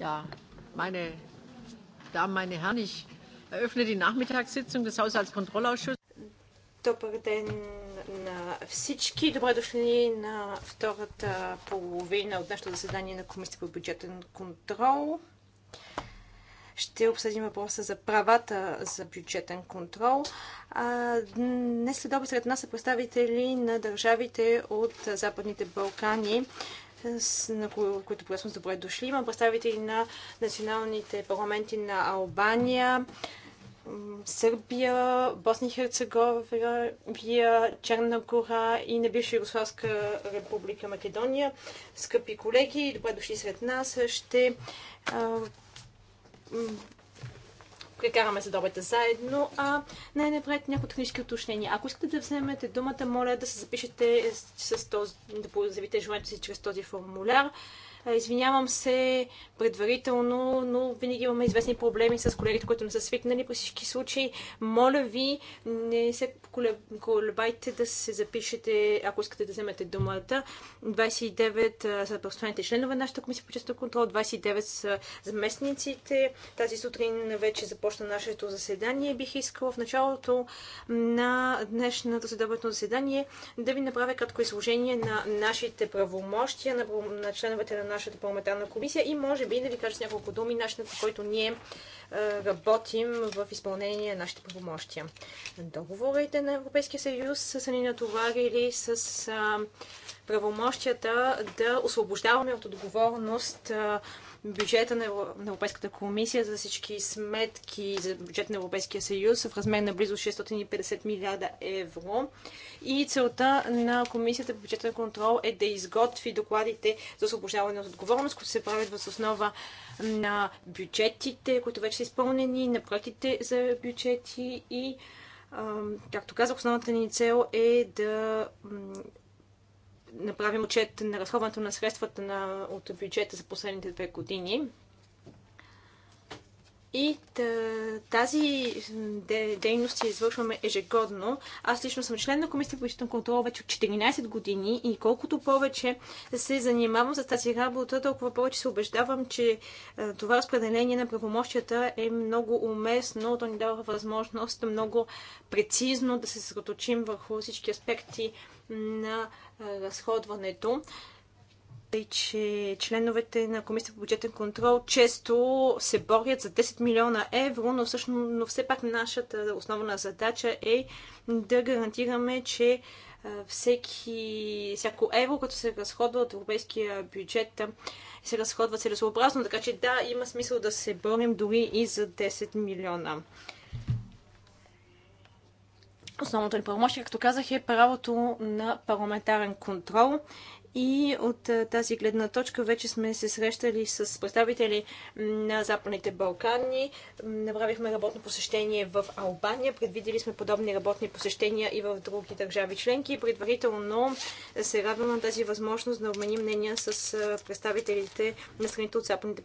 Ja, meine Damen, meine Herren, ich eröffne die Nachmittagssitzung des Haushaltskontrollausschusses. Добър ден на всички. Добре дошли на втората половина от нашето заседание на Комисията по бюджетен контрол. Ще обсъдим въпроса за правата за бюджетен контрол. Днес след сред нас са представители на държавите от Западните Балкани, на които приветствам сме добре дошли. Има представители на националните парламенти на Албания, Сърбия, Босния и Херцеговия, Черна гора и на бивша Югославска република Македония. Скъпи колеги, добре дошли сред нас. Ще прекараме добрите заедно, а най-напред някои технически уточнения. Ако искате да вземете думата, моля да се запишете с, с този, да заявите желанието си чрез този формуляр. Е, извинявам се предварително, но винаги имаме известни проблеми с колегите, които не са свикнали. по всички случаи, моля ви, не се колебайте да се запишете, ако искате да вземете думата. 29 са постоянните членове на нашата комисия по честен контрол, 29 са заместниците. Тази сутрин вече започна нашето заседание. Бих искала в началото на днешното съдебното заседание да ви направя кратко изложение на нашите правомощия, на членовете на нашата парламентарна комисия и може би да ви нали, кажа с няколко думи начинът, по който ние е, работим в изпълнение на нашите правомощия. Договорите на Европейския съюз са ни натоварили с правомощията да освобождаваме от отговорност бюджета на Европейската комисия за всички сметки за бюджет на Европейския съюз в размер на близо 650 милиарда евро. И целта на Комисията по бюджетен контрол е да изготви докладите за освобождаване от отговорност, които се правят въз основа на бюджетите, които вече са изпълнени, на проектите за бюджети и както казах, основната ни цел е да направим отчет на разходването на средствата на, от бюджета за последните две години. И тази дейност я извършваме ежегодно. Аз лично съм член на Комисията по защитен контрол вече от 14 години и колкото повече се занимавам с тази работа, толкова повече се убеждавам, че е, това разпределение на правомощията е много уместно. То ни дава възможност много прецизно да се съсредоточим върху всички аспекти на разходването. Тъй, че членовете на Комисията по бюджетен контрол често се борят за 10 милиона евро, но, всъщност, но все пак нашата основна задача е да гарантираме, че всеки, всяко евро, като се разходва от европейския бюджет, се разходва целесообразно, така че да, има смисъл да се борим дори и за 10 милиона. Основното ни правомощие, както казах, е правото на парламентарен контрол и от тази гледна точка вече сме се срещали с представители на Западните Балкани. Направихме работно посещение в Албания. Предвидели сме подобни работни посещения и в други държави членки. Предварително се радвам на тази възможност да обменим мнения с представителите на страните от Западните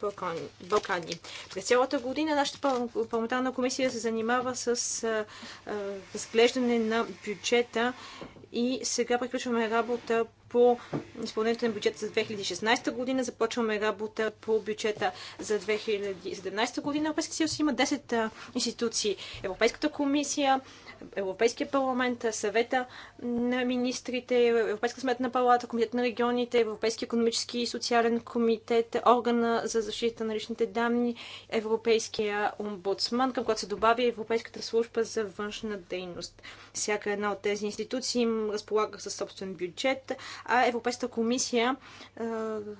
Балкани. През цялата година нашата парламентарна комисия се занимава с разглеждане на бюджета и сега приключваме работа по изпълнението на бюджета за 2016 година. Започваме работа по бюджета за 2017 година. Европейския съюз има 10 институции. Европейската комисия, Европейския парламент, съвета на министрите, Европейска сметна палата, комитет на регионите, Европейски економически и социален комитет, органа за защита на личните данни, Европейския омбудсман, към който се добавя Европейската служба за външна дейност. Всяка една от тези институции им разполага със собствен бюджет, а Европейската комисия е,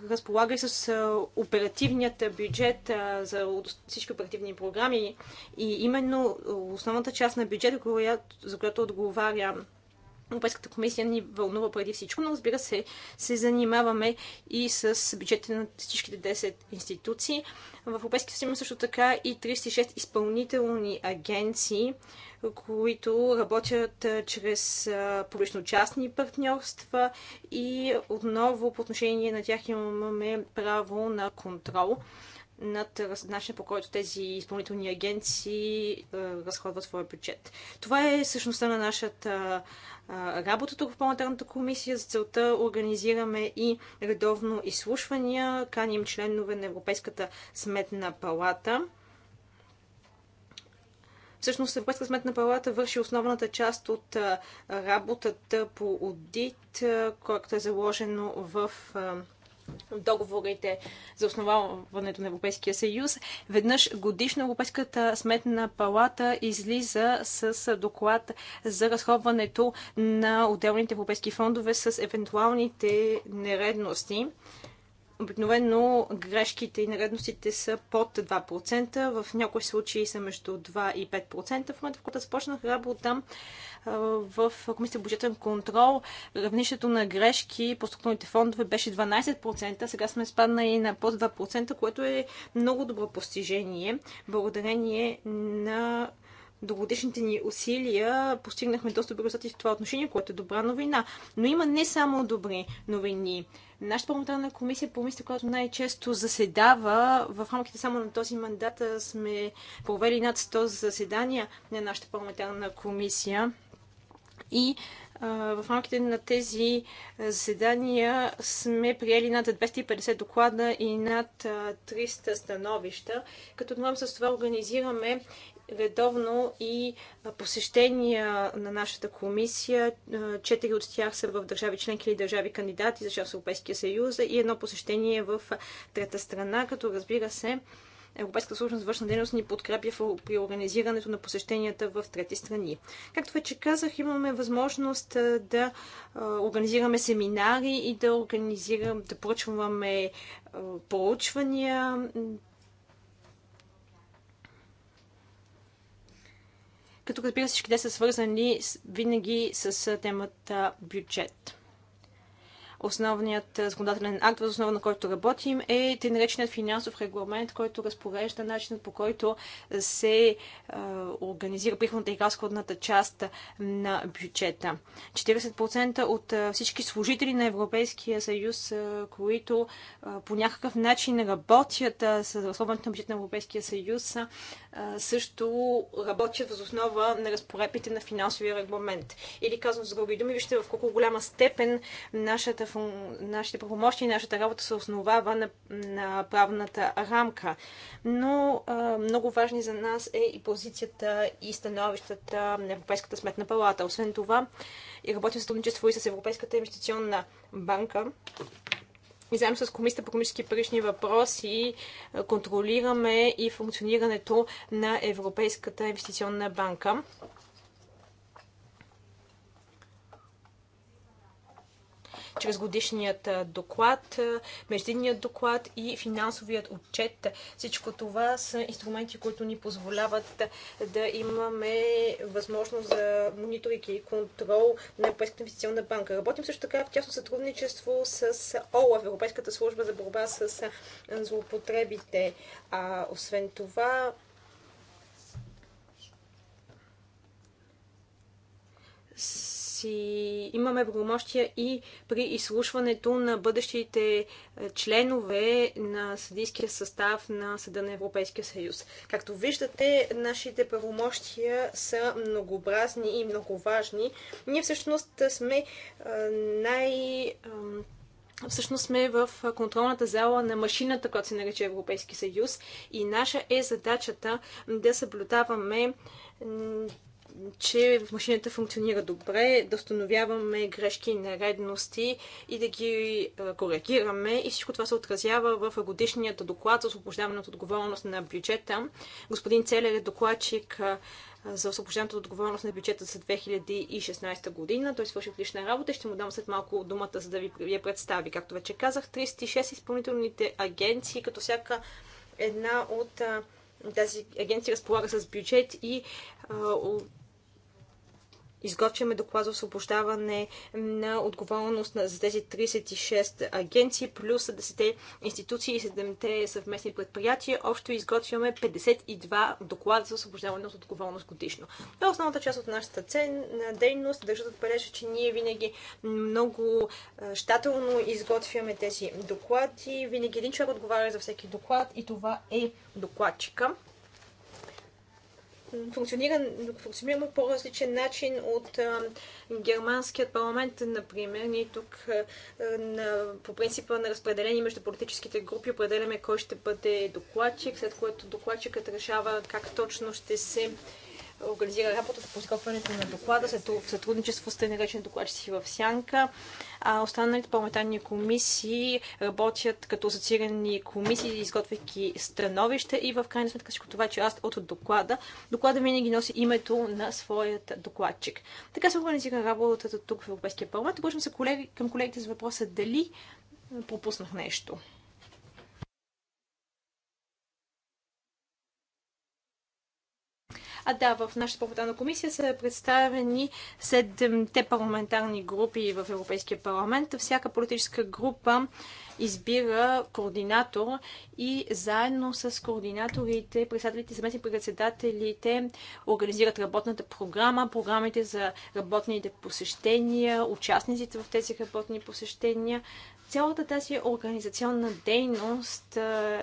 разполага и с оперативният бюджет е, за всички оперативни програми и именно основната част на бюджета, която, за която отговаря Европейската комисия ни вълнува преди всичко, но разбира се, се занимаваме и с бюджетите на всичките 10 институции. В Европейския съюз също така и 36 изпълнителни агенции, които работят чрез публично-частни партньорства и отново по отношение на тях имаме право на контрол над начина по който тези изпълнителни агенции разходват своя бюджет. Това е същността на нашата работа тук в парламентарната комисия. За целта организираме и редовно изслушвания, каним членове на Европейската сметна палата. Всъщност Европейска сметна палата върши основната част от работата по аудит, който е заложено в договорите за основаването на Европейския съюз. Веднъж годишно Европейската сметна палата излиза с доклад за разходването на отделните европейски фондове с евентуалните нередности. Обикновено грешките и нередностите са под 2%, в някои случаи са между 2 и 5%. В момента, в който започнах работа в Комисията бюджетен контрол, равнището на грешки по структурните фондове беше 12%, сега сме спаднали на под 2%, което е много добро постижение, благодарение на до годишните ни усилия постигнахме доста добри резултати в това отношение, което е добра новина. Но има не само добри новини. Нашата парламентарна комисия, по мисля, която най-често заседава, в рамките само на този мандат сме провели над 100 заседания на нашата парламентарна комисия. И в рамките на тези заседания сме приели над 250 доклада и над 300 становища, като отново с това организираме редовно и посещения на нашата комисия. Четири от тях са в държави членки или държави кандидати за част Европейския съюз и едно посещение в трета страна, като разбира се, Европейската служба за външна дейност ни подкрепя при организирането на посещенията в трети страни. Както вече казах, имаме възможност да организираме семинари и да организираме, да поръчваме проучвания, като разбира всички те са свързани винаги с темата бюджет. Основният е, законодателен акт, въз основа на който работим, е тъй нареченият финансов регламент, който разпорежда начинът по който се е, организира приходната и разходната част на бюджета. 40% от е, всички служители на Европейския съюз, които по някакъв начин работят с особеното на бюджет на Европейския съюз, също работят въз основа на разпоредбите на финансовия регламент. Или казвам с други думи, вижте в колко голяма степен нашата нашите правомощи и нашата работа се основава на, на правната рамка. Но а, много важни за нас е и позицията и становищата на Европейската сметна палата. Освен това, и работим в сътрудничество и с Европейската инвестиционна банка. И заедно с Комисията по комически парични въпроси контролираме и функционирането на Европейската инвестиционна банка. чрез годишният доклад, междинният доклад и финансовият отчет. Всичко това са инструменти, които ни позволяват да имаме възможност за мониторики и контрол на Европейската инвестиционна банка. Работим също така в тясно сътрудничество с ОЛАФ, Европейската служба за борба с злоупотребите. А освен това, с си имаме правомощия и при изслушването на бъдещите е, членове на съдийския състав на Съда на Европейския съюз. Както виждате, нашите правомощия са многообразни и много важни. Ние всъщност сме е, най- е, всъщност сме в контролната зала на машината, която се нарича Европейски съюз и наша е задачата да съблюдаваме че машината функционира добре, да установяваме грешки и нередности и да ги коригираме. И всичко това се отразява в годишният доклад за освобождаване от отговорност на бюджета. Господин Целер е докладчик за освобождаване от отговорност на бюджета за 2016 година. Той свърши отлична работа и ще му дам след малко думата, за да ви я представи. Както вече казах, 36 изпълнителните агенции, като всяка една от тази агенция разполага с бюджет и а, изготвяме доклад за освобождаване на отговорност за тези 36 агенции, плюс 10 институции и 7 съвместни предприятия. Общо изготвяме 52 доклада за освобождаване от отговорност годишно. Това е основната част от нашата цен, дейност. Държа да отбележа, че ние винаги много щателно изготвяме тези доклади. Винаги един човек отговаря за всеки доклад и това е докладчика функционира, функционира по различен начин от германският парламент, например. Ние тук на, по принципа на разпределение между политическите групи определяме кой ще бъде докладчик, след което докладчикът решава как точно ще се организира работа по изготвянето на доклада след сътрудничество с тъй наречен докладчици в Сянка. А останалите парламентарни комисии работят като асоциирани комисии, изготвяйки становища и в крайна сметка всичко това че аз от доклада. Доклада винаги носи името на своят докладчик. Така се организира работата тук в Европейския парламент. Обръщам се колеги, към колегите с въпроса дали пропуснах нещо. А да, в нашата парламентарна комисия са представени седемте парламентарни групи в Европейския парламент. Всяка политическа група избира координатор и заедно с координаторите, председателите, заместни председателите организират работната програма, програмите за работните посещения, участниците в тези работни посещения, Цялата тази организационна дейност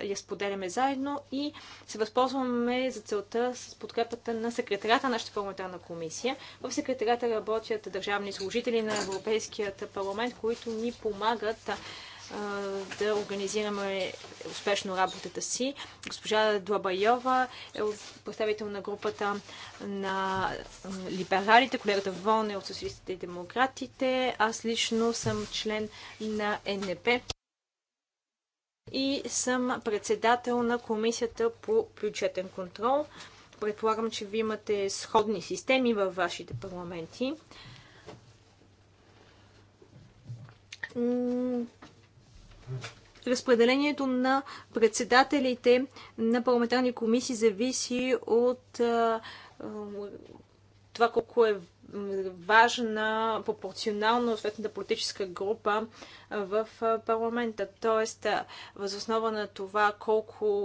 я споделяме заедно и се възползваме за целта с подкрепата на секретарята на нашата парламентарна комисия. В секретарата работят държавни служители на Европейският парламент, които ни помагат да организираме успешно работата си. Госпожа Длабайова е представител на групата на либералите, колегата Вон е от социалистите и демократите. Аз лично съм член на НП и съм председател на Комисията по бюджетен контрол. Предполагам, че ви имате сходни системи във вашите парламенти разпределението на председателите на парламентарни комисии зависи от това колко е важна пропорционално съответната политическа група в парламента. Тоест, възоснова на това колко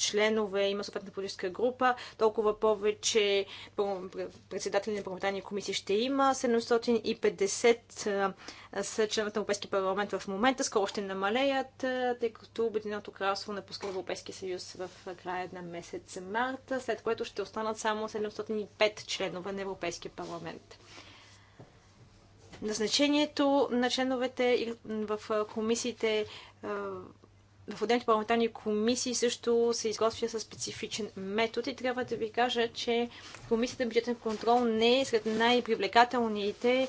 членове има съответната политическа група, толкова повече председатели на парламентарни комисии ще има. 750 са членовете на Европейския парламент в момента. Скоро ще намалеят, тъй като Обединеното кралство напуска Европейския съюз в края на месец марта, след което ще останат само 705 членове на Европейския парламент. Назначението на членовете в комисиите в отделните парламентарни комисии също се изготвя със специфичен метод и трябва да ви кажа, че комисията бюджетен контрол не е сред най-привлекателните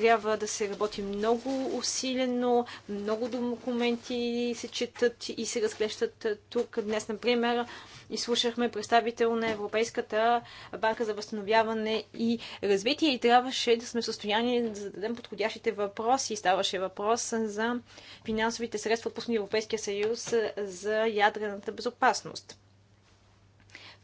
трябва да се работи много усилено, много документи се четат и се разглеждат тук. Днес, например, изслушахме представител на Европейската банка за възстановяване и развитие и трябваше да сме в състояние да зададем подходящите въпроси. Ставаше въпрос за финансовите средства, отпуснати Европейския съюз за ядрената безопасност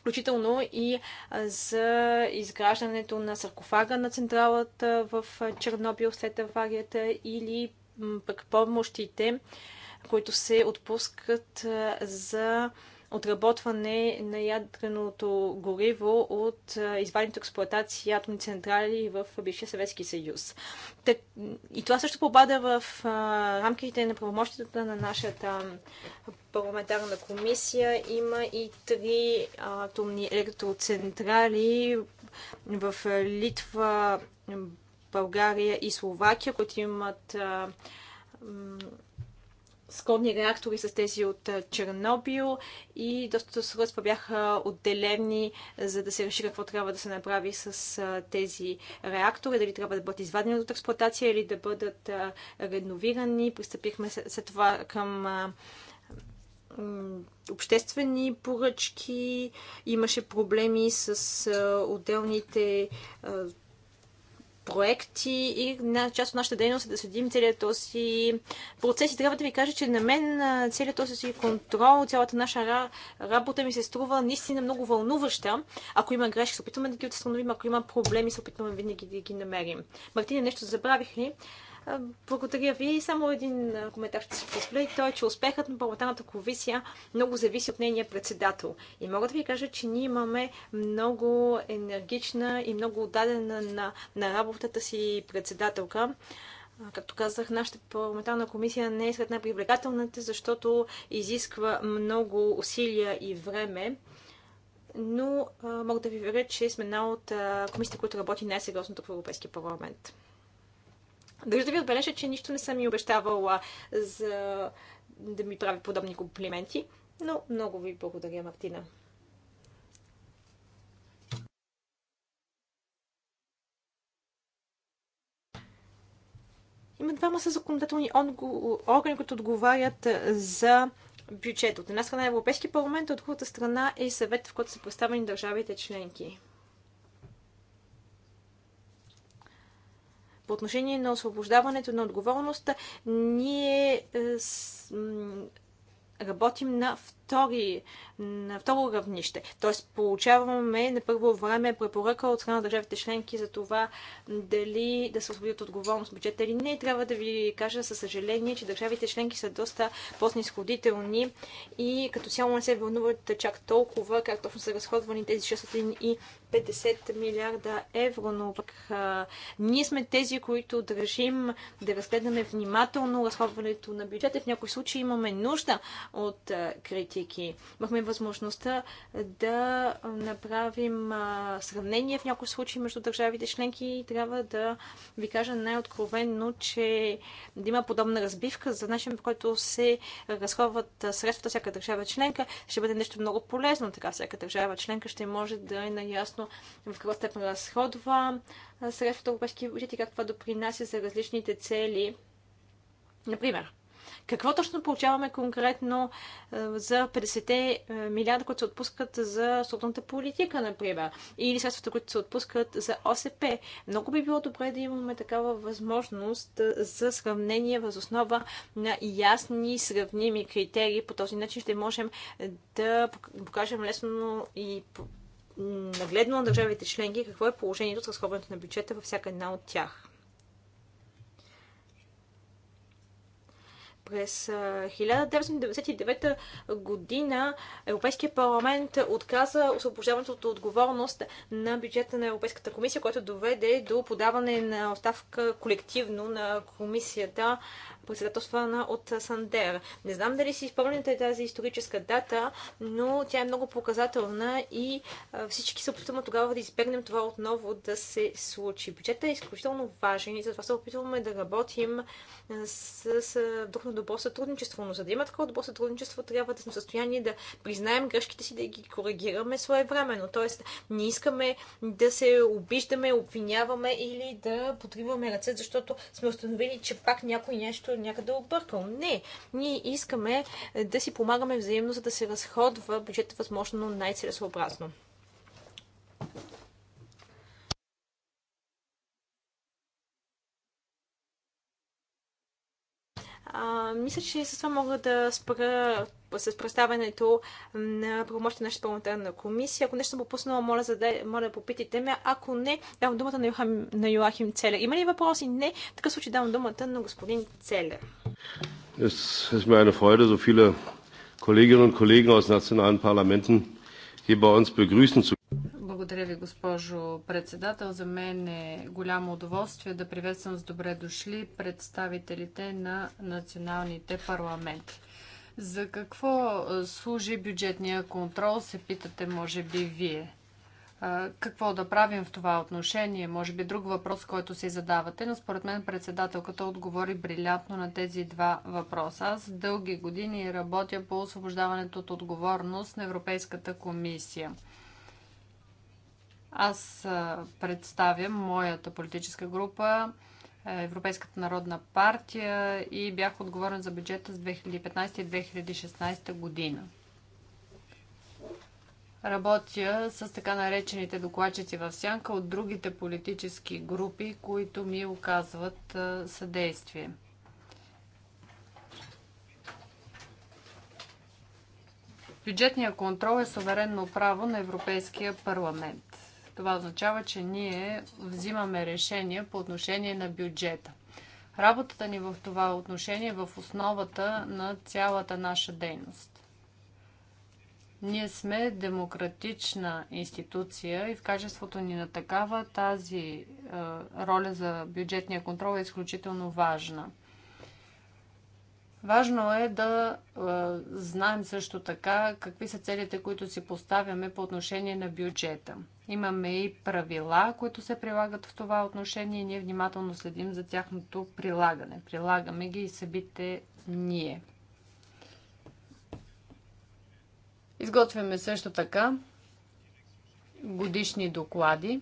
включително и за изграждането на саркофага на централата в Чернобил след аварията или пък помощите, които се отпускат за отработване на ядреното гориво от извадените експлуатации атомни централи в бившия Съветски съюз. И това също попада в рамките на правомощията на нашата парламентарна комисия. Има и три атомни електроцентрали в Литва, България и Словакия, които имат сходни реактори с тези от Чернобил и доста средства бяха отделени, за да се реши какво трябва да се направи с тези реактори, дали трябва да бъдат извадени от експлуатация или да бъдат реновирани. Пристъпихме след това към обществени поръчки, имаше проблеми с отделните проекти и на част от нашата дейност е да следим целият този процес. И трябва да ви кажа, че на мен целият този си контрол, цялата наша работа ми се струва наистина много вълнуваща. Ако има грешки, се опитваме да ги отстановим. Ако има проблеми, се опитваме винаги да ги намерим. Мартина, нещо забравих ли? Благодаря ви. Само един коментар ще си позволя и той, е, че успехът на парламентарната комисия много зависи от нейния председател. И мога да ви кажа, че ние имаме много енергична и много отдадена на, на работата си председателка. Както казах, нашата парламентарна комисия не е сред най-привлекателната, защото изисква много усилия и време но а, мога да ви веря, че сме една от комисиите, които работи най-сериозно в Европейския парламент. Държа да ви отбележа, че нищо не съм ми обещавала за да ми прави подобни комплименти, но много ви благодаря, Мартина. Има двама са законодателни органи, които отговарят за бюджет. От една страна е Европейски парламент, от другата страна е съвет, в който са представени държавите членки. По отношение на освобождаването на отговорността, ние е, работим на втори, на второ равнище. Тоест получаваме на първо време препоръка от страна на държавите членки за това дали да се освободят отговорност бюджета или не. Трябва да ви кажа със съжаление, че държавите членки са доста по-снисходителни и като цяло не се вълнуват чак толкова как точно са разходвани тези 650 милиарда евро, но пък а, ние сме тези, които държим да разгледаме внимателно разходването на бюджета. В някои случаи имаме нужда от критика политики. Имахме възможността да направим сравнение в някои случаи между държавите членки и трябва да ви кажа най-откровенно, че да има подобна разбивка за начин, по който се разходват средствата всяка държава членка, ще бъде нещо много полезно. Така всяка държава членка ще може да е наясно в каква степен разходва средствата европейски бюджет и как това допринася за различните цели. Например, какво точно получаваме конкретно е, за 50-те е, милиарда, които се отпускат за структурната политика, например, или средствата, които се отпускат за ОСП? Много би било добре да имаме такава възможност е, за сравнение въз основа на ясни, сравними критерии. По този начин ще можем да покажем лесно и нагледно на държавите членки какво е положението с разходването на бюджета във всяка една от тях. През 1999 година Европейския парламент отказа освобождаването от отговорност на бюджета на Европейската комисия, което доведе до подаване на оставка колективно на комисията председателствана от Сандер. Не знам дали си спомняте тази историческа дата, но тя е много показателна и всички се опитваме тогава да избегнем това отново да се случи. Бюджетът е изключително важен и затова се опитваме да работим с, с дух на добро сътрудничество. Но за да има такова добро сътрудничество, трябва да сме в състояние да признаем грешките си, да ги коригираме своевременно. Тоест, не искаме да се обиждаме, обвиняваме или да подриваме ръце, защото сме установили, че пак някой нещо някъде объркал. Не, ние искаме е, да си помагаме взаимно, за да се разходва бюджетът възможно най-целесообразно. А, мисля, че с това мога да спра с представянето на правомощите на нашата парламентарна комисия. Ако нещо съм пропуснала, моля, задай, моля да попитайте ме. Ако не, давам думата на, Йохам, на Йоахим Целер. Има ли въпроси? Не. В такъв случай давам думата на господин Целер. Es ist mir eine Freude, so viele Kolleginnen und Kollegen aus nationalen Parlamenten hier bei uns begrüßen zu благодаря ви, госпожо председател. За мен е голямо удоволствие да приветствам с добре дошли представителите на националните парламенти. За какво служи бюджетния контрол, се питате, може би, вие. Какво да правим в това отношение? Може би друг въпрос, който си задавате, но според мен председателката отговори брилянтно на тези два въпроса. Аз дълги години работя по освобождаването от отговорност на Европейската комисия. Аз представям моята политическа група, е, Европейската народна партия и бях отговорен за бюджета с 2015 и 2016 година. Работя с така наречените докладчици в сянка от другите политически групи, които ми оказват съдействие. Бюджетният контрол е суверенно право на Европейския парламент. Това означава, че ние взимаме решения по отношение на бюджета. Работата ни в това отношение е в основата на цялата наша дейност. Ние сме демократична институция и в качеството ни на такава тази е, роля за бюджетния контрол е изключително важна. Важно е да е, знаем също така какви са целите, които си поставяме по отношение на бюджета. Имаме и правила, които се прилагат в това отношение и ние внимателно следим за тяхното прилагане. Прилагаме ги и събите ние. Изготвяме също така годишни доклади.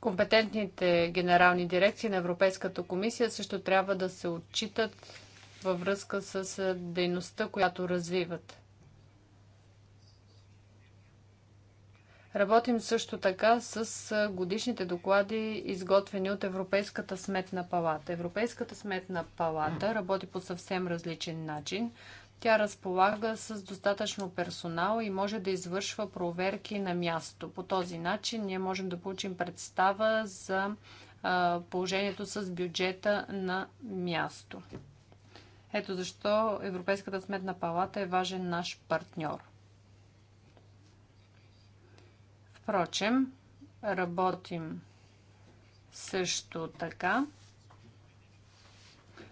Компетентните генерални дирекции на Европейската комисия също трябва да се отчитат във връзка с дейността, която развиват. Работим също така с годишните доклади, изготвени от Европейската сметна палата. Европейската сметна палата работи по съвсем различен начин. Тя разполага с достатъчно персонал и може да извършва проверки на място. По този начин ние можем да получим представа за положението с бюджета на място. Ето защо Европейската сметна палата е важен наш партньор. Впрочем, работим също така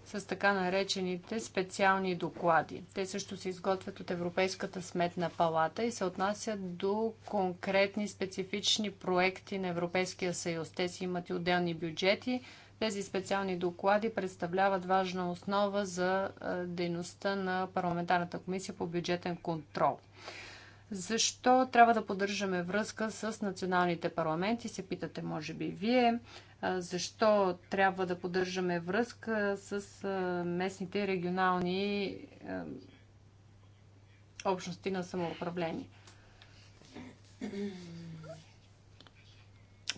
с така наречените специални доклади. Те също се изготвят от Европейската сметна палата и се отнасят до конкретни специфични проекти на Европейския съюз. Те си имат и отделни бюджети. Тези специални доклади представляват важна основа за дейността на Парламентарната комисия по бюджетен контрол. Защо трябва да поддържаме връзка с националните парламенти, се питате може би вие. Защо трябва да поддържаме връзка с местните и регионални общности на самоуправление?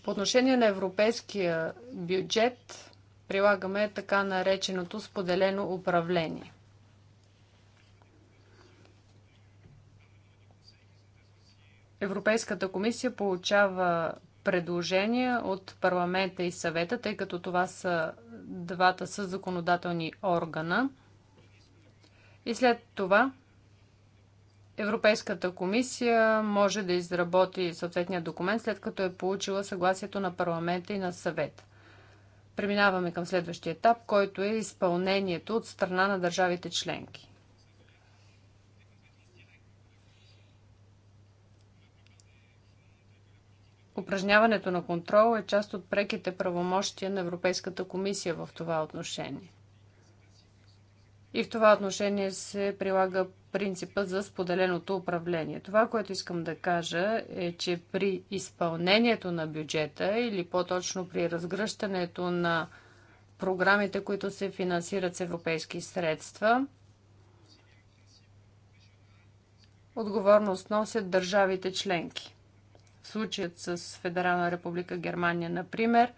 По отношение на европейския бюджет прилагаме така нареченото споделено управление – Европейската комисия получава предложения от парламента и съвета, тъй като това са двата със законодателни органа. И след това Европейската комисия може да изработи съответния документ, след като е получила съгласието на парламента и на съвет. Преминаваме към следващия етап, който е изпълнението от страна на държавите членки. Упражняването на контрол е част от преките правомощия на Европейската комисия в това отношение. И в това отношение се прилага принципът за споделеното управление. Това, което искам да кажа е, че при изпълнението на бюджета или по-точно при разгръщането на програмите, които се финансират с европейски средства, отговорност носят държавите членки. Случаят с Федерална република Германия, например,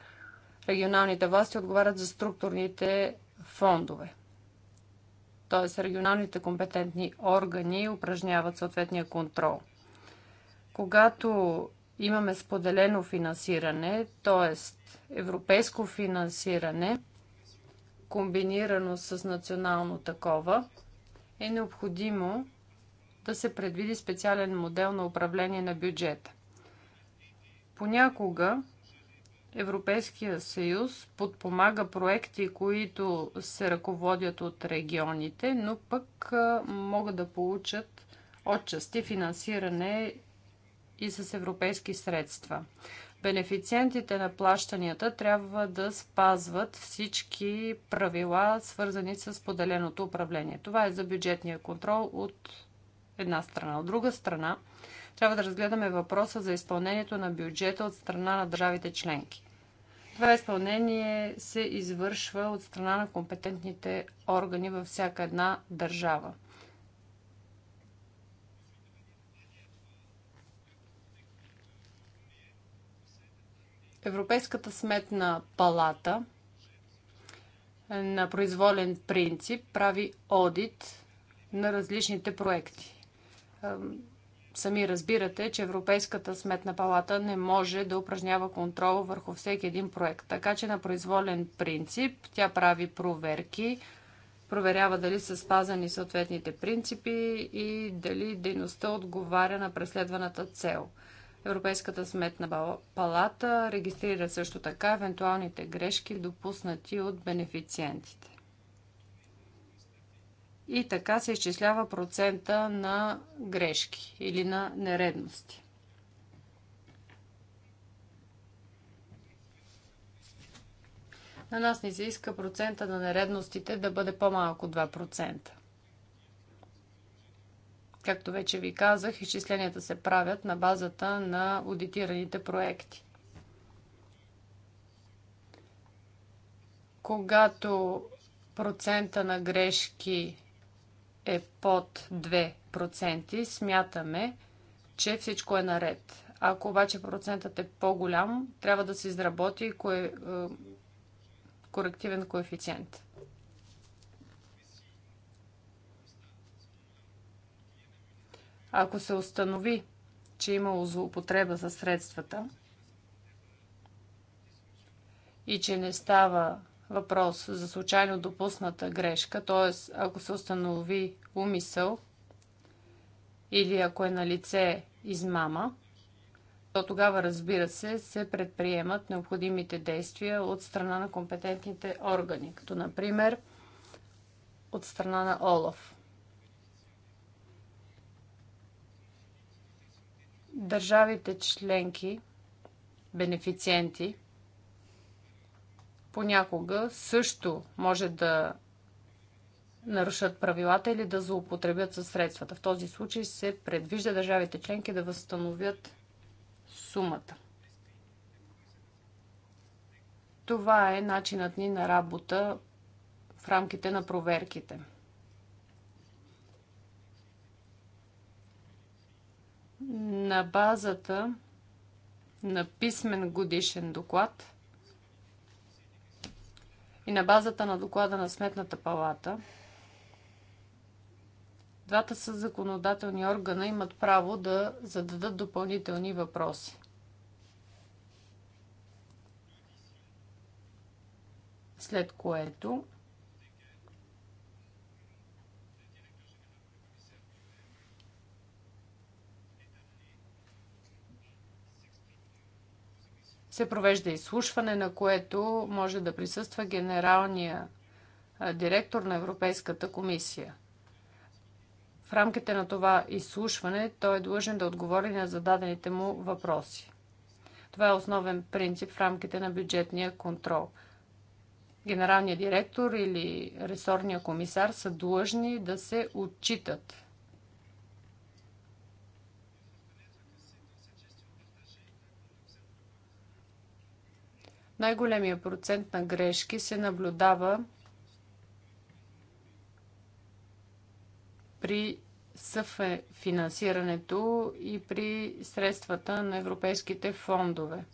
регионалните власти отговарят за структурните фондове. Тоест регионалните компетентни органи упражняват съответния контрол. Когато имаме споделено финансиране, т.е. европейско финансиране, комбинирано с национално такова, е необходимо да се предвиди специален модел на управление на бюджета. Понякога Европейския съюз подпомага проекти, които се ръководят от регионите, но пък могат да получат отчасти финансиране и с европейски средства. Бенефициентите на плащанията трябва да спазват всички правила, свързани с поделеното управление. Това е за бюджетния контрол от една страна. От друга страна, трябва да разгледаме въпроса за изпълнението на бюджета от страна на държавите членки. Това изпълнение се извършва от страна на компетентните органи във всяка една държава. Европейската сметна палата на произволен принцип прави одит на различните проекти. Сами разбирате, че Европейската сметна палата не може да упражнява контрол върху всеки един проект. Така че на произволен принцип тя прави проверки, проверява дали са спазани съответните принципи и дали дейността отговаря на преследваната цел. Европейската сметна палата регистрира също така евентуалните грешки, допуснати от бенефициентите и така се изчислява процента на грешки или на нередности. На нас ни се иска процента на нередностите да бъде по-малко 2%. Както вече ви казах, изчисленията се правят на базата на аудитираните проекти. Когато процента на грешки е под 2%, смятаме, че всичко е наред. Ако обаче процентът е по-голям, трябва да се изработи кое, е, корективен коефициент. Ако се установи, че е имало злоупотреба за средствата и че не става въпрос за случайно допусната грешка, т.е. ако се установи умисъл или ако е на лице измама, то тогава, разбира се, се предприемат необходимите действия от страна на компетентните органи, като например от страна на ОЛАФ. Държавите членки, бенефициенти, понякога също може да нарушат правилата или да злоупотребят със средствата. В този случай се предвижда държавите членки да възстановят сумата. Това е начинът ни на работа в рамките на проверките. На базата на писмен годишен доклад – и на базата на доклада на Сметната палата, двата са законодателни органа имат право да зададат допълнителни въпроси. След което се провежда изслушване, на което може да присъства генералния директор на Европейската комисия. В рамките на това изслушване той е длъжен да отговори на зададените му въпроси. Това е основен принцип в рамките на бюджетния контрол. Генералният директор или ресорния комисар са длъжни да се отчитат Най-големия процент на грешки се наблюдава при съфинансирането и при средствата на европейските фондове.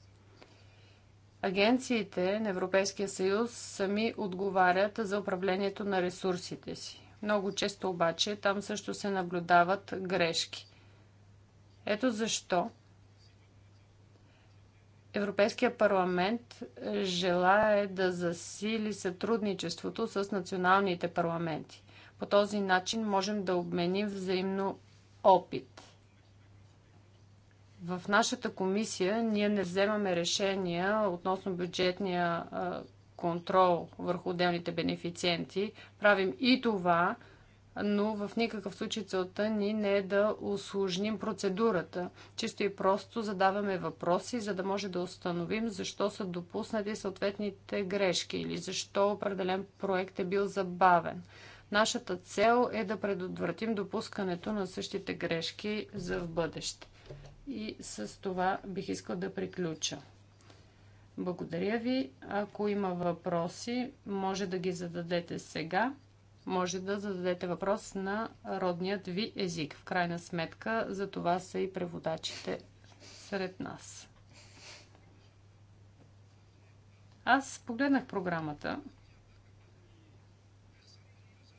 Агенциите на Европейския съюз сами отговарят за управлението на ресурсите си. Много често обаче там също се наблюдават грешки. Ето защо Европейския парламент е, желае да засили сътрудничеството с националните парламенти. По този начин можем да обменим взаимно опит. В нашата комисия ние не вземаме решения относно бюджетния контрол върху отделните бенефициенти. Правим и това, но в никакъв случай целта ни не е да усложним процедурата. Чисто и просто задаваме въпроси, за да може да установим защо са допуснати съответните грешки или защо определен проект е бил забавен. Нашата цел е да предотвратим допускането на същите грешки за в бъдеще. И с това бих искал да приключа. Благодаря ви. Ако има въпроси, може да ги зададете сега може да зададете въпрос на родният ви език. В крайна сметка, за това са и преводачите сред нас. Аз погледнах програмата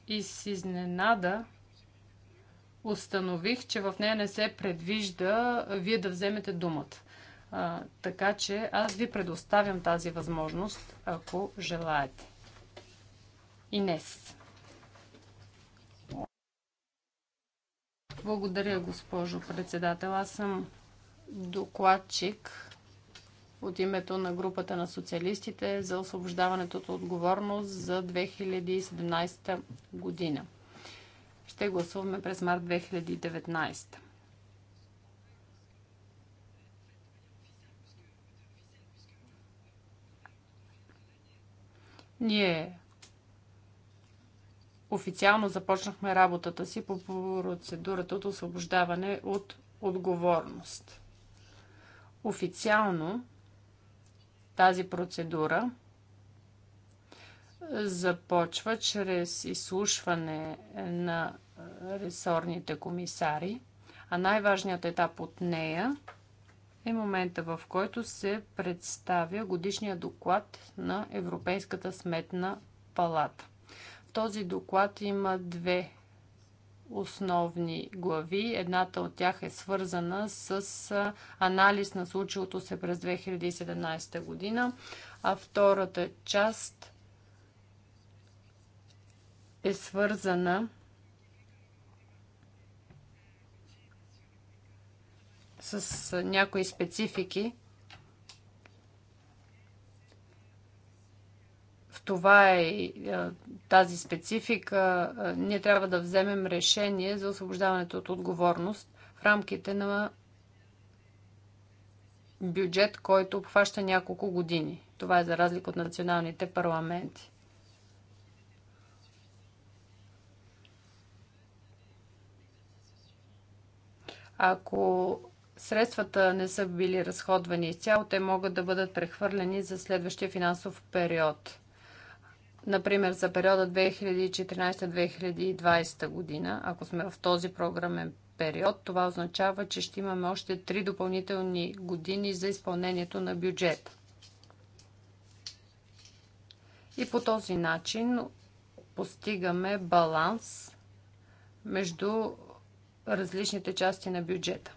и с изненада установих, че в нея не се предвижда вие да вземете думата. А, така че аз ви предоставям тази възможност, ако желаете. Инес. Благодаря, госпожо председател. Аз съм докладчик от името на групата на социалистите за освобождаването от отговорност за 2017 година. Ще гласуваме през март 2019. Ние официално започнахме работата си по процедурата от освобождаване от отговорност. Официално тази процедура започва чрез изслушване на ресорните комисари, а най-важният етап от нея е момента, в който се представя годишния доклад на Европейската сметна палата този доклад има две основни глави. Едната от тях е свързана с анализ на случилото се през 2017 година, а втората част е свързана с някои специфики това е тази специфика, ние трябва да вземем решение за освобождаването от отговорност в рамките на бюджет, който обхваща няколко години. Това е за разлика от националните парламенти. Ако средствата не са били разходвани изцяло, те могат да бъдат прехвърлени за следващия финансов период например, за периода 2014-2020 година, ако сме в този програмен период, това означава, че ще имаме още три допълнителни години за изпълнението на бюджета. И по този начин постигаме баланс между различните части на бюджета.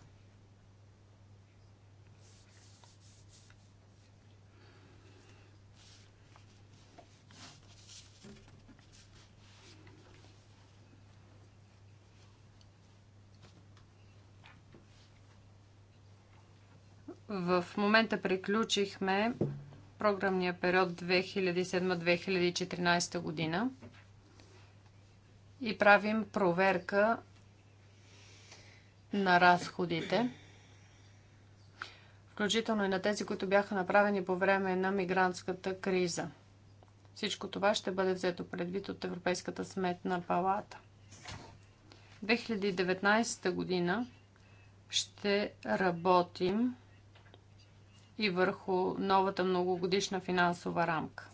В момента приключихме програмния период 2007-2014 година и правим проверка на разходите, включително и на тези, които бяха направени по време на мигрантската криза. Всичко това ще бъде взето предвид от Европейската сметна палата. 2019 година ще работим и върху новата многогодишна финансова рамка.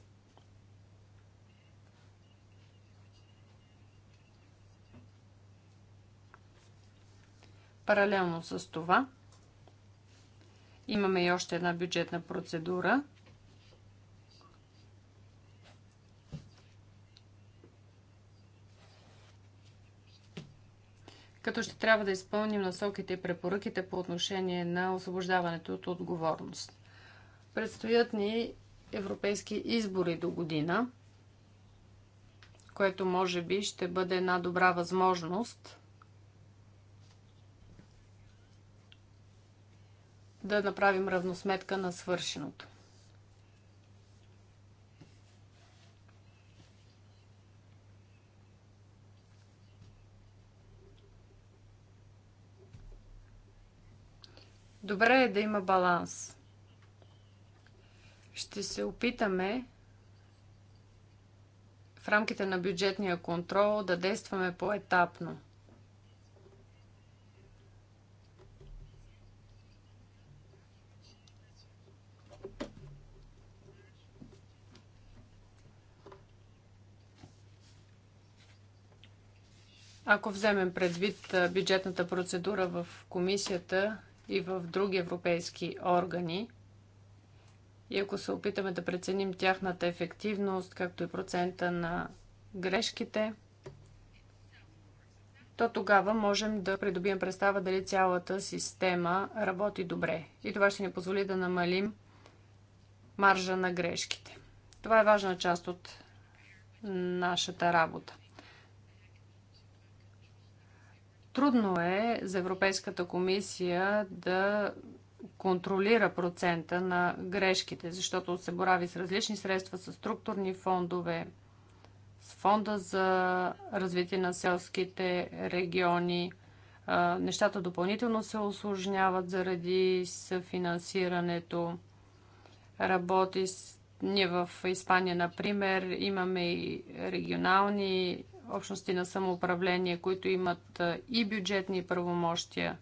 Паралелно с това имаме и още една бюджетна процедура – като ще трябва да изпълним насоките и препоръките по отношение на освобождаването от отговорност. Предстоят ни европейски избори до година, което може би ще бъде една добра възможност да направим равносметка на свършеното. Добре е да има баланс. Ще се опитаме в рамките на бюджетния контрол да действаме поетапно. Ако вземем предвид бюджетната процедура в комисията и в други европейски органи. И ако се опитаме да преценим тяхната ефективност, както и процента на грешките, то тогава можем да придобием представа дали цялата система работи добре. И това ще ни позволи да намалим маржа на грешките. Това е важна част от нашата работа. Трудно е за Европейската комисия да контролира процента на грешките, защото се борави с различни средства, с структурни фондове, с фонда за развитие на селските региони. Нещата допълнително се осложняват заради съфинансирането. Работи ние в Испания, например, имаме и регионални общности на самоуправление, които имат и бюджетни правомощия.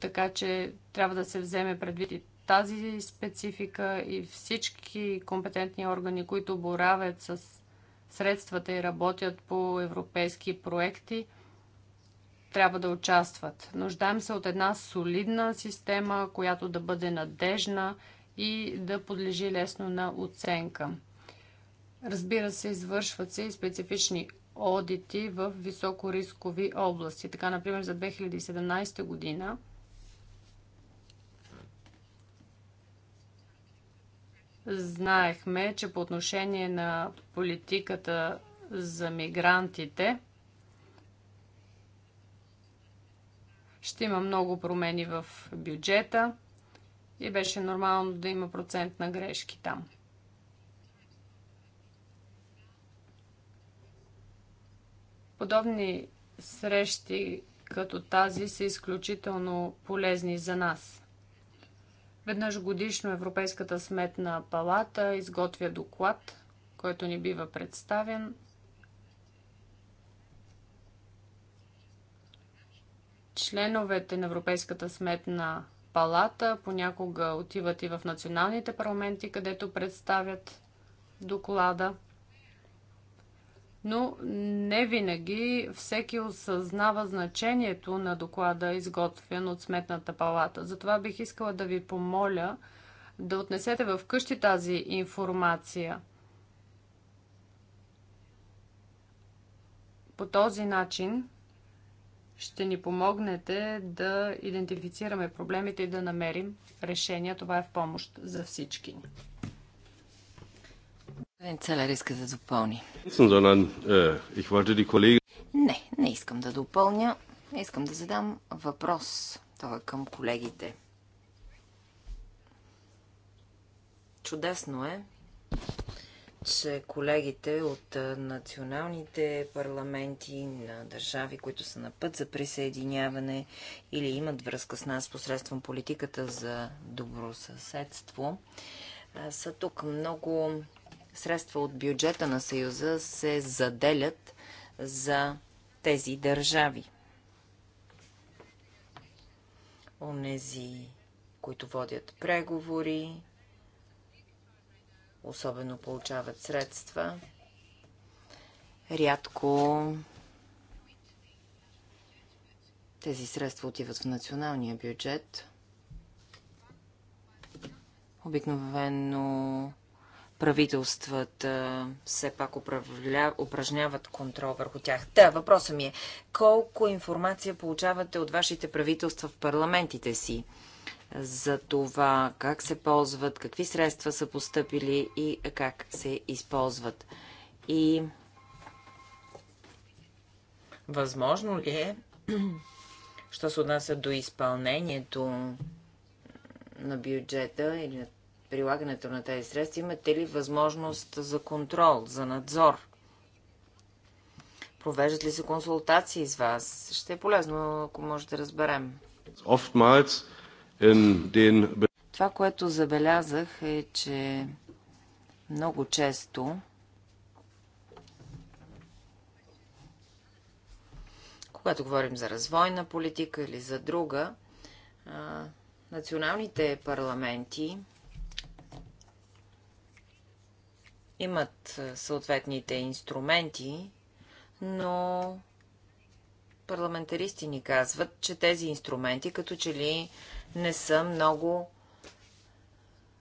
Така че трябва да се вземе предвид и тази специфика и всички компетентни органи, които боравят с средствата и работят по европейски проекти, трябва да участват. Нуждаем се от една солидна система, която да бъде надежна и да подлежи лесно на оценка. Разбира се, извършват се и специфични одити в високорискови области. Така, например, за 2017 година знаехме, че по отношение на политиката за мигрантите ще има много промени в бюджета и беше нормално да има процент на грешки там. Подобни срещи като тази са изключително полезни за нас. Веднъж годишно Европейската сметна палата изготвя доклад, който ни бива представен. Членовете на Европейската сметна палата понякога отиват и в националните парламенти, където представят доклада но не винаги всеки осъзнава значението на доклада, изготвен от Сметната палата. Затова бих искала да ви помоля да отнесете в къщи тази информация. По този начин ще ни помогнете да идентифицираме проблемите и да намерим решения. Това е в помощ за всички ни иска да допълни. Е, не, не искам да допълня. Искам да задам въпрос. Това е към колегите. Чудесно е, че колегите от е, националните парламенти на държави, които са на път за присъединяване или имат връзка с нас посредством политиката за добро съседство, е, са тук много средства от бюджета на Съюза се заделят за тези държави. Онези, които водят преговори, особено получават средства, рядко тези средства отиват в националния бюджет. Обикновено правителствата все пак управля... упражняват контрол върху тях. Та, въпросът ми е, колко информация получавате от вашите правителства в парламентите си за това как се ползват, какви средства са поступили и как се използват? И възможно ли е, що се отнася до изпълнението на бюджета или на прилагането на тези средства? Имате ли възможност за контрол, за надзор? Провеждат ли се консултации с вас? Ще е полезно, ако може да разберем. Това, което забелязах е, че много често когато говорим за развойна политика или за друга, националните парламенти имат е, съответните инструменти, но парламентаристи ни казват, че тези инструменти като че ли не са много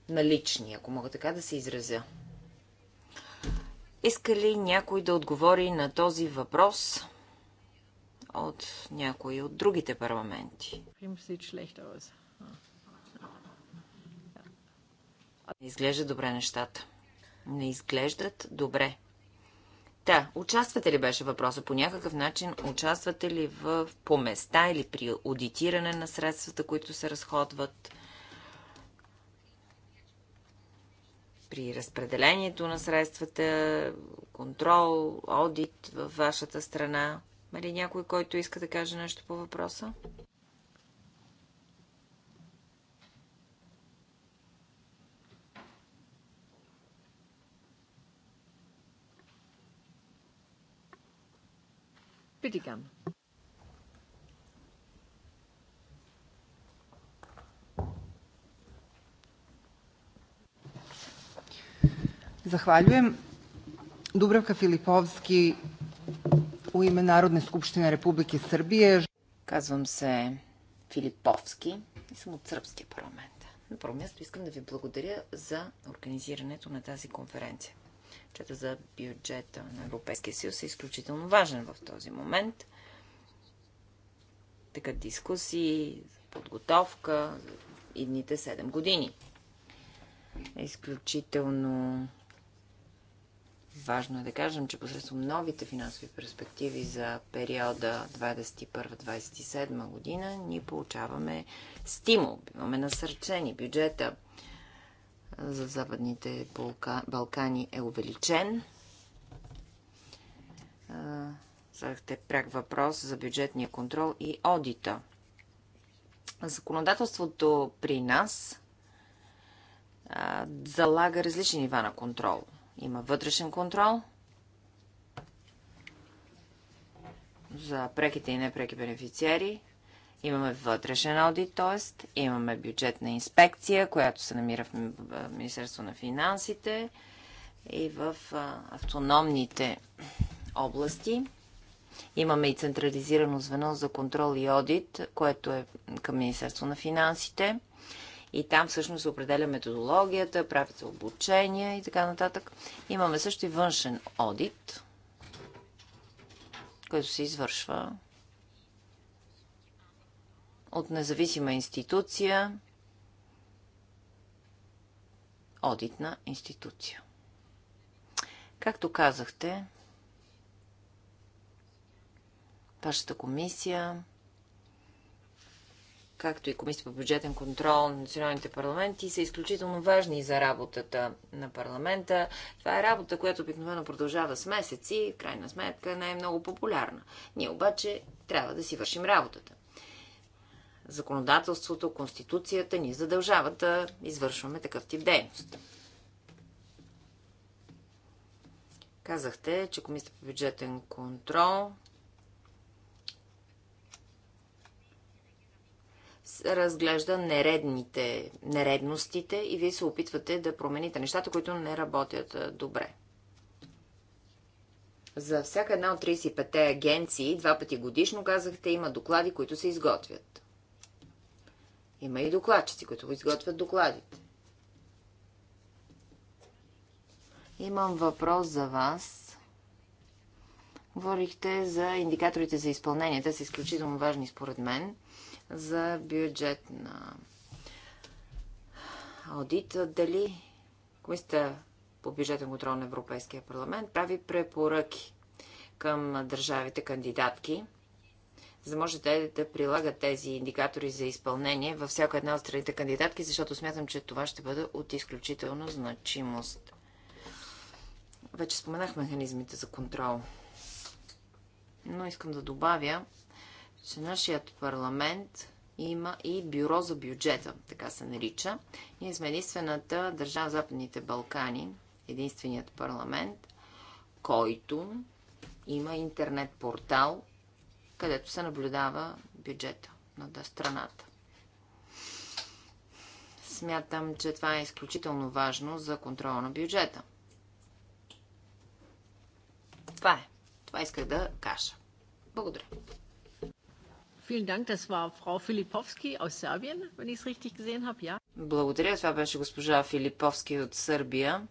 налични, ако мога така да се изразя. Иска ли някой да отговори на този въпрос от някои от другите парламенти? Е Изглежда добре нещата не изглеждат добре. Та, участвате ли беше въпроса по някакъв начин? Участвате ли в, по места или при аудитиране на средствата, които се разходват? При разпределението на средствата, контрол, аудит във вашата страна? Мали някой, който иска да каже нещо по въпроса? Bitte gern. Zahvaljujem. Dubravka Filipovski u ime Narodne skupštine Republike Srbije. Казвам се Филиповски и съм от Сръбския парламент. На първо място искам да ви благодаря за организирането на тази конференция. Чета за бюджета на Европейския съюз е изключително важен в този момент. Така дискусии, подготовка за идните 7 години. Е Изключително важно е да кажем, че посредством новите финансови перспективи за периода 2021-2027 година ние получаваме стимул, имаме насърчени бюджета – за Западните Балкани е увеличен. Задахте пряк въпрос за бюджетния контрол и одита. Законодателството при нас залага различни нива на контрол. Има вътрешен контрол за преките и непреки бенефициари – Имаме вътрешен аудит, т.е. имаме бюджетна инспекция, която се намира в Министерство на финансите и в автономните области. Имаме и централизирано звено за контрол и аудит, което е към Министерство на финансите. И там всъщност се определя методологията, правят се обучения и така нататък. Имаме също и външен аудит, който се извършва от независима институция, одитна институция. Както казахте, вашата комисия, както и Комисията по бюджетен контрол на националните парламенти, са изключително важни за работата на парламента. Това е работа, която обикновено продължава с месеци, в крайна сметка не е много популярна. Ние обаче трябва да си вършим работата законодателството, конституцията ни задължават да извършваме такъв тип дейност. Казахте, че Комисията по бюджетен контрол разглежда нередните, нередностите и вие се опитвате да промените нещата, които не работят добре. За всяка една от 35-те агенции, два пъти годишно, казахте, има доклади, които се изготвят. Има и докладчици, които изготвят докладите. Имам въпрос за вас. Говорихте за индикаторите за изпълнение. Те са изключително важни според мен за бюджет на аудит. Дали Комисията по бюджетен контрол на Европейския парламент прави препоръки към държавите кандидатки – за да можете да прилагат тези индикатори за изпълнение във всяка една от страните кандидатки, защото смятам, че това ще бъде от изключително значимост. Вече споменах механизмите за контрол. Но искам да добавя, че нашият парламент има и бюро за бюджета, така се нарича. Ние сме единствената държава в Западните Балкани, единственият парламент, който има интернет портал където се наблюдава бюджета на страната. Смятам, че това е изключително важно за контрола на бюджета. Това е. Това исках да кажа. Благодаря. Благодаря. Това беше госпожа Филиповски от Сърбия.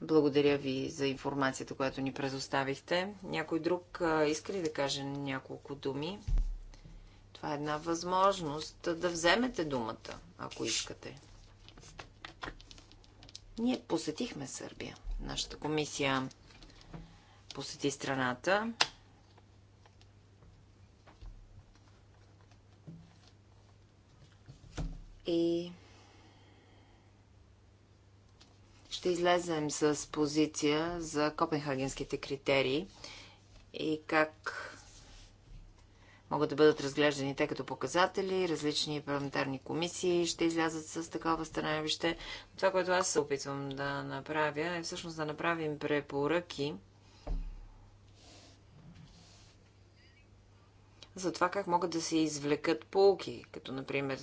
Благодаря ви за информацията, която ни предоставихте. Някой друг иска ли да каже няколко думи? Това е една възможност да вземете думата, ако искате. Ние посетихме Сърбия. Нашата комисия посети страната. И ще излезем с позиция за копенхагенските критерии и как могат да бъдат разглеждани те като показатели, различни парламентарни комисии ще излязат с такова становище. Това, което аз се опитвам да направя, е всъщност да направим препоръки за това как могат да се извлекат полки, като например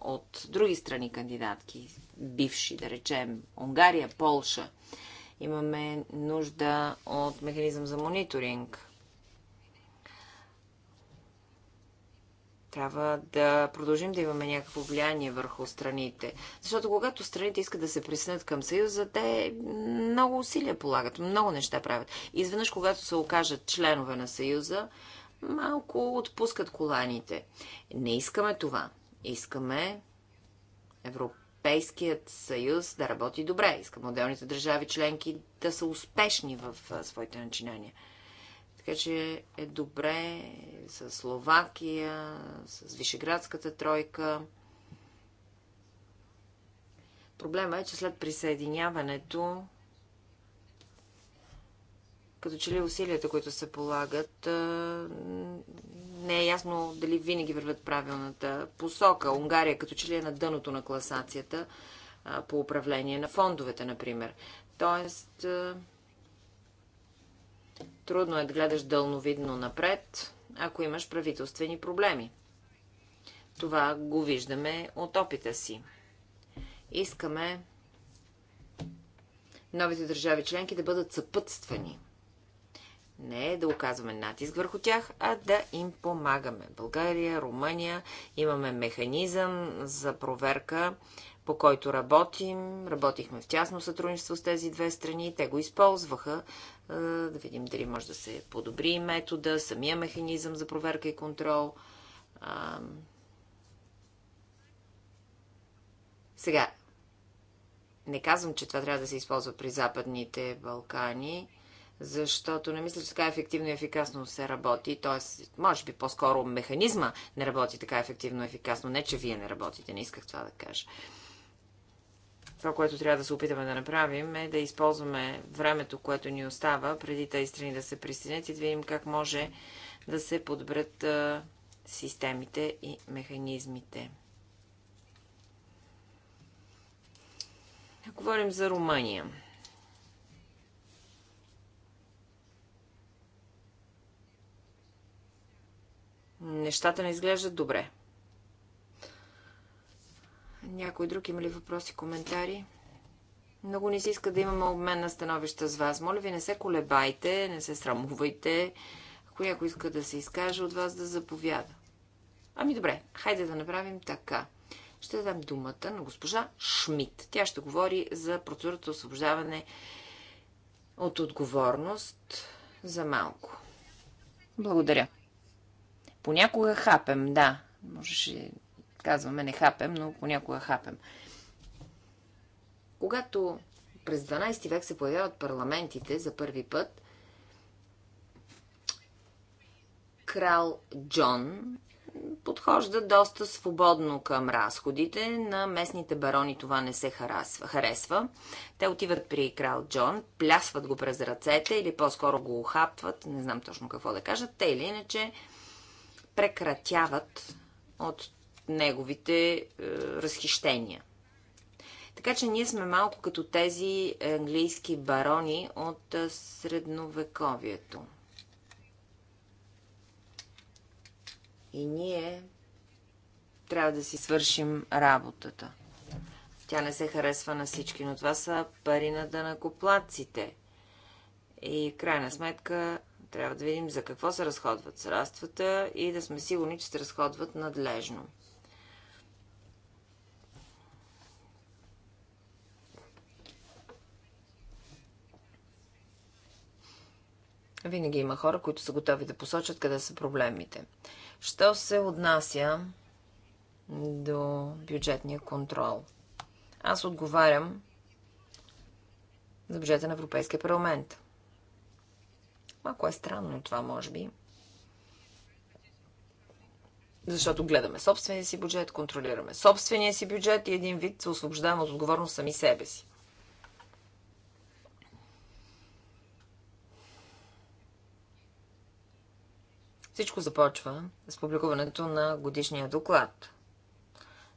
от други страни кандидатки, бивши, да речем Унгария, Полша. Имаме нужда от механизъм за мониторинг. Трябва да продължим да имаме някакво влияние върху страните. Защото когато страните искат да се присъединят към Съюза, те много усилия полагат, много неща правят. Изведнъж, когато се окажат членове на Съюза, малко отпускат коланите. Не искаме това. Искаме Европа Европейският съюз да работи добре. Искам отделните държави членки да са успешни в своите начинания. Така че е добре с Словакия, с Вишеградската тройка. Проблема е, че след присъединяването, като че ли усилията, които се полагат, не е ясно дали винаги вървят правилната посока. Унгария като че ли е на дъното на класацията по управление на фондовете, например. Тоест, трудно е да гледаш дълновидно напред, ако имаш правителствени проблеми. Това го виждаме от опита си. Искаме новите държави членки да бъдат съпътствани не е да оказваме натиск върху тях, а да им помагаме. България, Румъния имаме механизъм за проверка, по който работим. Работихме в тясно сътрудничество с тези две страни. Те го използваха. Е, да видим дали може да се подобри метода, самия механизъм за проверка и контрол. Сега, не казвам, че това трябва да се използва при Западните Балкани защото не мисля, че така ефективно и ефикасно се работи. Т.е. може би по-скоро механизма не работи така ефективно и ефикасно. Не, че вие не работите, не исках това да кажа. Това, което трябва да се опитаме да направим е да използваме времето, което ни остава, преди тези страни да се присъединят и да видим как може да се подобрят системите и механизмите. Говорим за Румъния. нещата не изглеждат добре. Някой друг има ли въпроси, коментари? Много не си иска да имаме обмен на становища с вас. Моля ви, не се колебайте, не се срамувайте. Ако някой иска да се изкаже от вас, да заповяда. Ами добре, хайде да направим така. Ще дам думата на госпожа Шмидт. Тя ще говори за процедурата освобождаване от отговорност за малко. Благодаря. Понякога хапем, да. Можеше, казваме, не хапем, но понякога хапем. Когато през 12 век се появяват парламентите за първи път, крал Джон подхожда доста свободно към разходите. На местните барони това не се харесва. харесва. Те отиват при крал Джон, плясват го през ръцете или по-скоро го охапват, не знам точно какво да кажат. Те или иначе прекратяват от неговите е, разхищения. Така че ние сме малко като тези английски барони от е, средновековието. И ние трябва да си свършим работата. Тя не се харесва на всички, но това са пари на дънакоплатците. И крайна сметка трябва да видим за какво се разходват средствата и да сме сигурни, че се разходват надлежно. Винаги има хора, които са готови да посочат къде са проблемите. Що се отнася до бюджетния контрол? Аз отговарям за бюджета на Европейския парламент. Малко е странно това, може би. Защото гледаме собствения си бюджет, контролираме собствения си бюджет и един вид се освобождаваме от отговорност сами себе си. Всичко започва с публикуването на годишния доклад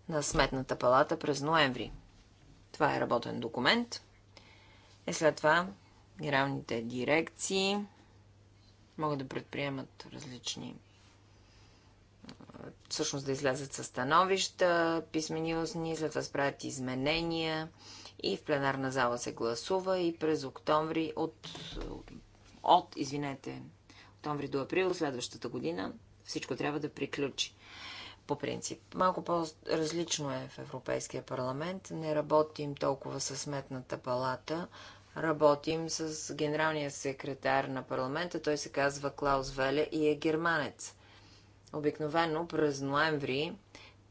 на Сметната палата през ноември. Това е работен документ. И е, след това генералните дирекции могат да предприемат различни всъщност да излязат със становища, писмени устни, след това правят изменения и в пленарна зала се гласува и през октомври от, от извинете, октомври до април следващата година всичко трябва да приключи. По принцип. Малко по-различно е в Европейския парламент. Не работим толкова с сметната палата, Работим с генералния секретар на парламента. Той се казва Клаус Веле и е германец. Обикновено през ноември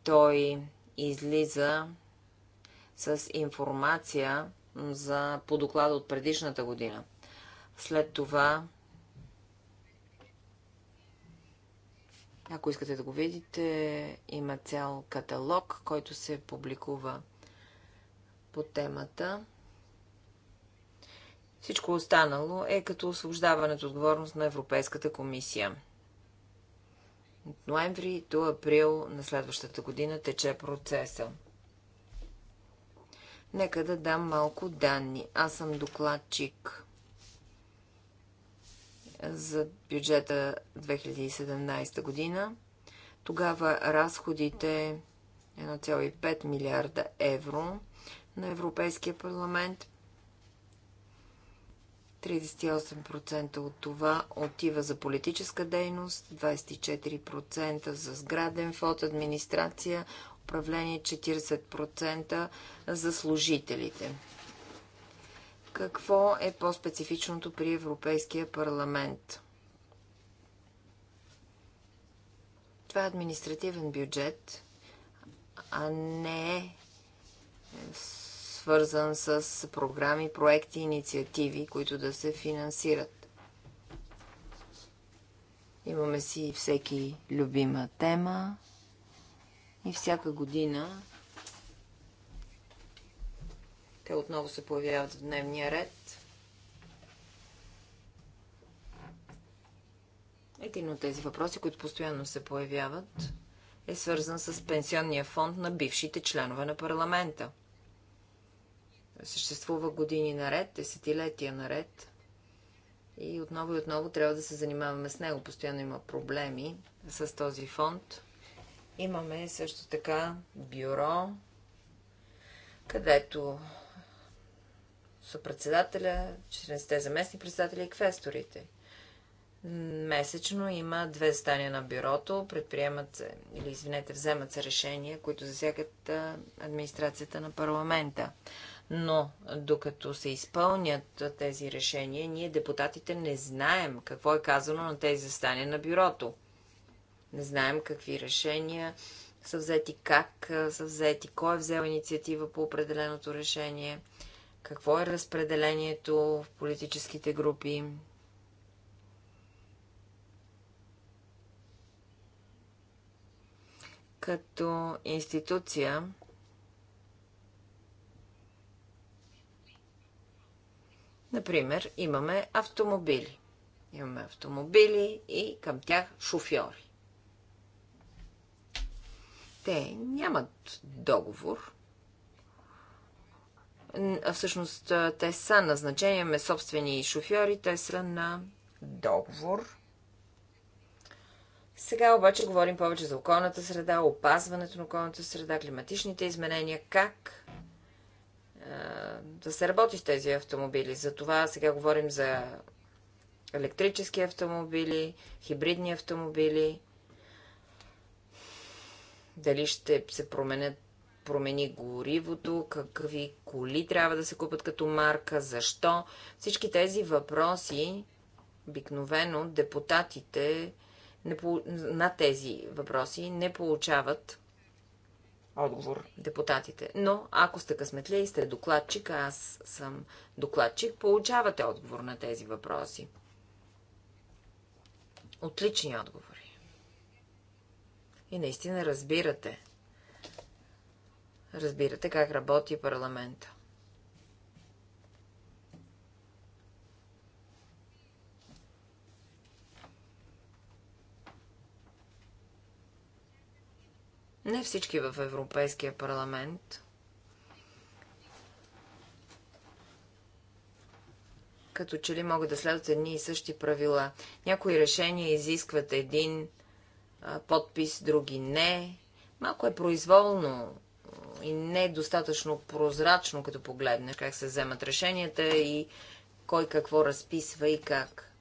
той излиза с информация за, по доклада от предишната година. След това, ако искате да го видите, има цял каталог, който се публикува по темата. Всичко останало е като освобождаването отговорност на Европейската комисия. От ноември до април на следващата година тече процеса. Нека да дам малко данни. Аз съм докладчик за бюджета 2017 година. Тогава разходите 1,5 е милиарда евро на Европейския парламент 38% от това отива за политическа дейност, 24% за сграден фонд, администрация, управление, 40% за служителите. Какво е по-специфичното при Европейския парламент? Това е административен бюджет, а не е свързан с програми, проекти, инициативи, които да се финансират. Имаме си всеки любима тема и всяка година те отново се появяват в дневния ред. Един от тези въпроси, които постоянно се появяват, е свързан с пенсионния фонд на бившите членове на парламента – съществува години наред, десетилетия наред. И отново и отново трябва да се занимаваме с него. Постоянно има проблеми с този фонд. Имаме също така бюро, където са председателя, 14-те заместни председатели и квесторите. Месечно има две стания на бюрото, предприемат се, или извинете, вземат се решения, които засягат администрацията на парламента. Но докато се изпълнят тези решения, ние депутатите не знаем какво е казано на тези застания на бюрото. Не знаем какви решения са взети, как са взети, кой е взел инициатива по определеното решение, какво е разпределението в политическите групи. Като институция Например, имаме автомобили. Имаме автомобили и към тях шофьори. Те нямат договор. Всъщност, те са назначени, имаме собствени шофьори, те са на договор. Сега обаче говорим повече за околната среда, опазването на околната среда, климатичните изменения, как е, да се работи с тези автомобили. Затова сега говорим за електрически автомобили, хибридни автомобили. Дали ще се променят промени горивото, какви коли трябва да се купат като марка, защо. Всички тези въпроси, обикновено депутатите не, на тези въпроси не получават отговор депутатите. Но ако сте късметли и сте докладчик, а аз съм докладчик, получавате отговор на тези въпроси. Отлични отговори. И наистина разбирате. Разбирате как работи парламента. Не всички в Европейския парламент като че ли могат да следват едни и същи правила. Някои решения изискват един подпис, други не. Малко е произволно и не е достатъчно прозрачно, като погледнеш как се вземат решенията и кой какво разписва и как.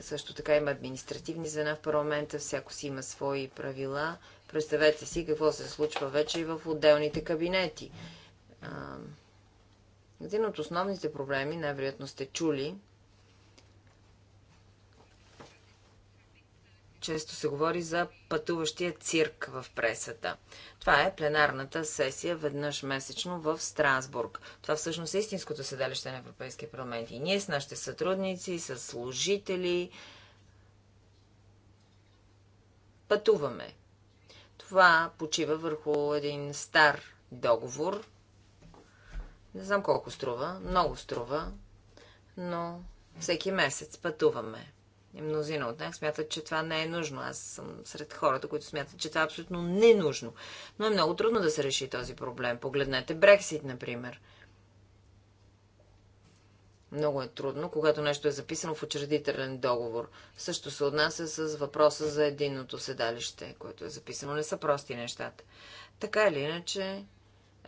Също така има административни звена в парламента, всяко си има свои правила. Представете си какво се случва вече и в отделните кабинети. Един от основните проблеми, най-вероятно сте чули, често се говори за пътуващия цирк в пресата. Това е пленарната сесия веднъж месечно в Страсбург. Това всъщност е истинското седалище на Европейския парламент. И ние с нашите сътрудници, с служители пътуваме. Това почива върху един стар договор. Не знам колко струва, много струва, но всеки месец пътуваме. Мнозина от тях смятат, че това не е нужно. Аз съм сред хората, които смятат, че това е абсолютно ненужно. Но е много трудно да се реши този проблем. Погледнете Брексит, например. Много е трудно, когато нещо е записано в учредителен договор. Също се отнася с въпроса за единното седалище, което е записано. Не са прости нещата. Така или иначе,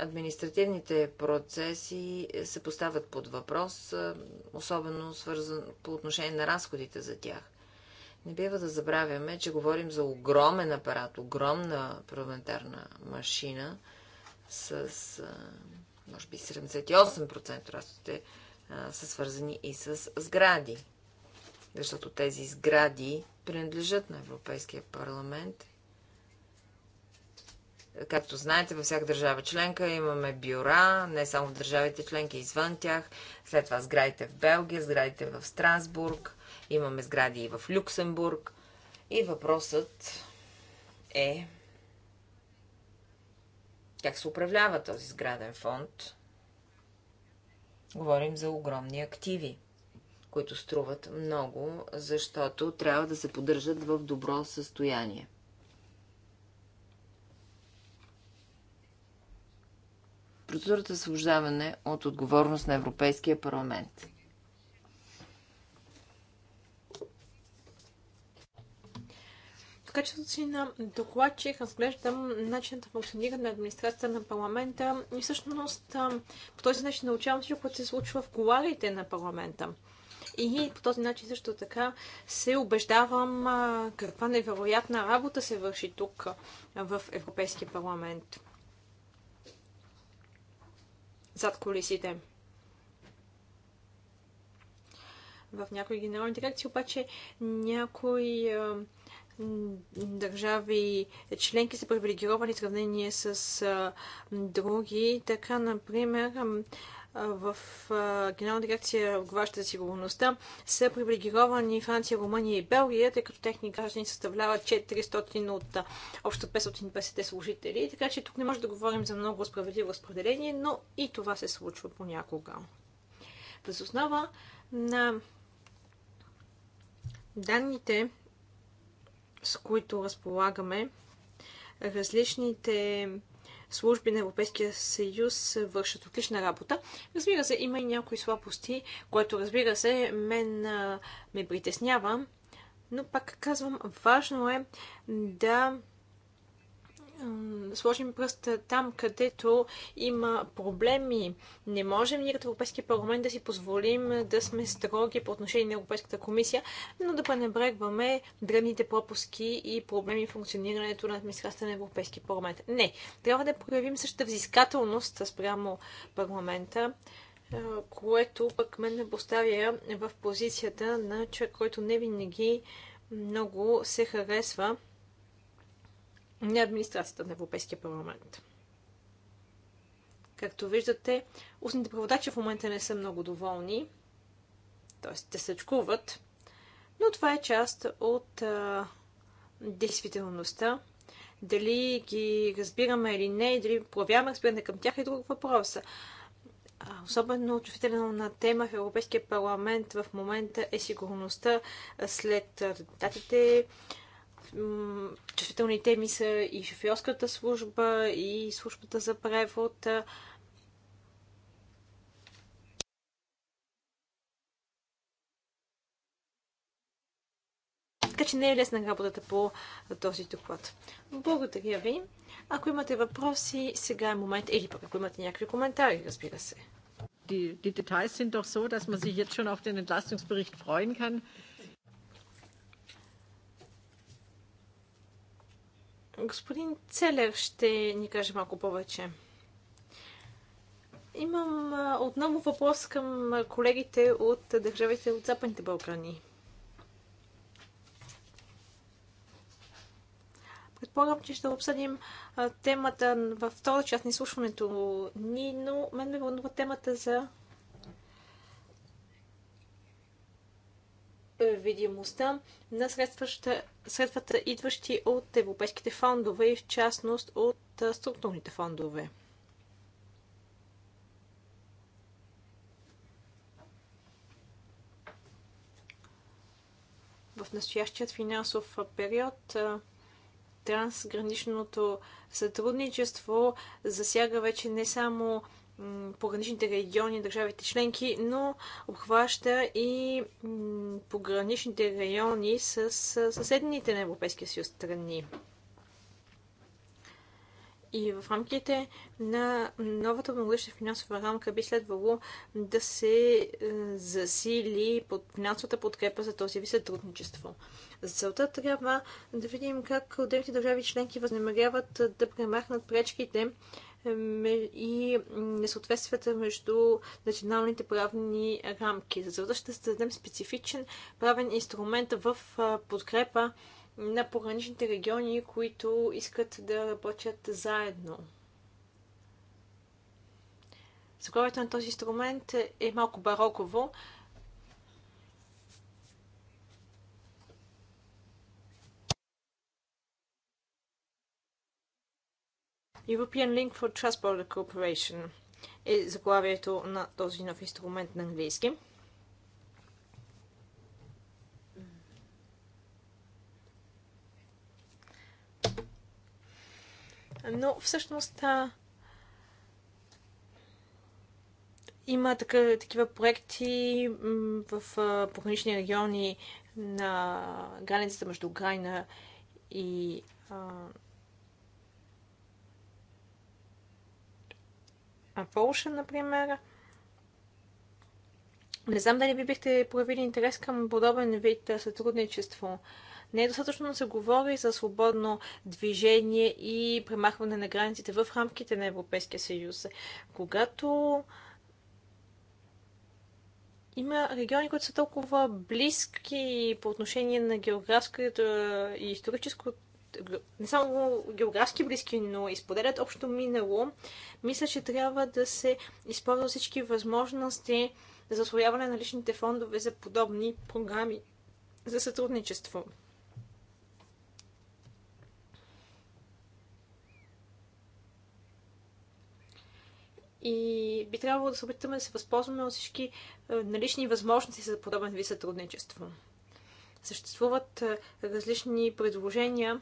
административните процеси се поставят под въпрос, особено свързан по отношение на разходите за тях. Не бива да забравяме, че говорим за огромен апарат, огромна парламентарна машина с може би 78% разходите са свързани и с сгради. Защото тези сгради принадлежат на Европейския парламент Както знаете, във всяка държава членка имаме бюра, не само в държавите членки, извън тях. След това сградите в Белгия, сградите в Страсбург, имаме сгради и в Люксембург. И въпросът е как се управлява този сграден фонд. Говорим за огромни активи, които струват много, защото трябва да се поддържат в добро състояние. процедурата освобождаване от отговорност на Европейския парламент. В качеството си значи, на докладчик разглеждам начинът на функциониране на администрацията на парламента и всъщност по този начин научавам всичко, което се случва в коларите на парламента. И по този начин също така се убеждавам каква невероятна работа се върши тук в Европейския парламент зад колисите. В някои генерални дирекции обаче някои държави членки са привилегировани в сравнение с други. Така, например, в Генерална дирекция отговаряща за сигурността са привилегировани Франция, Румъния и Белгия, тъй като техни граждани съставляват 400 от общо 550 служители. Така че тук не може да говорим за много справедливо разпределение, но и това се случва понякога. Въз основа на данните, с които разполагаме, различните служби на Европейския съюз вършат отлична работа. Разбира се, има и някои слабости, което разбира се мен ме притеснява, но пак казвам, важно е да сложим пръст там, където има проблеми. Не можем ние като Европейския парламент да си позволим да сме строги по отношение на Европейската комисия, но да пренебрегваме древните пропуски и проблеми в функционирането на администрацията на Европейския парламент. Не, трябва да проявим същата взискателност спрямо парламента, което пък мен не поставя в позицията на човек, който не винаги много се харесва не администрацията на Европейския парламент. Както виждате, устните преводачи в момента не са много доволни, т.е. те съчкуват, но това е част от а, действителността. Дали ги разбираме или не, и дали проявяваме разбиране към тях е друг въпрос. Особено на тема в Европейския парламент в момента е сигурността след атентатите, чувствителни теми са и шофьорската служба, и службата за превод. Така че не е лесна работата по този доклад. Благодаря ви. Ако имате въпроси, сега е момент. Или пък ако имате някакви коментари, разбира се. Die, die Details sind doch so, dass man sich jetzt schon auf den Entlastungsbericht freuen kann. Господин Целев ще ни каже малко повече. Имам отново въпрос към колегите от държавите от Западните Балкани. Предполагам, че ще обсъдим темата във втора част на изслушването ни, но мен ме вълнува темата за видимостта на средствата, средствата, идващи от европейските фондове и в частност от структурните фондове. В настоящият финансов период трансграничното сътрудничество засяга вече не само пограничните региони на държавите членки, но обхваща и пограничните райони с съседните на Европейския съюз страни. И в рамките на новата многогодишна финансова рамка би следвало да се е, засили под финансовата подкрепа за този ви сътрудничество. За целта трябва да видим как отделните държави членки възнамеряват да премахнат пречките и несъответствията между националните правни рамки. За целта ще създадем специфичен правен инструмент в подкрепа на пограничните региони, които искат да работят заедно. Заглавието на този инструмент е малко бароково, European Link for Trust-Border Cooperation е заглавието на този нов инструмент на английски. Но всъщност има така, такива проекти в погранични региони на границата между Украина и а Полша, например, не знам дали ви бихте проявили интерес към подобен вид сътрудничество. Не е достатъчно да се говори за свободно движение и премахване на границите в рамките на Европейския съюз. Когато има региони, които са толкова близки по отношение на географското и историческото не само географски близки, но и споделят общо минало, мисля, че трябва да се използват всички възможности за освояване на личните фондове за подобни програми за сътрудничество. И би трябвало да се опитаме да се възползваме от всички е, налични възможности за подобен вид сътрудничество. Съществуват е, различни предложения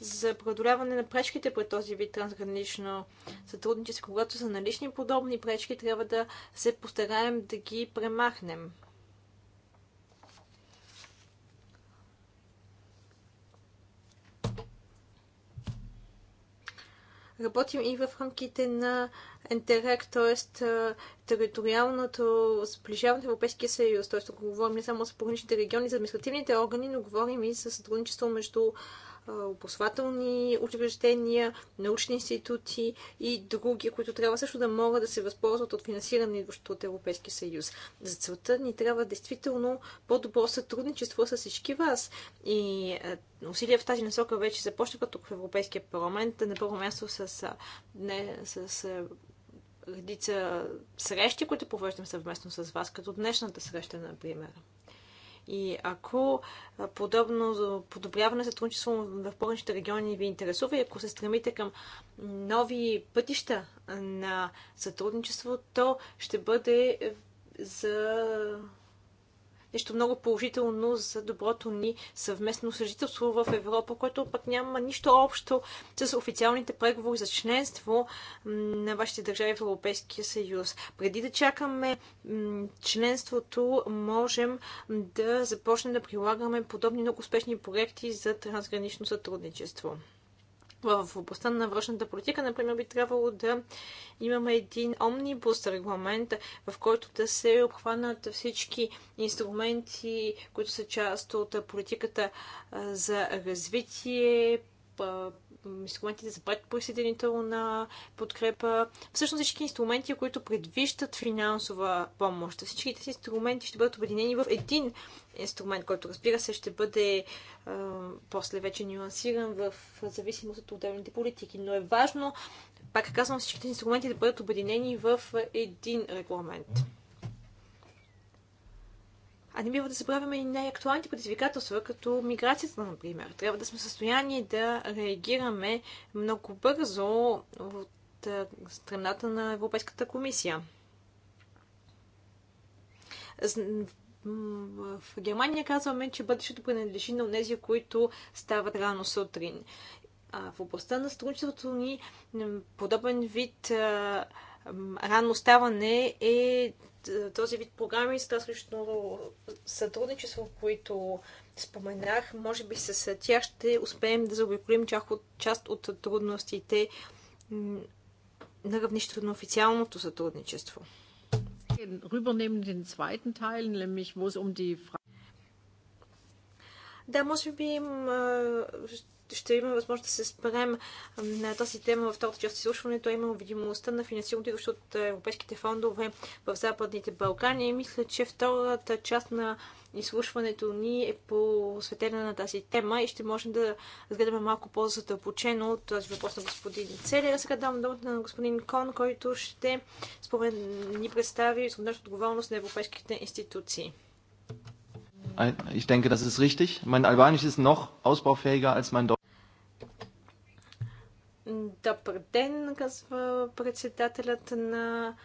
за преодоляване на пречките пред този вид трансгранично сътрудничество. Когато са налични подобни пречки, трябва да се постараем да ги премахнем. Работим и в рамките на Интерект, т.е. териториалното сближаване в Европейския съюз. Т.е. говорим не само за пограничните региони, за административните органи, но говорим и за сътрудничество между опосвателни учреждения, научни институти и други, които трябва също да могат да се възползват от финансиране, идващо от Европейския съюз. За целта ни трябва действително по-добро сътрудничество с всички вас. И усилия в тази насока вече започнаха тук в Европейския парламент, на първо място с, не, с редица срещи, които провеждам съвместно с вас, като днешната среща, например. И ако подобно подобряване сътрудничество в повечето региони ви интересува и ако се стремите към нови пътища на сътрудничество, то ще бъде за нещо много положително за доброто ни съвместно съжителство в Европа, което пък няма нищо общо с официалните преговори за членство на вашите държави в Европейския съюз. Преди да чакаме членството, можем да започнем да прилагаме подобни много успешни проекти за трансгранично сътрудничество в областта на външната политика, например, би трябвало да имаме един омнибус регламент, в който да се обхванат всички инструменти, които са част от политиката за развитие, инструментите за предприсъединителна подкрепа, всъщност всички инструменти, които предвиждат финансова помощ. Всички тези инструменти ще бъдат объединени в един инструмент, който разбира се ще бъде а, после вече нюансиран в зависимост от отделните политики. Но е важно, пак казвам, всичките инструменти да бъдат обединени в един регламент. А не бива да забравяме и най-актуалните предизвикателства, като миграцията, например. Трябва да сме в състояние да реагираме много бързо от страната на Европейската комисия. В Германия казваме, че бъдещето принадлежи на тези, които стават рано сутрин. А в областта на сътрудничеството ни подобен вид рано ставане е този вид програми за различно сътрудничество, които споменах, може би с тях ще успеем да заобиколим част от трудностите на равнището на официалното сътрудничество. Да, може би ще имаме възможност да се спрем на тази тема в втората част изслушването, а именно видимостта на финансирането, идващо от е, европейските фондове в Западните Балкани. И мисля, че втората част на изслушването ни е посветена на тази тема и ще можем да разгледаме малко по-задълбочено този въпрос на господин Целия. Сега давам думата на господин Кон, който ще спомен, ни представи свободната отговорност на европейските институции. Ich denke, das ist richtig. Mein Albanisch ist noch ausbaufähiger als mein Deutsch. Добър ден, казва председателят на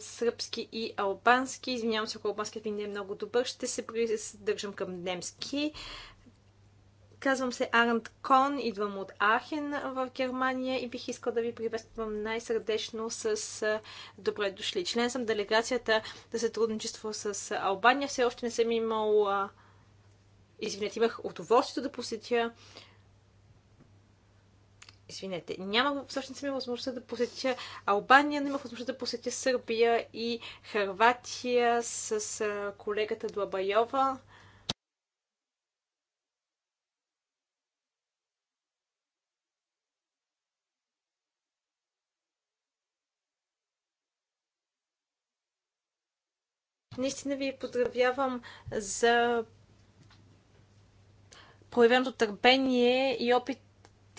сръбски и албански. Извинявам се, ако албанският не е много добър. Ще се придържам към немски. Казвам се Арнт Кон, идвам от Ахен в Германия и бих искал да ви приветствам най-сърдечно с добре дошли. Член съм делегацията за сътрудничество с Албания. Все още не съм имал... Извинете, имах удоволствието да посетя Извинете, няма всъщност ми възможността да посетя Албания, но имах възможността да посетя Сърбия и Харватия с колегата Длабайова. Наистина ви поздравявам за проявеното търпение и опит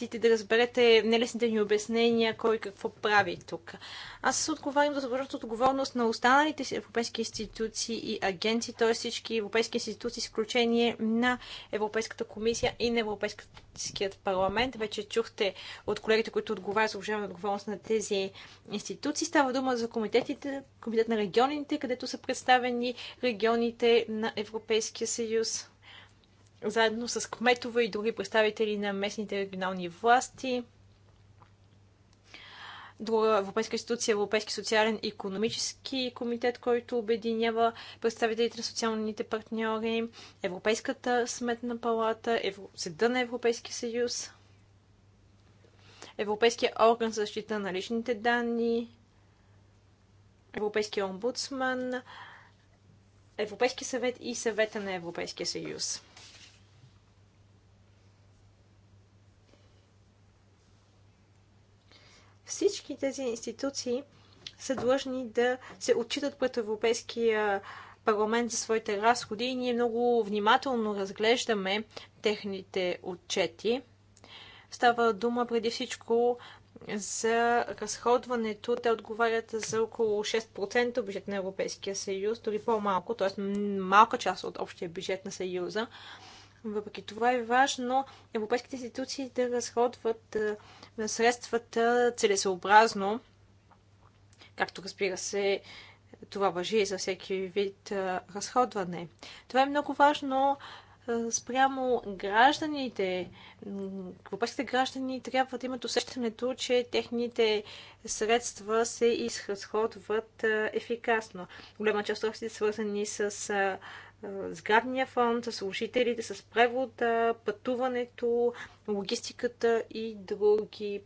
опитите да разберете нелесните ни обяснения, кой какво прави тук. Аз се отговарям за събръжната отговорност на останалите европейски институции и агенции, т.е. всички европейски институции, изключение на Европейската комисия и на Европейският парламент. Вече чухте от колегите, които отговарят за обжаване отговорност на тези институции. Става дума за комитетите, комитет на регионите, където са представени регионите на Европейския съюз заедно с кметове и други представители на местните регионални власти, друга европейска институция, Европейски социален и економически комитет, който обединява представителите на социалните партньори, Европейската сметна палата, Евро... Съда на Европейския съюз, Европейския орган за защита на личните данни, Европейския омбудсман, Европейски съвет и съвета на Европейския съюз. Всички тези институции са длъжни да се отчитат пред Европейския парламент за своите разходи и ние много внимателно разглеждаме техните отчети. Става дума преди всичко за разходването. Те отговарят за около 6% бюджет на Европейския съюз, дори по-малко, т.е. малка част от общия бюджет на съюза. Въпреки това е важно европейските институции да разходват средствата целесообразно, както разбира се, това въжи и за всеки вид разходване. Това е много важно спрямо гражданите. Европейските граждани трябва да имат усещането, че техните средства се изразходват ефикасно. Голяма част от са свързани с е, сградния фонд, с служителите, с превода, пътуването, логистиката и други.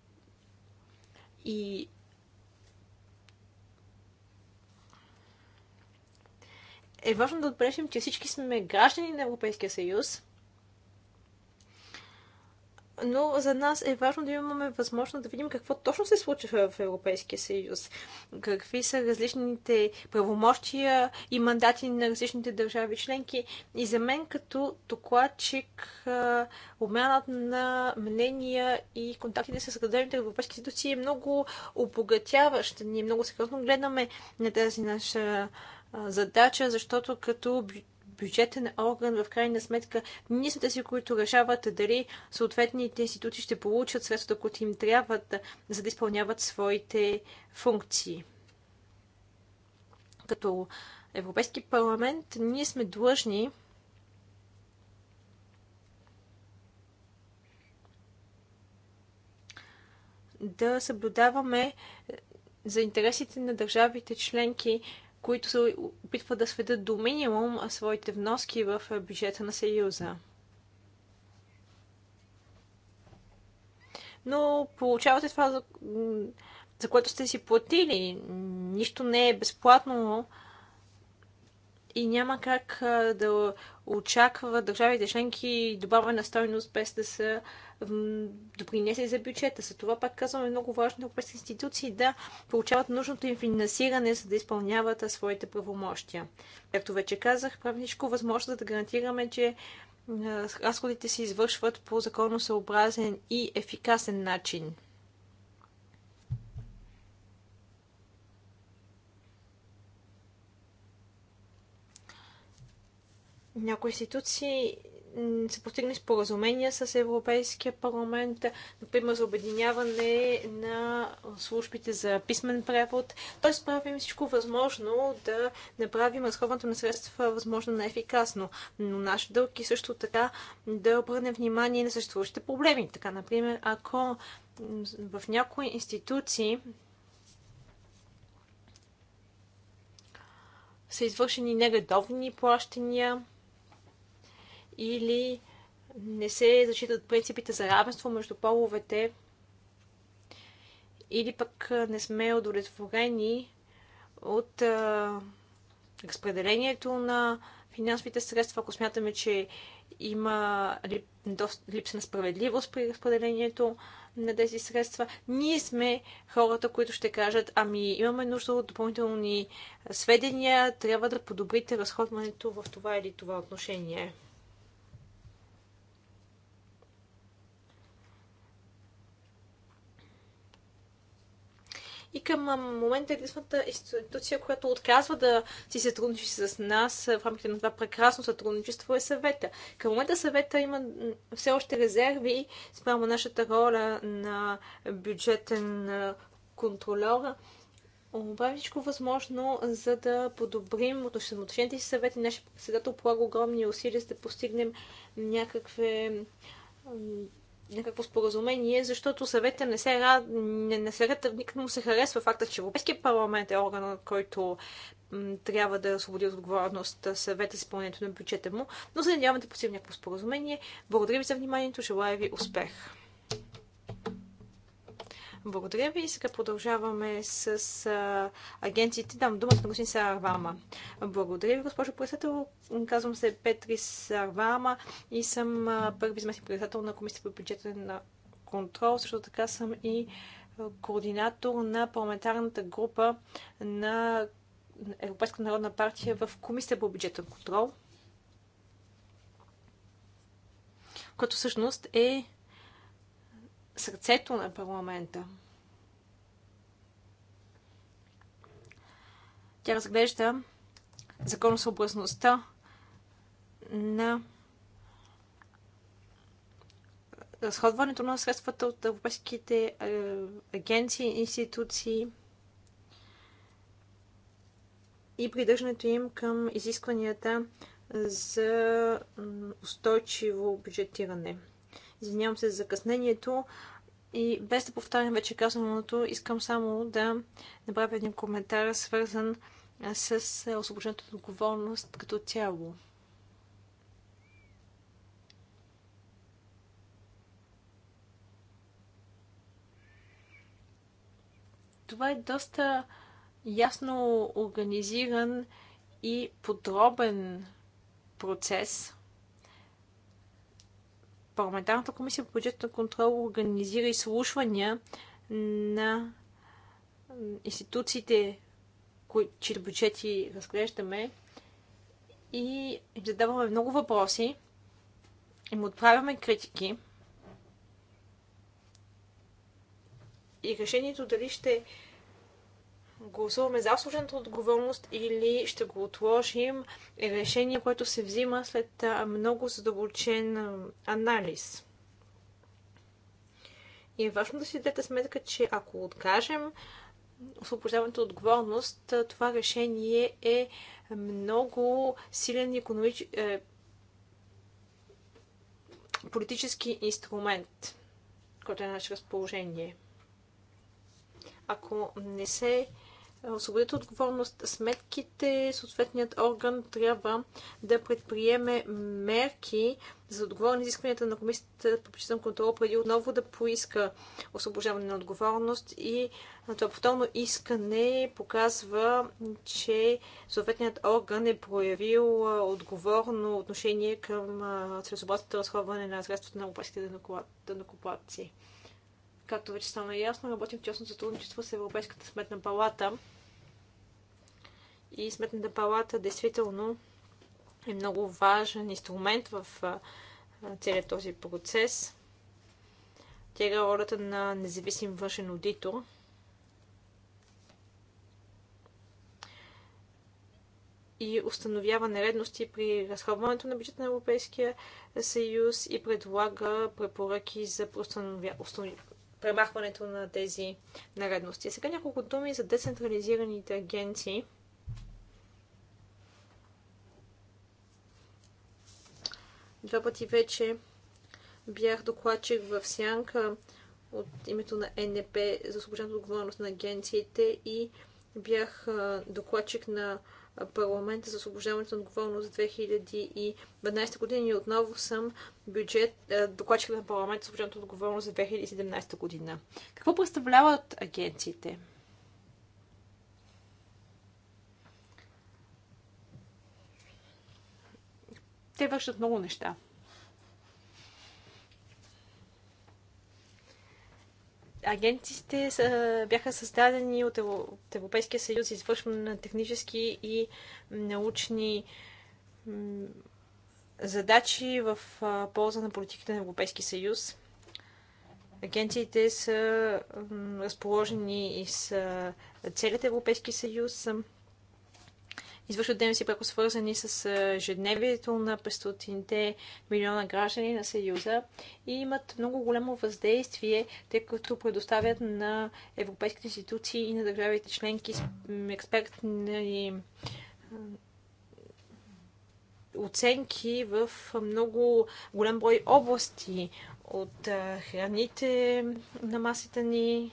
И е важно да отбележим, че всички сме граждани на Европейския съюз но за нас е важно да имаме възможност да видим какво точно се случва в Европейския съюз, какви са различните правомощия и мандати на различните държави членки. И за мен като докладчик обмянат на мнения и контактите с гражданите европейски институции е много обогатяващ. Ние много сериозно гледаме на тази наша задача, защото като бюджетен орган, в крайна сметка ние сме тези, които решават дали съответните институции ще получат средствата, които им трябват, за да изпълняват своите функции. Като Европейски парламент ние сме длъжни да съблюдаваме за интересите на държавите членки които се опитват да сведат до минимум своите вноски в е, бюджета на Съюза. Но получавате това, за, за което сте си платили. Нищо не е безплатно и няма как да очаква държавите членки добавена стойност без да са допринесе за бюджета. За това пак казваме много важно европейски институции да получават нужното им финансиране, за да изпълняват своите правомощия. Както вече казах, правим всичко възможно да гарантираме, че разходите се извършват по законосъобразен и ефикасен начин. Някои институции се постигне споразумения с Европейския парламент, например за обединяване на службите за писмен превод. Тоест правим всичко възможно да направим разходването на средства възможно най-ефикасно. Но наш дълг е също така да обърнем внимание на съществуващите проблеми. Така, например, ако в някои институции са извършени нередовни плащания, или не се зачитат принципите за равенство между половете или пък не сме удовлетворени от а, разпределението на финансовите средства, ако смятаме, че има лип, липса на справедливост при разпределението на тези средства. Ние сме хората, които ще кажат, ами имаме нужда от допълнителни сведения, трябва да подобрите разходването в това или това отношение. и към момента единствената институция, която отказва да си сътрудничи с нас в рамките на това прекрасно сътрудничество е съвета. Към момента съвета има все още резерви спрямо нашата роля на бюджетен контролера. Обаче всичко възможно, за да подобрим отношенията си съвет и нашия председател полага огромни усилия, за да постигнем някакви някакво споразумение, защото съвета не се, рад, не, не се рад, никак му се харесва факта, че Европейския парламент е органът, който м, трябва да освободи отговорност съвета с изпълнението на бюджета му, но се надяваме да постигнем някакво споразумение. Благодаря ви за вниманието, желая ви успех! Благодаря ви. Сега продължаваме с а, агенциите. Дам думата на господин Сарвама. Благодаря ви, госпожо председател. Казвам се Петри Сарвама и съм а, първи заместник председател на Комисията по бюджетен контрол. Също така съм и координатор на парламентарната група на Европейска народна партия в Комисията по бюджетен контрол, което всъщност е сърцето на парламента. Тя разглежда законосъобразността на разходването на средствата от европейските е, агенции, и институции и придържането им към изискванията за устойчиво бюджетиране. Извинявам се за закъснението. И без да повтарям вече казаното, искам само да направя един коментар, свързан с освобождената отговорност като цяло. Това е доста ясно организиран и подробен процес. Парламентарната комисия по бюджетен контрол организира изслушвания на институциите, чието бюджети разглеждаме и им задаваме много въпроси, им отправяме критики и решението дали ще гласуваме за служената отговорност или ще го отложим е решение, което се взима след много задълбочен анализ. И е важно да си дадете сметка, че ако откажем освобождаването от отговорност, това решение е много силен економич... Е... политически инструмент, който е на наше разположение. Ако не се е, освободите отговорност сметките, съответният орган трябва да предприеме мерки за отговорни изискванията на комисията по причинен контрол, преди отново да поиска освобождаване на отговорност и това повторно искане показва, че съответният орган е проявил отговорно отношение към целесообразното разходване на средствата на европейските данокоплаци. Както вече стана ясно, работим в тясно сътрудничество с Европейската сметна палата и Сметната палата действително е много важен инструмент в целият този процес. Тя е ролята на независим външен аудитор. и установява нередности при разходването на бюджета на Европейския съюз и предлага препоръки за установя... установ... премахването на тези нередности. Сега няколко думи за децентрализираните агенции – Два пъти вече бях докладчик в Сянка от името на НП за освобождената отговорност на агенциите и бях докладчик на парламента за освобождаването на отговорност за 2012 година и отново съм бюджет, докладчик на парламента за освобождаването на отговорност за 2017 година. Какво представляват агенциите? Те вършат много неща. агенциите бяха създадени от Европейския съюз за извършване на технически и научни задачи в полза на политиките на Европейския съюз. Агенциите са разположени и с целият Европейски съюз извършват дейности пряко свързани с ежедневието на 500 милиона граждани на Съюза и имат много голямо въздействие, тъй като предоставят на европейските институции и на държавите членки експертни оценки в много голям брой области от храните на масата ни,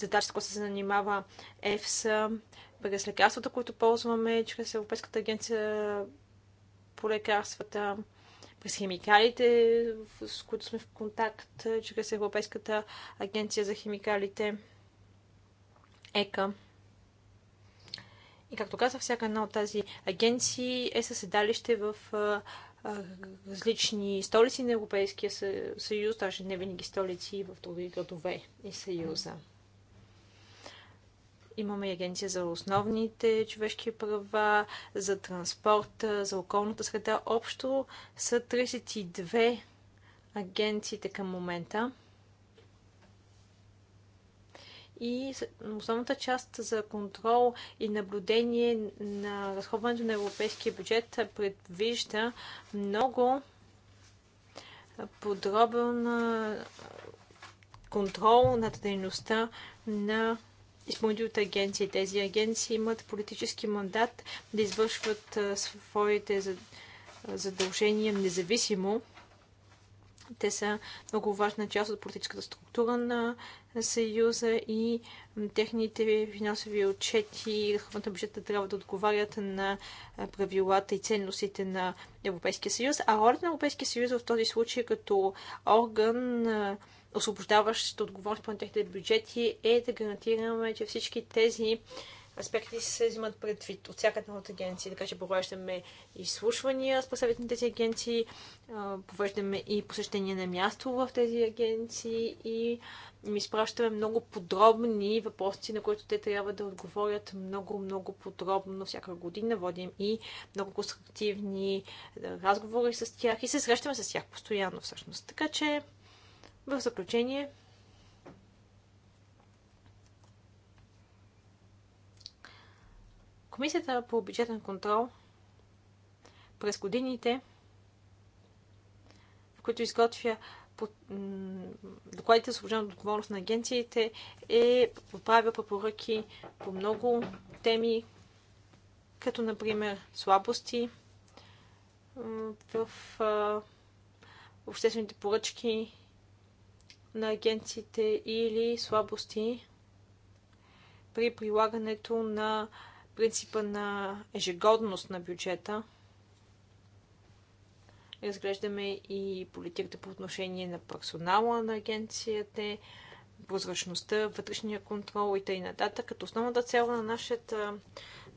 задачата, която се занимава ЕФСА, през лекарствата, които ползваме, чрез Европейската агенция по лекарствата, през химикалите, с които сме в контакт, чрез Европейската агенция за химикалите, ЕКА. И както каза, всяка една от тази агенции е със седалище в различни столици на Европейския съюз, даже не винаги столици в други градове и съюза. Имаме и агенция за основните човешки права, за транспорт, за околната среда. Общо са 32 агенциите към момента. И основната част за контрол и наблюдение на разходването на европейския бюджет предвижда много подробен контрол над дейността на изпълнителните агенции. Тези агенции имат политически мандат да извършват своите задължения независимо. Те са много важна част от политическата структура на Съюза и техните финансови отчети и на бюджета трябва да отговарят на правилата и ценностите на Европейския съюз. А ролята на Европейския съюз в този случай като орган освобождаващата отговорност по техните бюджети е да гарантираме, че всички тези аспекти се взимат предвид от всяка една от агенции. Така че провеждаме изслушвания с представителите на тези агенции, провеждаме и посещения на място в тези агенции и ми изпращаме много подробни въпроси, на които те трябва да отговорят много, много подробно всяка година. Водим и много конструктивни разговори с тях и се срещаме с тях постоянно всъщност. Така че в заключение, Комисията по бюджетен контрол през годините, в които изготвя докладите за служебна отговорност на агенциите, е поправя препоръки по много теми, като например слабости в обществените поръчки на агенциите или слабости при прилагането на принципа на ежегодност на бюджета. Разглеждаме и политиката по отношение на персонала на агенцията, прозрачността, вътрешния контрол и т.н. Като основната цел на нашата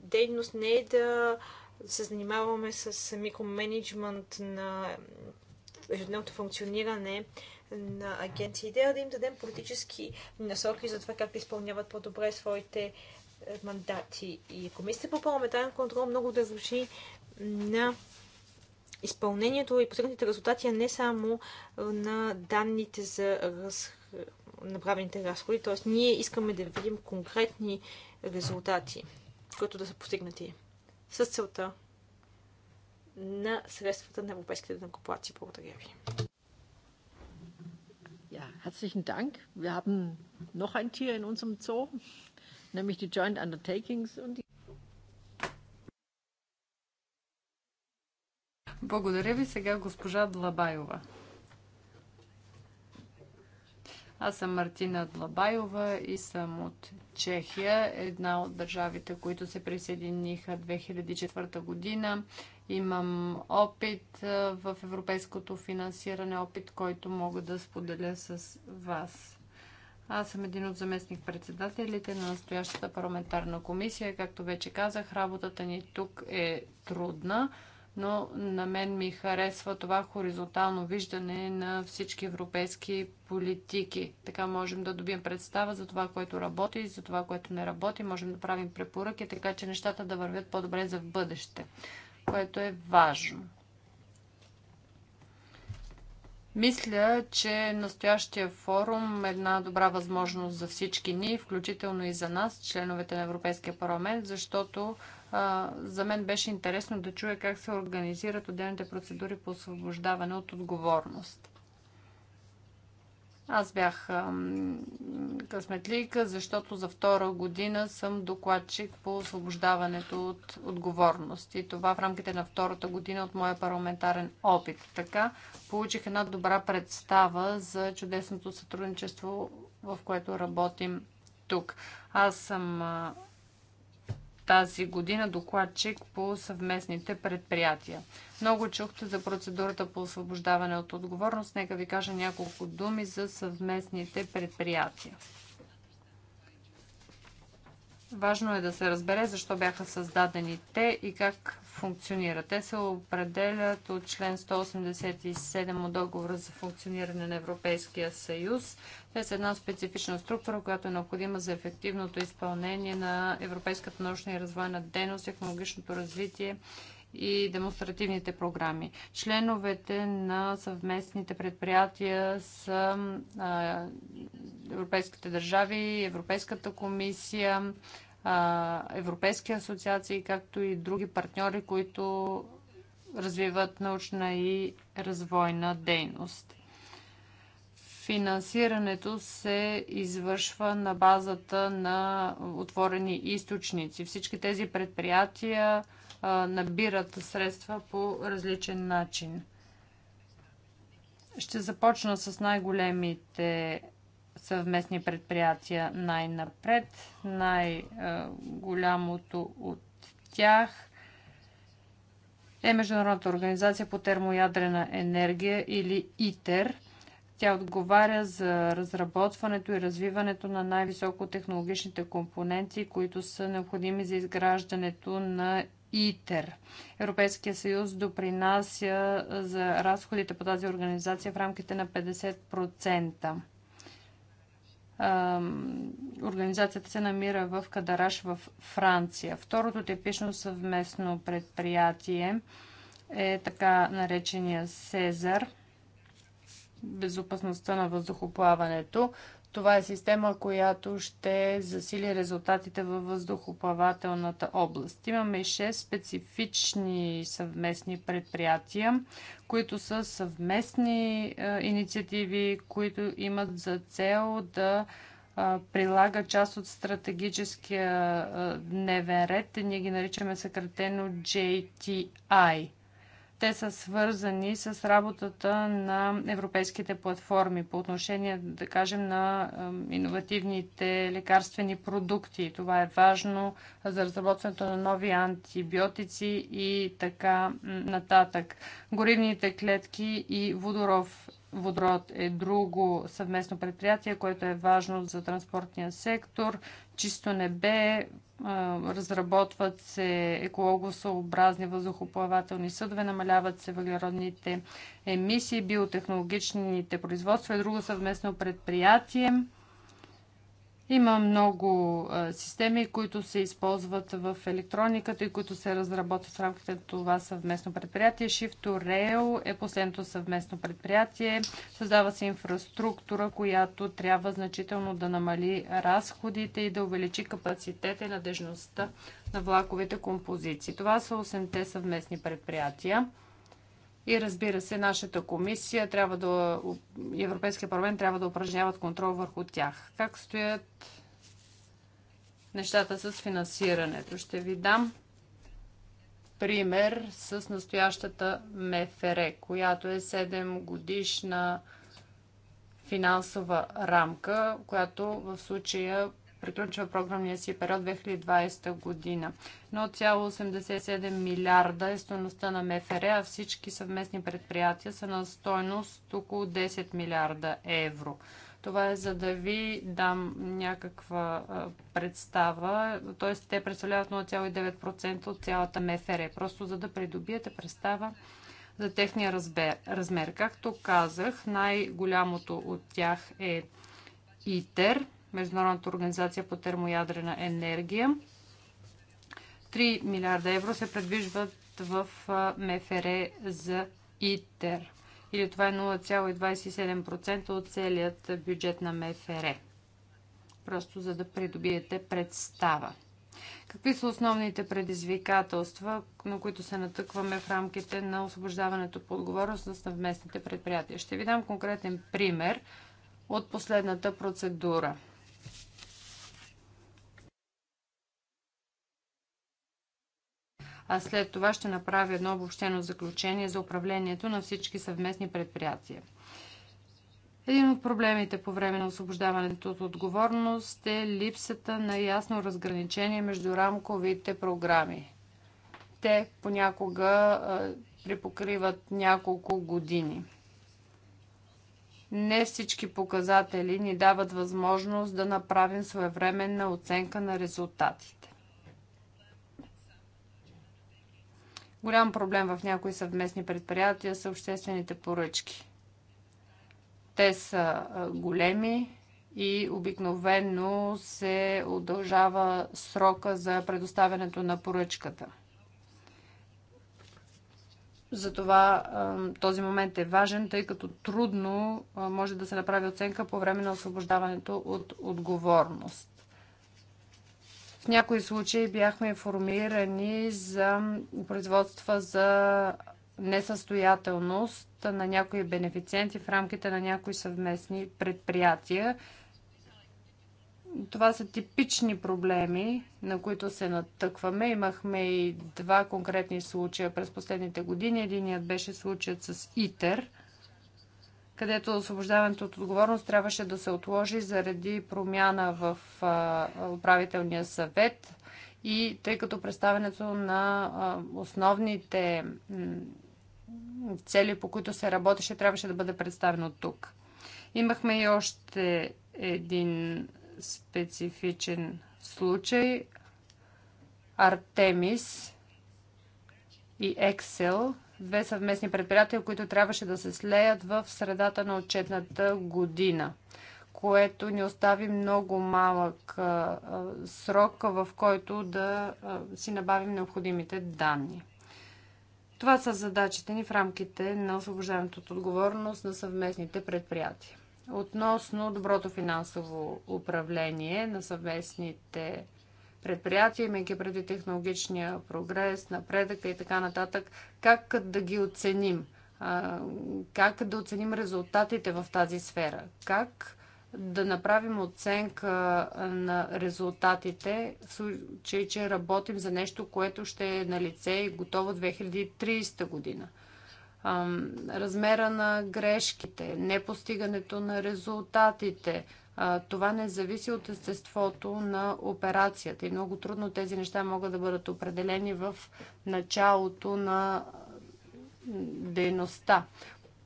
дейност не е да се занимаваме с микроменеджмент на ежедневното функциониране на агенциите, а да им дадем политически насоки за това как да изпълняват по-добре своите е, мандати. И Комисията по парламентарен контрол много да звучи на изпълнението и постигнатите резултати, а не само на данните за раз... направените разходи. Тоест, ние искаме да видим конкретни резултати, които да са постигнати с целта на средствата на европейските данъкоплаци. Благодаря ви. Herzlichen Dank. Wir haben noch ein Tier in unserem Zoo, nämlich die Joint Undertakings und die Благодаря ви сега госпожа Длабайова. Аз съм Мартина Длабаева и съм от Чехия, една от държавите, които се присъединиха 2004 година. Имам опит в европейското финансиране, опит, който мога да споделя с вас. Аз съм един от заместник-председателите на настоящата парламентарна комисия. Както вече казах, работата ни тук е трудна но на мен ми харесва това хоризонтално виждане на всички европейски политики. Така можем да добием представа за това, което работи и за това, което не работи. Можем да правим препоръки, така че нещата да вървят по-добре за в бъдеще, което е важно. Мисля, че настоящия форум е една добра възможност за всички ни, включително и за нас, членовете на Европейския парламент, защото за мен беше интересно да чуя как се организират отделните процедури по освобождаване от отговорност. Аз бях късметлийка, защото за втора година съм докладчик по освобождаването от отговорност. И това в рамките на втората година от моя парламентарен опит. Така получих една добра представа за чудесното сътрудничество, в което работим тук. Аз съм тази година докладчик по съвместните предприятия. Много чухте за процедурата по освобождаване от отговорност. Нека ви кажа няколко думи за съвместните предприятия. Важно е да се разбере защо бяха създадени те и как функционират. Те се определят от член 187 от договора за функциониране на Европейския съюз. Те са една специфична структура, която е необходима за ефективното изпълнение на европейската научна и развойна дейност, технологичното развитие и демонстративните програми. Членовете на съвместните предприятия са европейските държави, Европейската комисия, европейски асоциации, както и други партньори, които развиват научна и развойна дейност. Финансирането се извършва на базата на отворени източници. Всички тези предприятия набират средства по различен начин. Ще започна с най-големите съвместни предприятия най-напред. Най-голямото от тях е Международната организация по термоядрена енергия или ИТЕР. Тя отговаря за разработването и развиването на най-високо технологичните компоненти, които са необходими за изграждането на ИТЕР. Европейския съюз допринася за разходите по тази организация в рамките на 50%. Организацията се намира в Кадараш в Франция. Второто типично съвместно предприятие е така наречения Сезар – безопасността на въздухоплаването. Това е система, която ще засили резултатите във въздухоплавателната област. Имаме 6 специфични съвместни предприятия, които са съвместни е, инициативи, които имат за цел да е, прилага част от стратегическия е, дневен ред. Ние ги наричаме съкратено JTI те са свързани с работата на европейските платформи по отношение, да кажем, на иновативните лекарствени продукти. Това е важно за разработването на нови антибиотици и така нататък. Горивните клетки и водоров Водород е друго съвместно предприятие, което е важно за транспортния сектор. Чисто небе, е, разработват се екологосъобразни въздухоплавателни съдове, намаляват се въглеродните емисии, биотехнологичните производства е друго съвместно предприятие. Има много системи, които се използват в електрониката и които се разработват в рамките на това съвместно предприятие. Shift to Rail е последното съвместно предприятие. Създава се инфраструктура, която трябва значително да намали разходите и да увеличи капацитета и надежността на влаковите композиции. Това са 8-те съвместни предприятия. И разбира се, нашата комисия трябва да, Европейския парламент трябва да упражняват контрол върху тях. Как стоят нещата с финансирането? Ще ви дам пример с настоящата МФР, която е 7 годишна финансова рамка, която в случая приключва програмния си период 2020 година. 0,87 милиарда е стоеността на МФР, а всички съвместни предприятия са на стоеност около 10 милиарда евро. Това е за да ви дам някаква представа. Т.е. те представляват 0,9% от цялата МФР. Просто за да придобиете представа за техния размер. Както казах, най-голямото от тях е ИТЕР. Международната организация по термоядрена енергия. 3 милиарда евро се предвиждат в МФР за ИТЕР. Или това е 0,27% от целият бюджет на МФР. Просто за да придобиете представа. Какви са основните предизвикателства, на които се натъкваме в рамките на освобождаването по отговорност на съвместните предприятия? Ще ви дам конкретен пример от последната процедура. а след това ще направя едно обобщено заключение за управлението на всички съвместни предприятия. Един от проблемите по време на освобождаването от отговорност е липсата на ясно разграничение между рамковите програми. Те понякога припокриват няколко години. Не всички показатели ни дават възможност да направим своевременна оценка на резултатите. Голям проблем в някои съвместни предприятия са обществените поръчки. Те са големи и обикновено се удължава срока за предоставянето на поръчката. Затова този момент е важен, тъй като трудно може да се направи оценка по време на освобождаването от отговорност. В някои случаи бяхме информирани за производства за несъстоятелност на някои бенефициенти в рамките на някои съвместни предприятия. Това са типични проблеми, на които се натъкваме. Имахме и два конкретни случая през последните години. Единият беше случаят с ИТЕР – където освобождаването от отговорност трябваше да се отложи заради промяна в управителния съвет и тъй като представенето на основните цели, по които се работеше, трябваше да бъде представено тук. Имахме и още един специфичен случай. Артемис и Excel – две съвместни предприятия, които трябваше да се слеят в средата на отчетната година, което ни остави много малък срок, в който да си набавим необходимите данни. Това са задачите ни в рамките на освобождаването от отговорност на съвместните предприятия. Относно доброто финансово управление на съвместните предприятия, имайки преди технологичния прогрес, напредъка и така нататък, как да ги оценим? Как да оценим резултатите в тази сфера? Как да направим оценка на резултатите в случай, че работим за нещо, което ще е на лице и готово 2030 година? размера на грешките, непостигането на резултатите, това не зависи от естеството на операцията и много трудно тези неща могат да бъдат определени в началото на дейността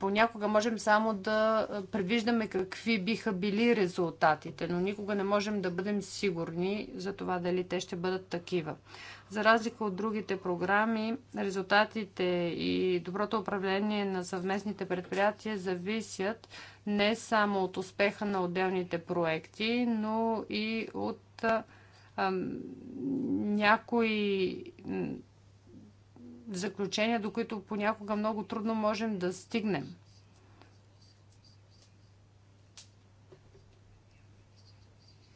понякога можем само да предвиждаме какви биха били резултатите, но никога не можем да бъдем сигурни за това дали те ще бъдат такива. За разлика от другите програми, резултатите и доброто управление на съвместните предприятия зависят не само от успеха на отделните проекти, но и от а, някои заключения, до които понякога много трудно можем да стигнем.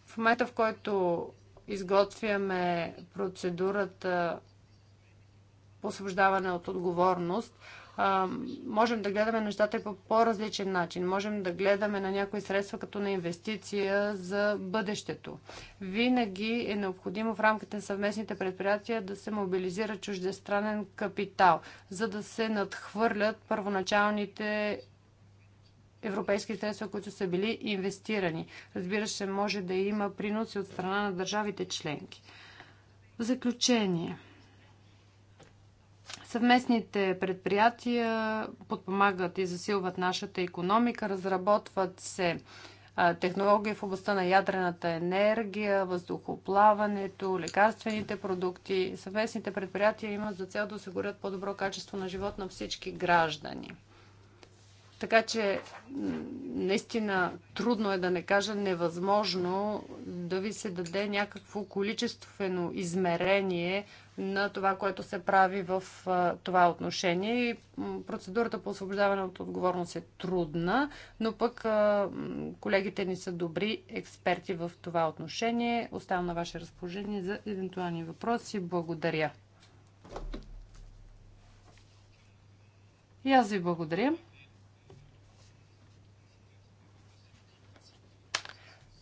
В момента, в който изготвяме процедурата по освобождаване от отговорност, можем да гледаме нещата по по-различен начин. Можем да гледаме на някои средства като на инвестиция за бъдещето. Винаги е необходимо в рамките на съвместните предприятия да се мобилизира чуждестранен капитал, за да се надхвърлят първоначалните европейски средства, които са били инвестирани. Разбира се, може да има приноси от страна на държавите членки. В заключение – Съвместните предприятия подпомагат и засилват нашата економика, разработват се технологии в областта на ядрената енергия, въздухоплаването, лекарствените продукти. Съвместните предприятия имат за цел да осигурят по-добро качество на живот на всички граждани. Така че наистина трудно е да не кажа невъзможно да ви се даде някакво количествено измерение на това, което се прави в това отношение. И процедурата по освобождаване от отговорност е трудна, но пък колегите ни са добри експерти в това отношение. Оставам на ваше разположение за евентуални въпроси. Благодаря. И аз ви благодаря.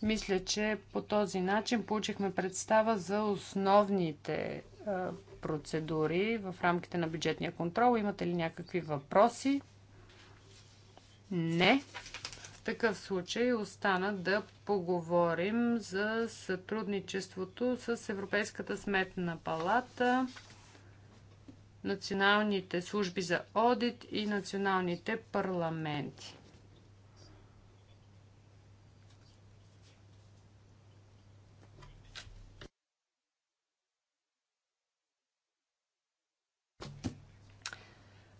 Мисля, че по този начин получихме представа за основните процедури в рамките на бюджетния контрол. Имате ли някакви въпроси? Не. В такъв случай остана да поговорим за сътрудничеството с Европейската сметна палата, националните служби за одит и националните парламенти.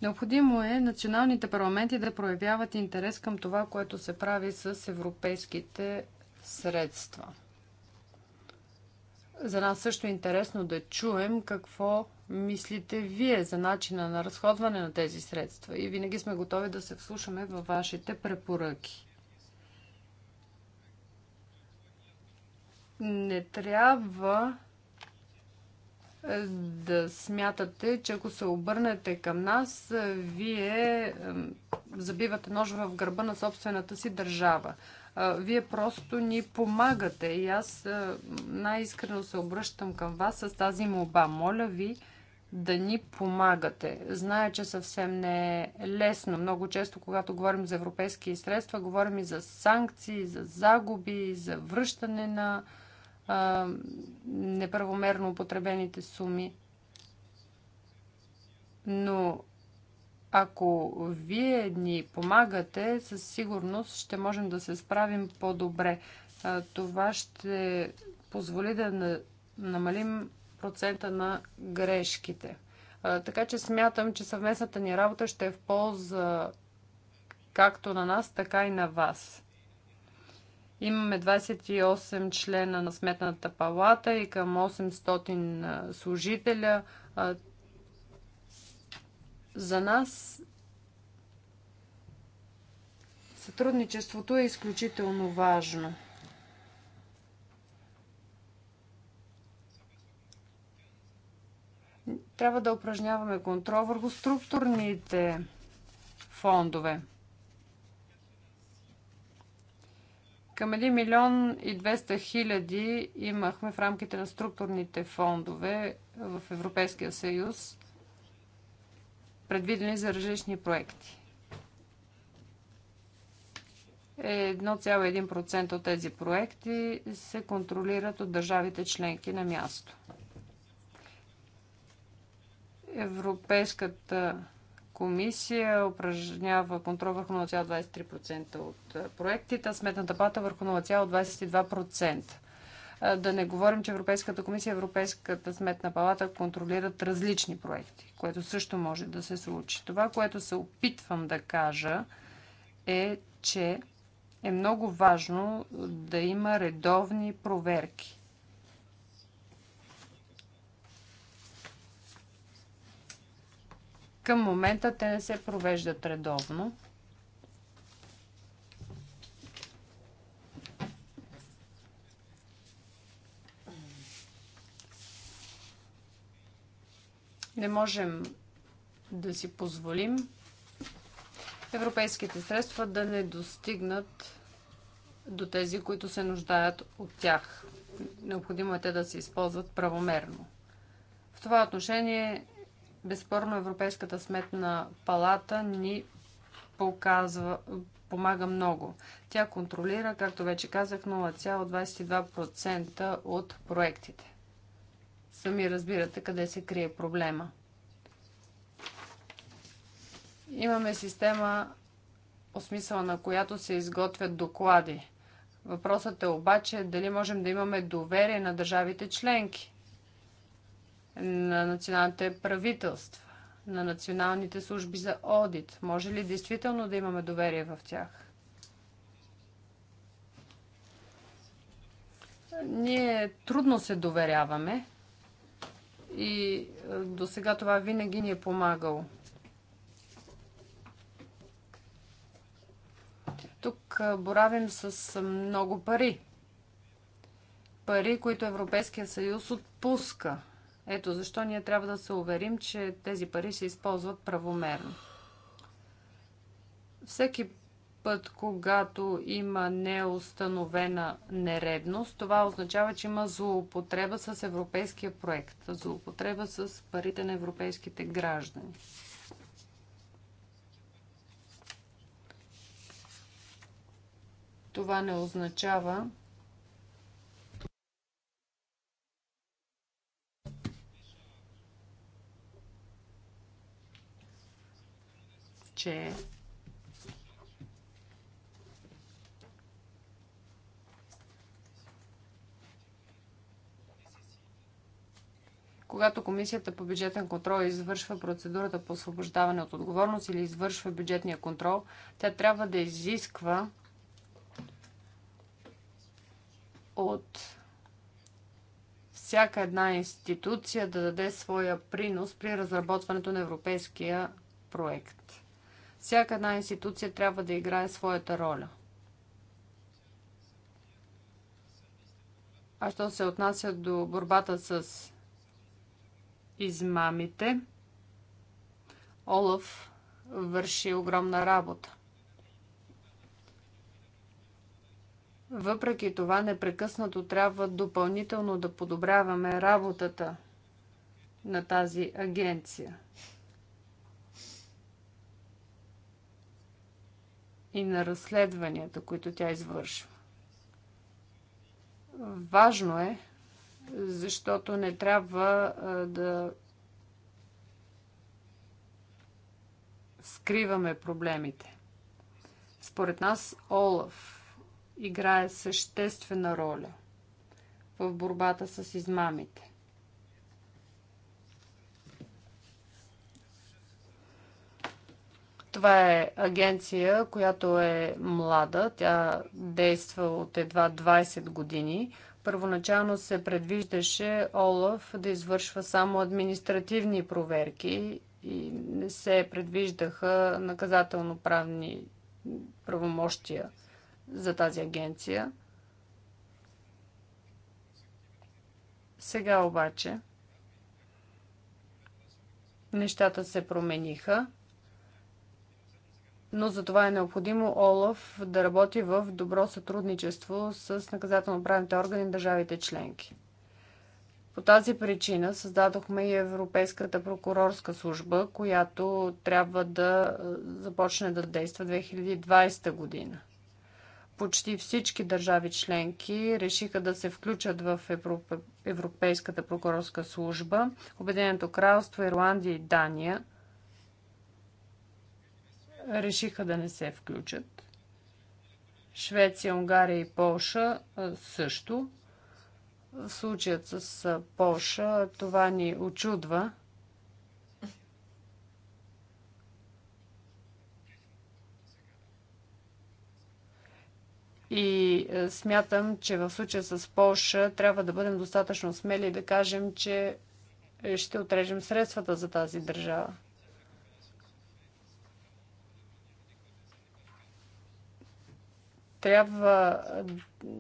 Необходимо е националните парламенти да проявяват интерес към това, което се прави с европейските средства. За нас също е интересно да чуем какво мислите вие за начина на разходване на тези средства и винаги сме готови да се вслушаме във вашите препоръки. Не трябва да смятате, че ако се обърнете към нас, вие забивате нож в гърба на собствената си държава. Вие просто ни помагате и аз е, най-искрено се обръщам към вас с тази молба. Моля ви да ни помагате. Зная, че съвсем не е лесно. Много често, когато говорим за европейски средства, говорим и за санкции, за загуби, за връщане на неправомерно употребените суми. Но ако вие ни помагате, със сигурност ще можем да се справим по-добре. Това ще позволи да намалим процента на грешките. Така че смятам, че съвместната ни работа ще е в полза както на нас, така и на вас. Имаме 28 члена на Сметната палата и към 800 служителя. За нас сътрудничеството е изключително важно. Трябва да упражняваме контрол върху структурните фондове. Към 1 милион и 200 хиляди имахме в рамките на структурните фондове в Европейския съюз, предвидени за различни проекти. 1,1% е, от тези проекти се контролират от държавите членки на място. Европейската комисия упражнява контрол върху 0,23% от проектите, а Сметната палата върху 0,22%. Да не говорим, че Европейската комисия и Европейската сметна палата контролират различни проекти, което също може да се случи. Това, което се опитвам да кажа е, че е много важно да има редовни проверки. Към момента те не се провеждат редовно. Не можем да си позволим европейските средства да не достигнат до тези, които се нуждаят от тях. Необходимо е те да се използват правомерно. В това отношение Безспорно Европейската сметна палата ни показва, помага много. Тя контролира, както вече казах, 0,22% от проектите. Сами разбирате къде се крие проблема. Имаме система, осмисъл на която се изготвят доклади. Въпросът е обаче дали можем да имаме доверие на държавите членки на националните правителства, на националните служби за одит? Може ли действително да имаме доверие в тях? Ние трудно се доверяваме и е, до сега това винаги ни е помагало. Тук е, боравим с много пари. Пари, които Европейския съюз отпуска ето защо ние трябва да се уверим, че тези пари се използват правомерно. Всеки път, когато има неустановена нередност, това означава, че има злоупотреба с европейския проект, злоупотреба с парите на европейските граждани. Това не означава, че когато Комисията по бюджетен контрол извършва процедурата по освобождаване от отговорност или извършва бюджетния контрол, тя трябва да изисква от всяка една институция да даде своя принос при разработването на европейския проект. Всяка една институция трябва да играе своята роля. А що се отнася до борбата с измамите, Олаф върши огромна работа. Въпреки това, непрекъснато трябва допълнително да подобряваме работата на тази агенция. и на разследванията, които тя извършва. Важно е, защото не трябва да скриваме проблемите. Според нас Олаф играе съществена роля в борбата с измамите. Това е агенция, която е млада. Тя действа от едва 20 години. Първоначално се предвиждаше Олаф да извършва само административни проверки и не се предвиждаха наказателно-правни правомощия за тази агенция. Сега обаче нещата се промениха но за това е необходимо ОЛАФ да работи в добро сътрудничество с наказателно-правните органи на държавите членки. По тази причина създадохме и Европейската прокурорска служба, която трябва да е, започне да действа 2020 година. Почти всички държави членки решиха да се включат в Европейската прокурорска служба. Обединеното кралство, Ирландия и Дания – решиха да не се включат. Швеция, Унгария и Полша също. В Случаят с Полша, това ни очудва. И смятам, че в случая с Польша трябва да бъдем достатъчно смели да кажем, че ще отрежем средствата за тази държава. трябва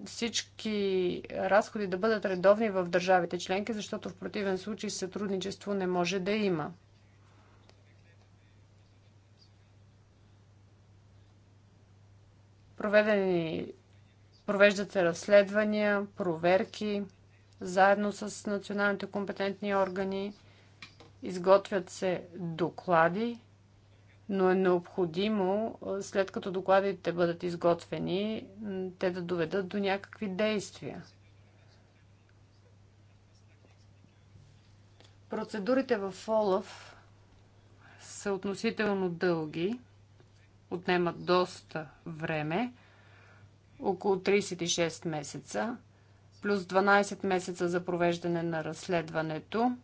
всички разходи да бъдат редовни в държавите членки, защото в противен случай сътрудничество не може да има. Проведени, провеждат се разследвания, проверки, заедно с националните компетентни органи, изготвят се доклади но е необходимо, след като докладите бъдат изготвени, те да доведат до някакви действия. Процедурите в ОЛАФ са относително дълги, отнемат доста време, около 36 месеца, плюс 12 месеца за провеждане на разследването –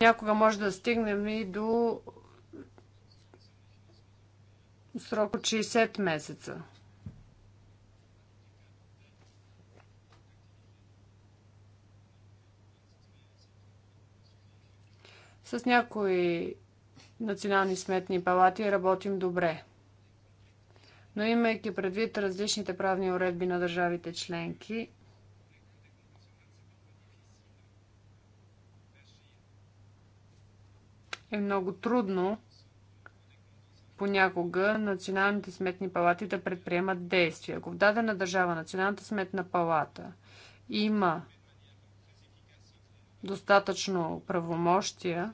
Някога може да стигнем и до срок от 60 месеца. С някои национални сметни палати работим добре. Но имайки предвид различните правни уредби на държавите членки, е много трудно понякога националните сметни палати да предприемат действия. Ако в дадена държава националната сметна палата има достатъчно правомощия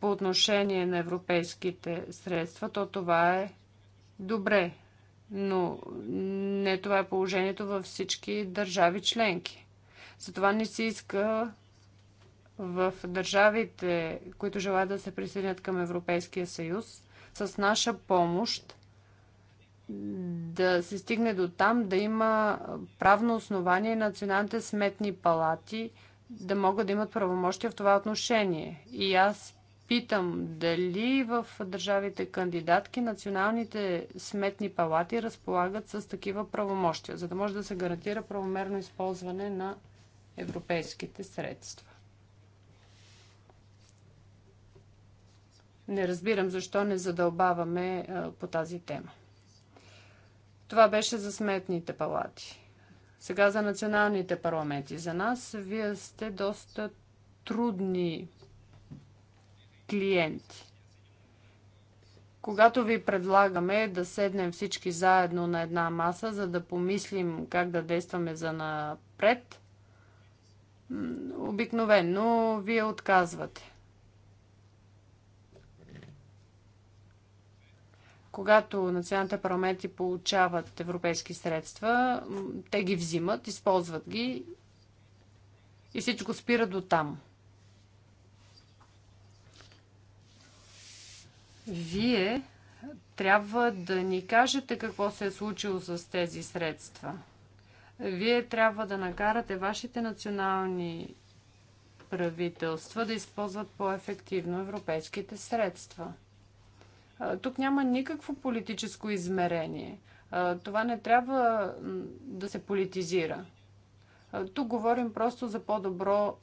по отношение на европейските средства, то това е добре. Но не това е положението във всички държави членки. Затова не се иска в държавите, които желаят да се присъединят към Европейския съюз, с наша помощ да се стигне до там да има правно основание националните сметни палати да могат да имат правомощия в това отношение. И аз питам дали в държавите кандидатки националните сметни палати разполагат с такива правомощия, за да може да се гарантира правомерно използване на европейските средства. Не разбирам защо не задълбаваме по тази тема. Това беше за сметните палати. Сега за националните парламенти. За нас вие сте доста трудни клиенти. Когато ви предлагаме да седнем всички заедно на една маса, за да помислим как да действаме за напред, обикновено вие отказвате. когато националните парламенти получават европейски средства, те ги взимат, използват ги и всичко спира до там. Вие трябва да ни кажете какво се е случило с тези средства. Вие трябва да накарате вашите национални правителства да използват по-ефективно европейските средства. Тук няма никакво политическо измерение. Това не трябва да се политизира. Тук говорим просто за по-добро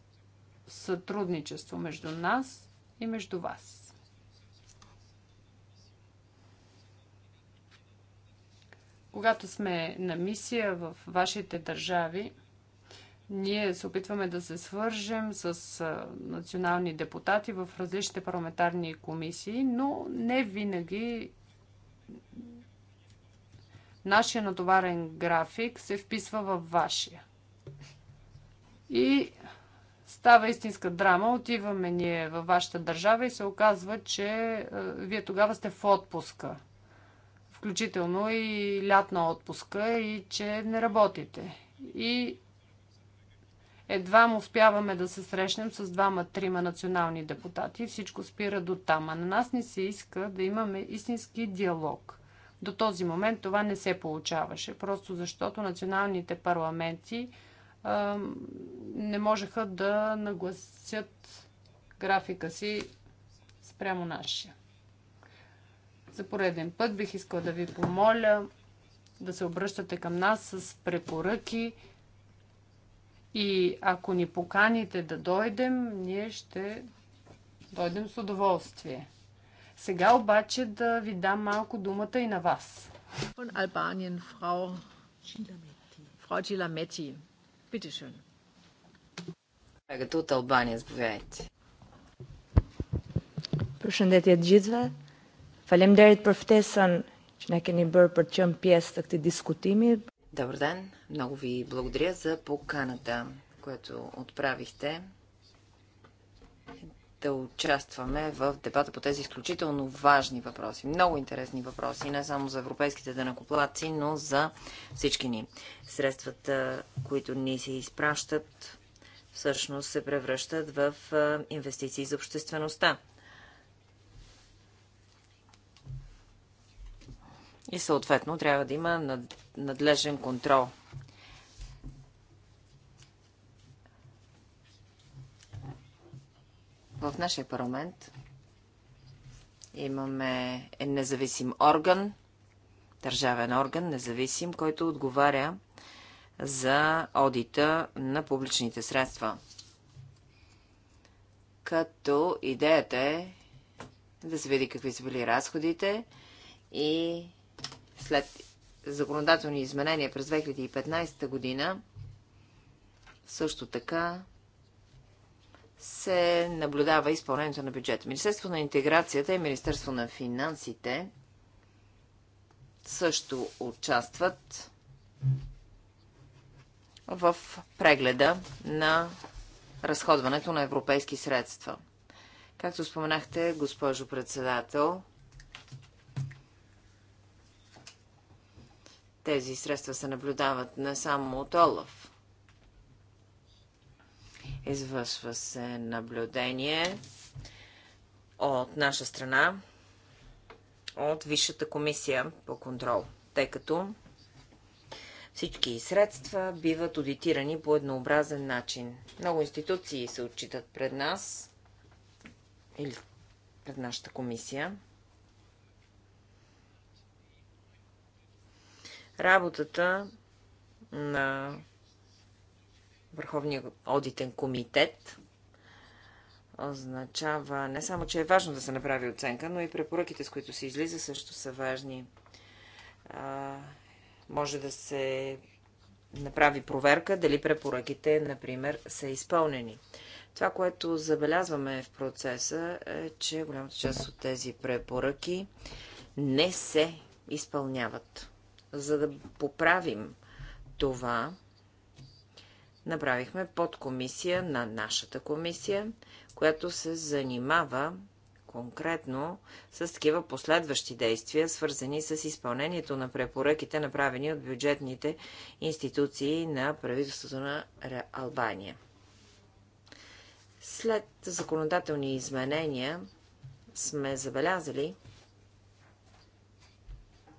сътрудничество между нас и между вас. Когато сме на мисия в вашите държави, ние се опитваме да се свържем с национални депутати в различните парламентарни комисии, но не винаги нашия натоварен график се вписва във вашия. И става истинска драма. Отиваме ние във вашата държава и се оказва, че вие тогава сте в отпуска. Включително и лятна отпуска и че не работите. И едва му успяваме да се срещнем с двама-трима национални депутати. Всичко спира до там. А на нас не се иска да имаме истински диалог. До този момент това не се получаваше, просто защото националните парламенти а, не можеха да нагласят графика си спрямо нашия. За пореден път бих искал да ви помоля да се обръщате към нас с препоръки и ако ни поканите да дойдем, ние ще дойдем с удоволствие. Сега обаче да ви дам малко думата и на вас. От Албания, фрау Чиламети. Фрау Чиламети, бите шън. от Албания, сбавяйте. Përshëndetje të gjithve. Falemnderit për ftesën që na keni bërë për të qenë Добър ден! Много ви благодаря за поканата, която отправихте да участваме в дебата по тези изключително важни въпроси. Много интересни въпроси, не само за европейските денакоплаци, но за всички ни. Средствата, които ни се изпращат, всъщност се превръщат в инвестиции за обществеността. И съответно трябва да има надлежен контрол. В нашия парламент имаме независим орган, държавен орган, независим, който отговаря за одита на публичните средства. Като идеята е да се види какви са били разходите и след законодателни изменения през 2015 година, също така се наблюдава изпълнението на бюджета. Министерство на интеграцията и Министерство на финансите също участват в прегледа на разходването на европейски средства. Както споменахте, госпожо председател, Тези средства се наблюдават не само от Олаф. Извършва се наблюдение от наша страна, от Висшата комисия по контрол, тъй като всички средства биват аудитирани по еднообразен начин. Много институции се отчитат пред нас или пред нашата комисия. Работата на Върховния одитен комитет означава не само, че е важно да се направи оценка, но и препоръките, с които се излиза, също са важни. А, може да се направи проверка дали препоръките, например, са изпълнени. Това, което забелязваме в процеса е, че голямата част от тези препоръки не се изпълняват. За да поправим това, направихме подкомисия на нашата комисия, която се занимава конкретно с такива последващи действия, свързани с изпълнението на препоръките, направени от бюджетните институции на правителството на Албания. След законодателни изменения сме забелязали,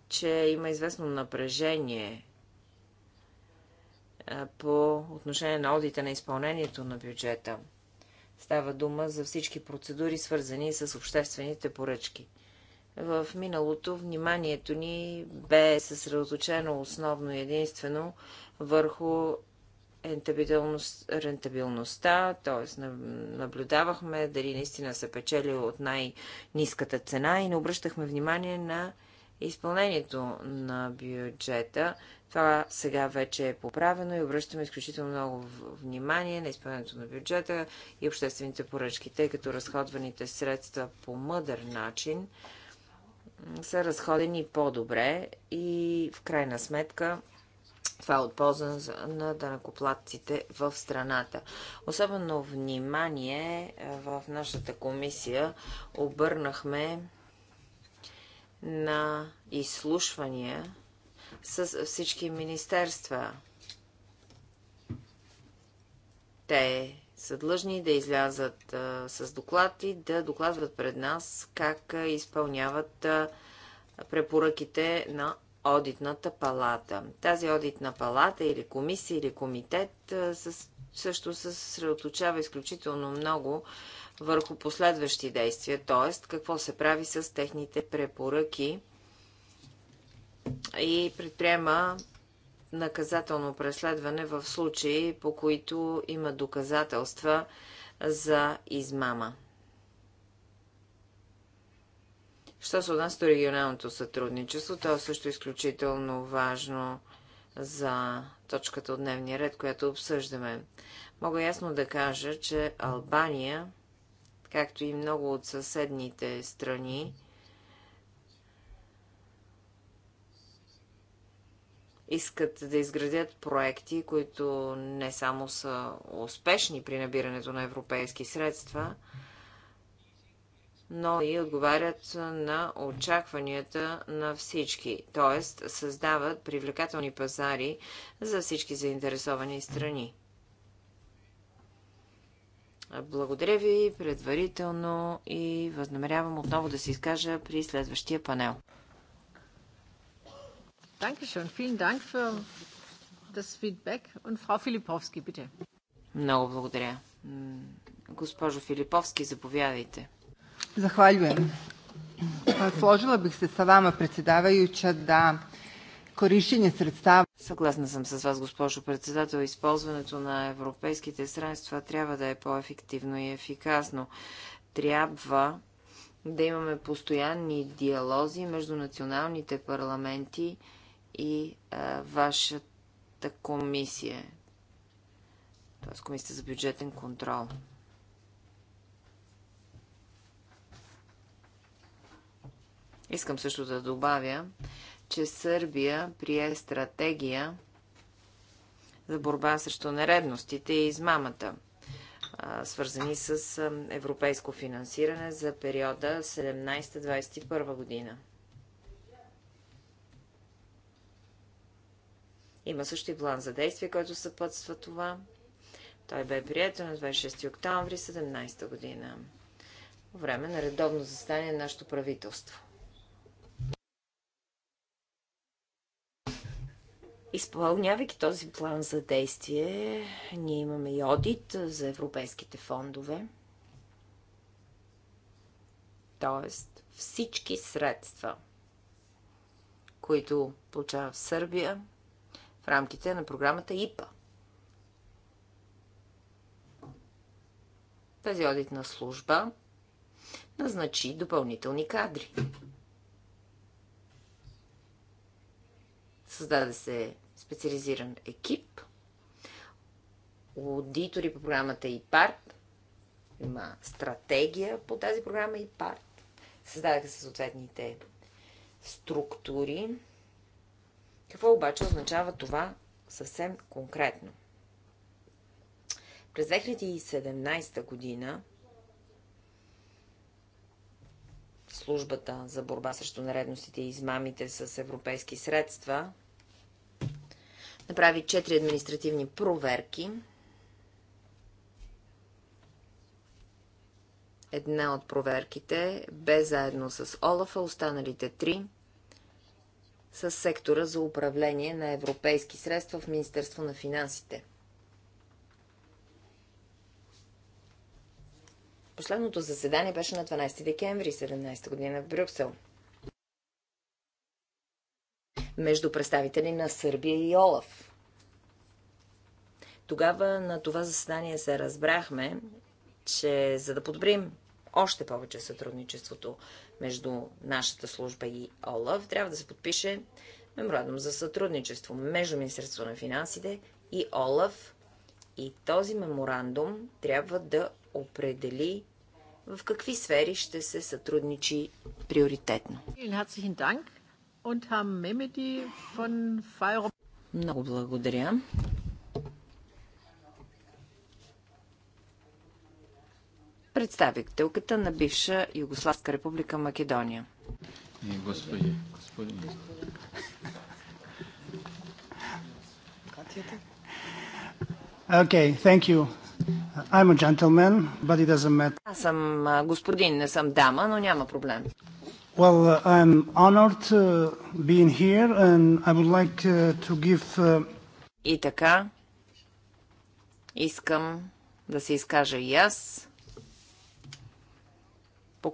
че има известно напрежение по отношение на одите на изпълнението на бюджета. Става дума за всички процедури, свързани с обществените поръчки. В миналото вниманието ни бе съсредоточено основно и единствено върху рентабилността, т.е. наблюдавахме дали наистина се печели от най-низката цена и не обръщахме внимание на изпълнението на бюджета. Това сега вече е поправено и обръщаме изключително много внимание на изпълнението на бюджета и обществените поръчки, тъй като разходваните средства по мъдър начин са разходени по-добре и в крайна сметка това е от полза на данакоплатците в страната. Особено внимание е, в нашата комисия обърнахме на изслушвания с всички министерства. Те са длъжни да излязат а, с доклад и да докладват пред нас как а, изпълняват а, препоръките на Одитната палата. Тази Одитна палата или комисия или комитет а, с, също се съсредоточава изключително много върху последващи действия, т.е. какво се прави с техните препоръки и предприема наказателно преследване в случаи, по които има доказателства за измама. Що се отнася до регионалното сътрудничество, то е също изключително важно за точката от дневния ред, която обсъждаме. Мога ясно да кажа, че Албания както и много от съседните страни, искат да изградят проекти, които не само са успешни при набирането на европейски средства, но и отговарят на очакванията на всички, т.е. създават привлекателни пазари за всички заинтересовани страни. Благодаря ви предварително и възнамерявам отново да се изкажа при следващия панел. Много благодаря. Госпожо Филиповски, заповядайте. Zahvaljujem. Сложила бих се sa vama, predsjedavajuća, да korištenje средства. Съгласна съм с вас, госпожо председател. Използването на европейските средства трябва да е по-ефективно и ефикасно. Трябва да имаме постоянни диалози между националните парламенти и а, вашата комисия, т.е. комисията за бюджетен контрол. Искам също да добавя, че Сърбия прие стратегия за борба срещу нередностите и измамата, свързани с европейско финансиране за периода 17-21 година. Има също и план за действие, който съпътства това. Той бе приятел на 26 октомври 17 година, време на редовно застание на нашето правителство. Изпълнявайки този план за действие, ние имаме и одит за европейските фондове. Тоест, всички средства, които получава в Сърбия в рамките на програмата ИПА. Тази одитна служба назначи допълнителни кадри Създаде се специализиран екип, аудитори по програмата ИПАРТ, има стратегия по тази програма ИПАРТ, създадаха се съответните структури. Какво обаче означава това съвсем конкретно? През 2017 година службата за борба срещу наредностите и измамите с европейски средства направи 4 административни проверки. Една от проверките бе заедно с Олафа, останалите три с сектора за управление на европейски средства в Министерство на финансите. Последното заседание беше на 12 декември 17 година в Брюксел. Между представители на Сърбия и Олаф. Тогава на това заседание се разбрахме, че за да подобрим още повече сътрудничеството между нашата служба и ОЛАВ, трябва да се подпише меморандум за сътрудничество между Министерството на финансите и ОЛАВ. И този меморандум трябва да определи в какви сфери ще се сътрудничи приоритетно. Много благодаря. представителката на бивша Югославска република Македония. И Господи, господи. Okay, thank you. I'm a gentleman, but it doesn't matter. Аз съм господин, не съм дама, но няма проблем. Well, uh, I'm honored uh, being here and I would like uh, to give uh... И така искам да се изкажа и аз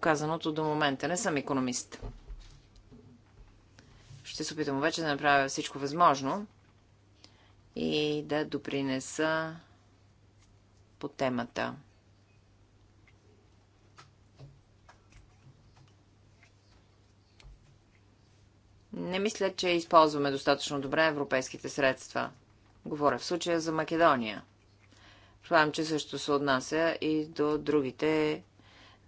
показаното до момента. Не съм економист. Ще се опитам вече да направя всичко възможно и да допринеса по темата. Не мисля, че използваме достатъчно добре европейските средства. Говоря в случая за Македония. Предполагам, че също се отнася и до другите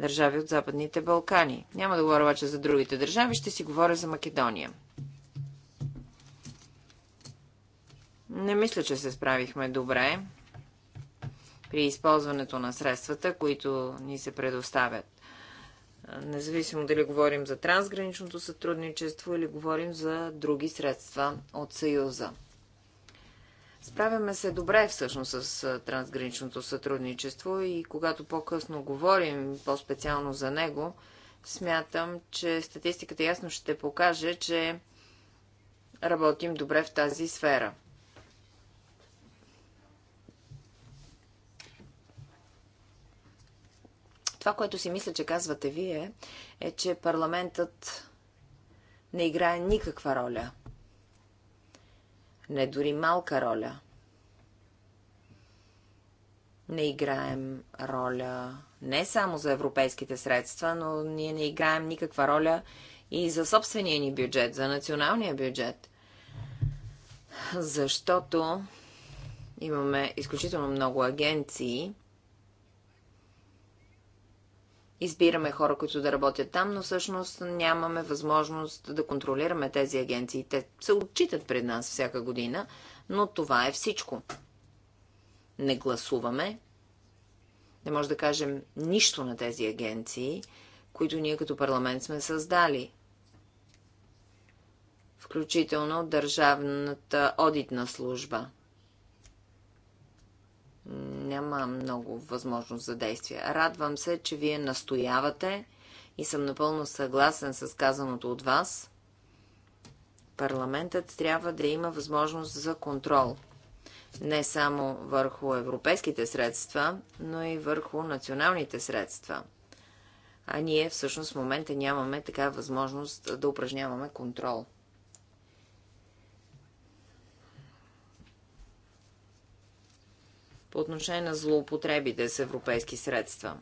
държави от Западните Балкани. Няма да говоря обаче за другите държави, ще си говоря за Македония. Не мисля, че се справихме добре при използването на средствата, които ни се предоставят. Независимо дали говорим за трансграничното сътрудничество или говорим за други средства от Съюза. Справяме се добре всъщност с трансграничното сътрудничество и когато по-късно говорим по-специално за него, смятам, че статистиката ясно ще покаже, че работим добре в тази сфера. Това, което си мисля, че казвате вие, е, че парламентът не играе никаква роля – не дори малка роля. Не играем роля не само за европейските средства, но ние не играем никаква роля и за собствения ни бюджет, за националния бюджет. Защото имаме изключително много агенции, избираме хора, които да работят там, но всъщност нямаме възможност да контролираме тези агенции. Те се отчитат пред нас всяка година, но това е всичко. Не гласуваме, не може да кажем нищо на тези агенции, които ние като парламент сме създали. Включително Държавната одитна служба няма много възможност за действие. Радвам се, че вие настоявате и съм напълно съгласен с казаното от вас. Парламентът трябва да има възможност за контрол не само върху европейските средства, но и върху националните средства. А ние всъщност в момента нямаме така възможност да упражняваме контрол. по отношение на злоупотребите с европейски средства.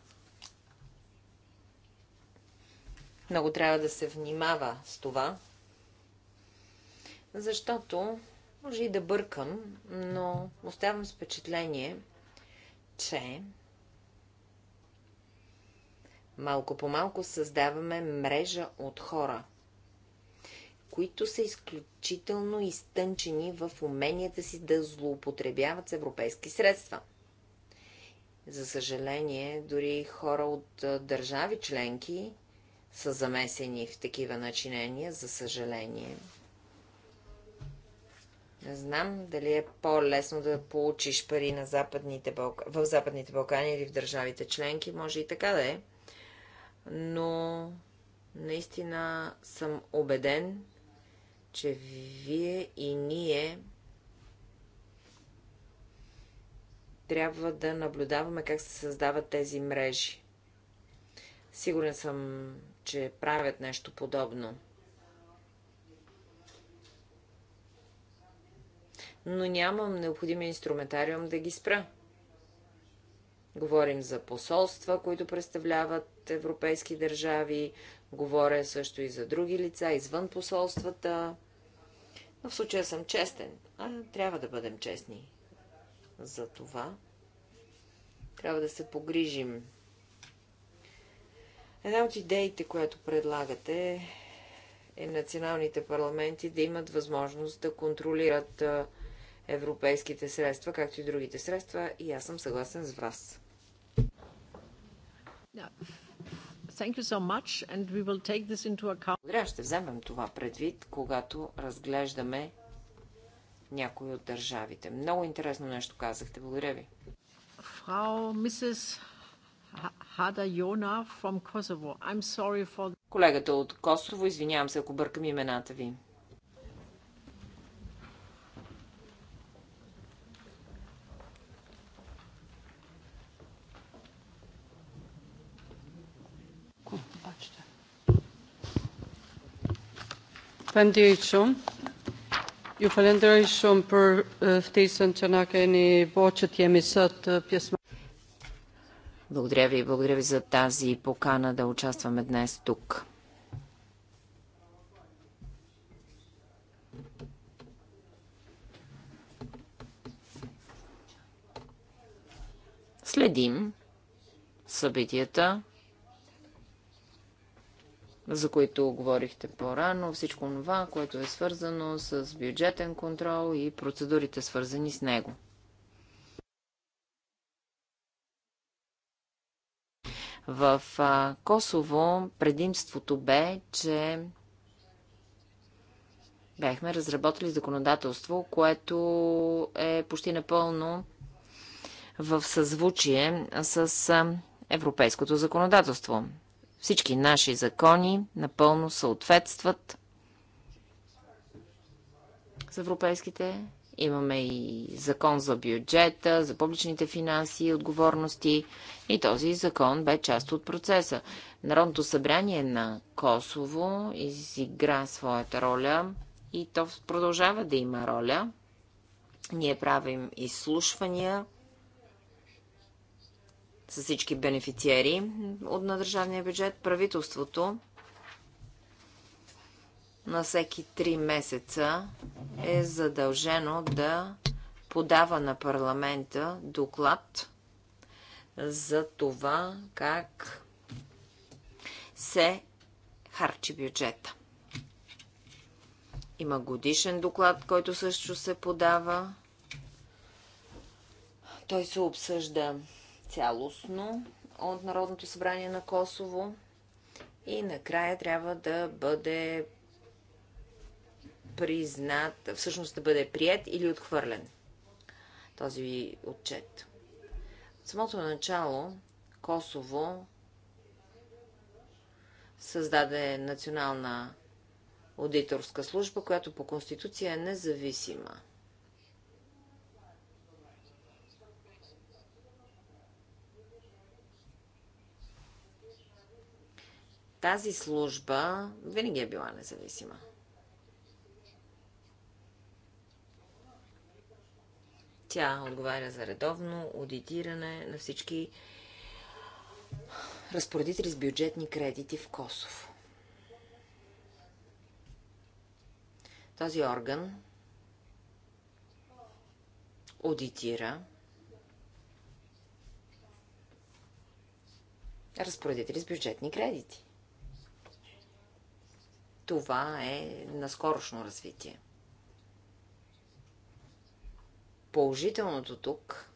Много трябва да се внимава с това, защото може и да бъркам, но оставам с впечатление, че малко по малко създаваме мрежа от хора – които са изключително изтънчени в уменията си да злоупотребяват с европейски средства. За съжаление, дори хора от държави членки са замесени в такива начинения, за съжаление. Не знам дали е по-лесно да получиш пари на Западните Балка... в Западните Балкани или в държавите членки, може и така да е. Но наистина съм убеден, че вие и ние трябва да наблюдаваме как се създават тези мрежи. Сигурен съм, че правят нещо подобно. Но нямам необходимия инструментариум да ги спра. Говорим за посолства, които представляват европейски държави. Говоря също и за други лица извън посолствата в случая съм честен. А, трябва да бъдем честни. За това трябва да се погрижим. Една от идеите, която предлагате, е националните парламенти да имат възможност да контролират европейските средства, както и другите средства, и аз съм съгласен с вас. Да. Thank you so much and we will take this into account. Благодаря, ще вземем това предвид, когато разглеждаме някои от държавите. Много интересно нещо казахте. Благодаря ви. from Kosovo. I'm sorry for... Колегата от Косово, извинявам се, ако бъркам имената ви. 28. Ju falenderoj shumë për e, ftesën që na keni bërë që të jemi sot e, pjesë. Благодаря ви, благодаря ви за тази покана да участваме днес тук. Следим събитията за които говорихте по-рано, всичко това, което е свързано с бюджетен контрол и процедурите свързани с него. В Косово предимството бе, че бяхме разработили законодателство, което е почти напълно в съзвучие с европейското законодателство. Всички наши закони напълно съответстват с европейските. Имаме и закон за бюджета, за публичните финанси и отговорности. И този закон бе част от процеса. Народното събрание на Косово изигра своята роля и то продължава да има роля. Ние правим изслушвания с всички бенефициери от на държавния бюджет. Правителството на всеки 3 месеца е задължено да подава на парламента доклад за това как се харчи бюджета. Има годишен доклад, който също се подава. Той се обсъжда цялостно от Народното събрание на Косово и накрая трябва да бъде признат, всъщност да бъде прият или отхвърлен този отчет. От самото начало Косово създаде национална аудиторска служба, която по конституция е независима. Тази служба винаги е била независима. Тя отговаря за редовно аудитиране на всички разпоредители с бюджетни кредити в Косово. Този орган аудитира разпоредители с бюджетни кредити. Това е наскорошно развитие. Положителното тук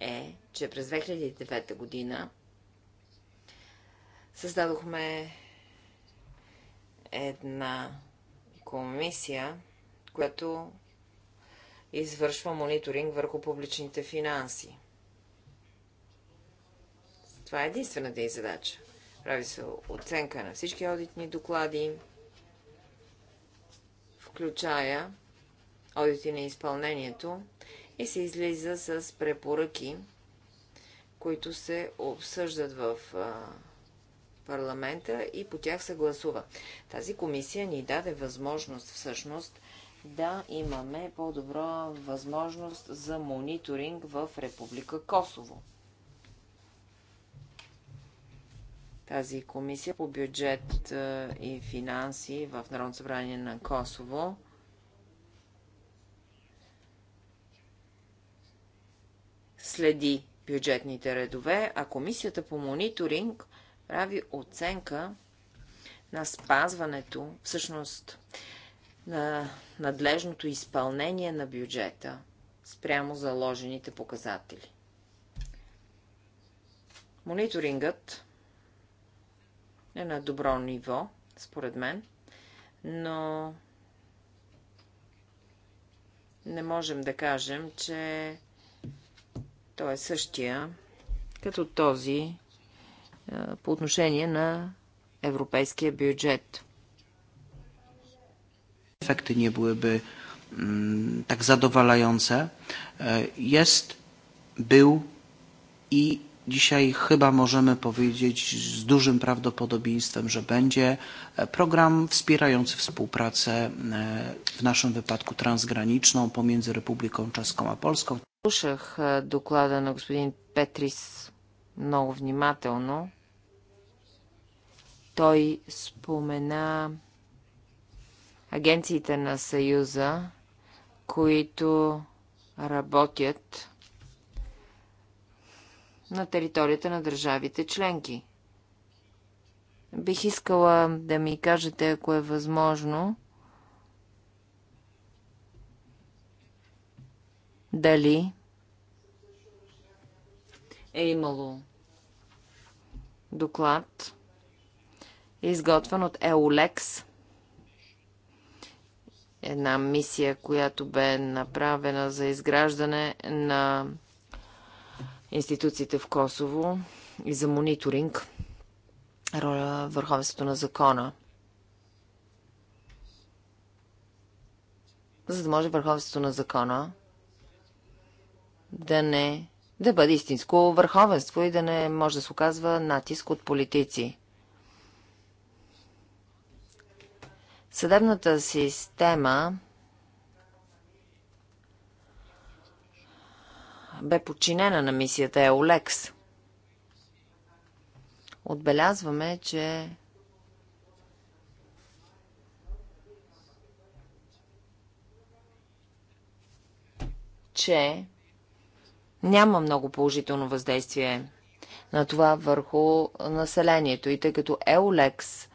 е, че през 2009 година създадохме една комисия, която извършва мониторинг върху публичните финанси. Това е единствената й задача. Прави се оценка на всички аудитни доклади, включая одити на изпълнението и се излиза с препоръки, които се обсъждат в парламента и по тях се гласува. Тази комисия ни даде възможност всъщност да имаме по-добра възможност за мониторинг в Република Косово. тази комисия по бюджет и финанси в Народното събрание на Косово. Следи бюджетните редове, а комисията по мониторинг прави оценка на спазването, всъщност на надлежното изпълнение на бюджета спрямо заложените показатели. Мониторингът е на добро ниво, според мен, но не можем да кажем, че той е същия като този по отношение на европейския бюджет. Ефекти не byłyby так zadowalające. Jest, był i Dzisiaj chyba możemy powiedzieć z dużym prawdopodobieństwem, że będzie program wspierający współpracę, w naszym wypadku transgraniczną, pomiędzy Republiką Czeską a Polską. Слушах доклада господин Петрис много внимателно. Той спомена агенциите на Съюза, които работят на територията на държавите членки. Бих искала да ми кажете, ако е възможно, дали е имало доклад, изготвен от Еолекс, една мисия, която бе направена за изграждане на институциите в Косово и за мониторинг роля върховенството на закона. За да може върховенството на закона да не да бъде истинско върховенство и да не може да се оказва натиск от политици. Съдебната система бе подчинена на мисията Еолекс. Отбелязваме, че че няма много положително въздействие на това върху населението. И тъй като Еолекс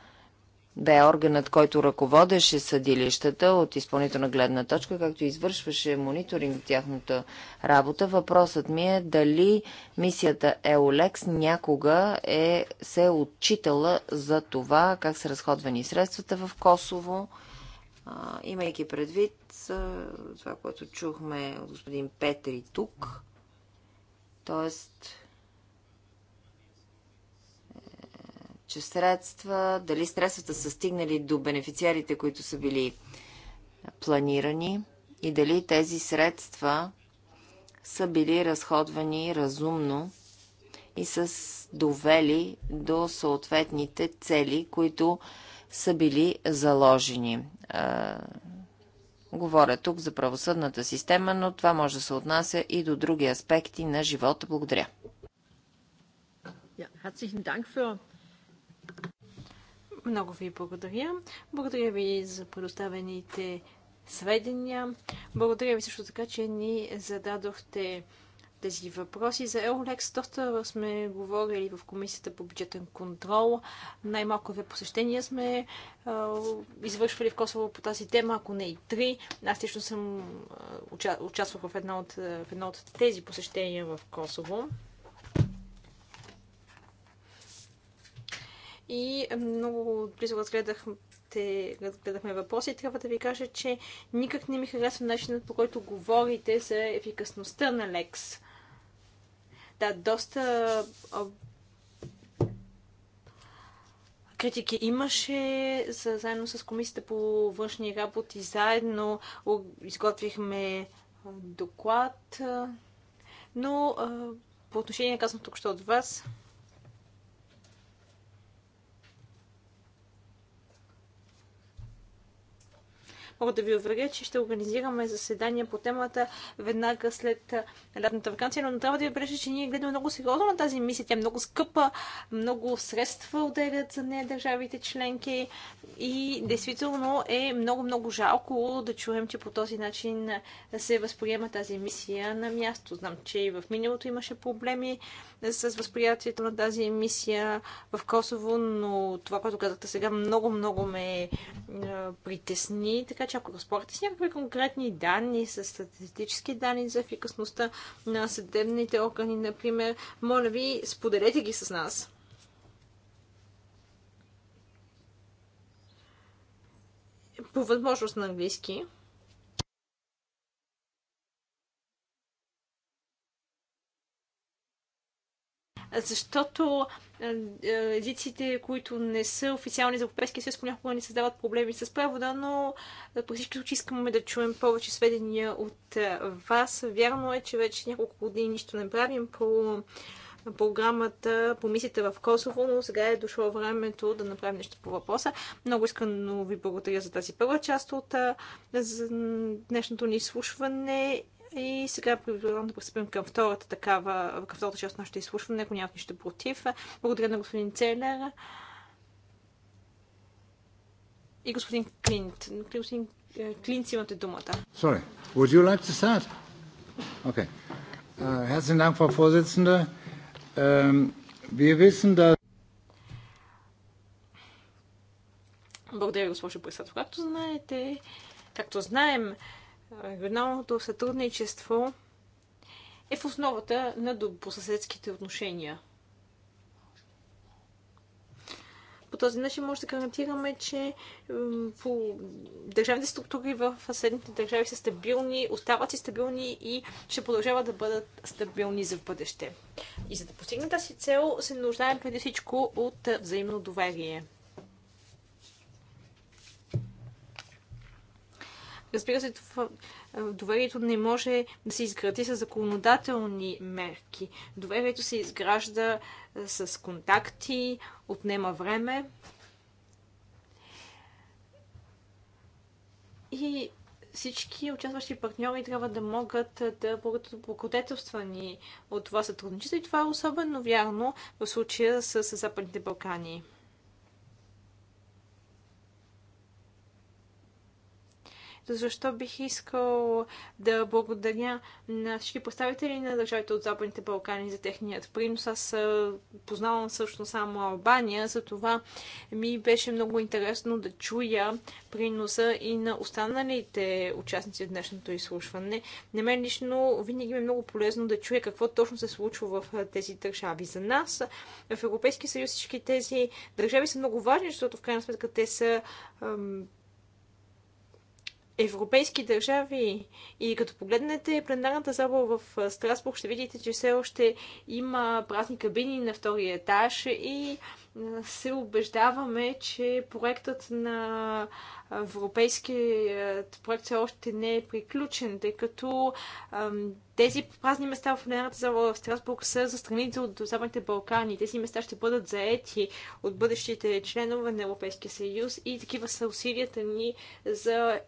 бе органът, който ръководеше съдилищата от изпълнителна гледна точка, както извършваше мониторинг в тяхната работа. Въпросът ми е дали мисията ЕОЛЕКС някога е, се е отчитала за това как са разходвани средствата в Косово, а, имайки предвид това, което чухме от господин Петри тук. Тоест, че средства, дали средствата са стигнали до бенефициарите, които са били планирани и дали тези средства са били разходвани разумно и са довели до съответните цели, които са били заложени. Говоря тук за правосъдната система, но това може да се отнася и до други аспекти на живота. Благодаря. Yeah, много ви благодаря. Благодаря ви за предоставените сведения. Благодаря ви също така, че ни зададохте тези въпроси. За Еолекс доста сме говорили в Комисията по бюджетен контрол. Най-малко две посещения сме а, извършвали в Косово по тази тема, ако не и три. Аз лично съм уча, участвах в едно, от, в едно от тези посещения в Косово. и много близо разгледахте, разгледахме въпроси. Трябва да ви кажа, че никак не ми харесва начинът по който говорите за ефикасността на Лекс. Да, доста критики имаше. Заедно с комисията по външни работи, заедно изготвихме доклад. Но по отношение на казаното от вас, Мога да ви уверя, че ще организираме заседания по темата веднага след лятната вакансия, но трябва да ви бележа, че ние гледаме много сериозно на тази мисия. Тя е много скъпа, много средства отделят за нея държавите членки и действително е много-много жалко да чуем, че по този начин се възприема тази мисия на място. Знам, че и в миналото имаше проблеми с възприятието на тази мисия в Косово, но това, което казахте сега, много, много ме е, притесни. Така че ако разполагате с някакви конкретни данни, с статистически данни за ефикасността на съдебните органи, например, моля ви, споделете ги с нас. По възможност на английски. защото е, е, езиците, които не са официални за Европейския съюз, понякога ни създават проблеми с превода, но е, при всички случаи искаме да чуем повече сведения от вас. Вярно е, че вече няколко години нищо не правим по програмата по мисията в Косово, но сега е дошло времето да направим нещо по въпроса. Много искрено ви благодаря за тази първа част от за днешното ни изслушване и сега предлагам да пристъпим към втората такава, към втората част на нашето изслушване, ако някой ще против. Благодаря на господин Целер и господин Клинт. Господин е, Клинт, имате думата. Sorry, would you like to start? Okay. Uh, herzlichen Dank, Frau Vorsitzende. Uh, wir wissen, dass Благодаря, госпожо председател. Както знаете, както знаем, регионалното сътрудничество е в основата на добросъседските отношения. По този начин може да гарантираме, че по държавните структури в съседните държави са стабилни, остават си стабилни и ще продължават да бъдат стабилни за бъдеще. И за да постигне тази цел се нуждаем преди всичко от взаимно доверие. Разбира се, това, е, доверието не може да се изгради с законодателни мерки. Доверието се изгражда е, с контакти, отнема време. И всички участващи партньори трябва да могат е, да бъдат благодетелствани от това сътрудничество и това е особено вярно в случая с Западните Балкани. защо бих искал да благодаря на всички представители на държавите от Западните Балкани за техният принос. Аз познавам също само Албания, за това ми беше много интересно да чуя приноса и на останалите участници в днешното изслушване. На мен лично винаги е много полезно да чуя какво точно се случва в тези държави. За нас в Европейския съюз всички тези държави са много важни, защото в крайна сметка те са европейски държави. И като погледнете пленарната зала в Страсбург, ще видите, че все още има празни кабини на втория етаж и се убеждаваме, че проектът на европейският проект все още не е приключен, тъй като тези празни места в пленарната зала в Страсбург са за страните от Западните Балкани. Тези места ще бъдат заети от бъдещите членове на Европейския съюз и такива са усилията ни за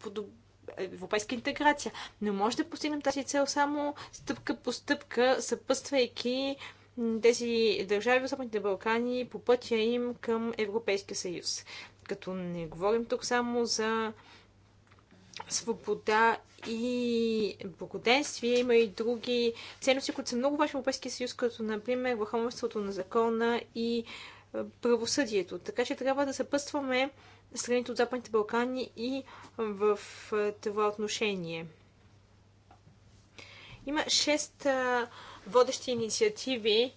подобрение европейска интеграция. Но може да постигнем тази цел само стъпка по стъпка, съпътствайки тези държави, Западните Балкани, по пътя им към Европейския съюз. Като не говорим тук само за свобода и благоденствие. Има и други ценности, които са много важни в Европейския съюз, като например върховенството на закона и е, правосъдието. Така че трябва да съпътстваме страните от Западните Балкани и в е, това отношение. Има шест е, водещи инициативи,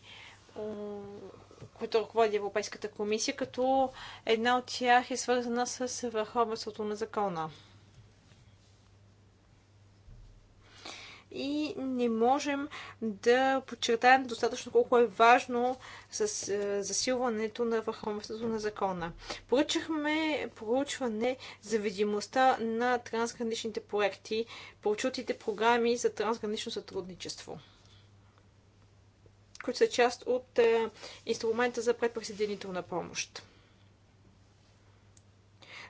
които ръководи Европейската комисия, като една от тях е свързана с върховенството на закона. и не можем да подчертаем достатъчно колко е важно с е, засилването на върховенството на закона. Поръчахме проучване за видимостта на трансграничните проекти, прочутите програми за трансгранично сътрудничество които са част от е, инструмента за предприсъединителна помощ.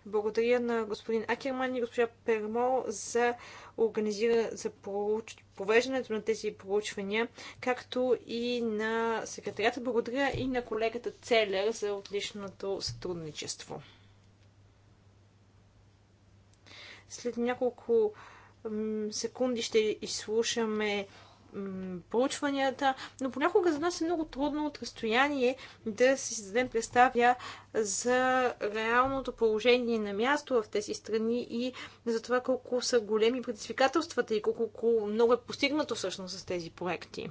Благодаря на господин Акерман и госпожа Пермо за, организира, за проуч... провеждането на тези проучвания, както и на секретарята. Благодаря и на колегата Целер за отличното сътрудничество. След няколко секунди ще изслушаме проучванията, но понякога за нас е много трудно от разстояние да си създадем представя за реалното положение на място в тези страни и за това колко са големи предизвикателствата и колко много е постигнато всъщност с тези проекти.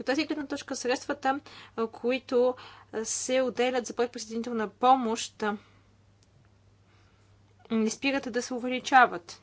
От тази гледна точка средствата, които се отделят за предприсъединителна помощ, не спирате да се увеличават.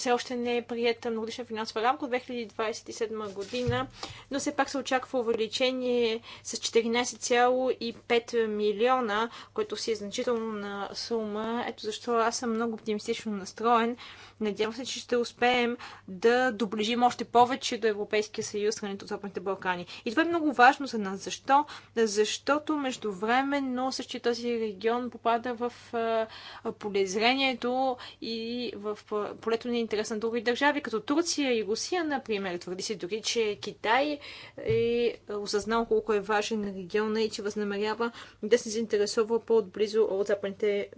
все още не е прията многодишна финансова рамка от 2027 година, но все пак се очаква увеличение с 14,5 милиона, което си е значителна сума. Ето защо аз съм много оптимистично настроен. Надявам се, че ще успеем да доближим още повече до Европейския съюз, страните от Западните Балкани. И това е много важно за нас. Защо? Защото междувременно същия този регион попада в полезрението и в полето на интерес на други държави, като Турция и Русия, например. Твърди се дори, че Китай е осъзнал колко е важен региона и че възнамерява да се заинтересува по-отблизо от Западните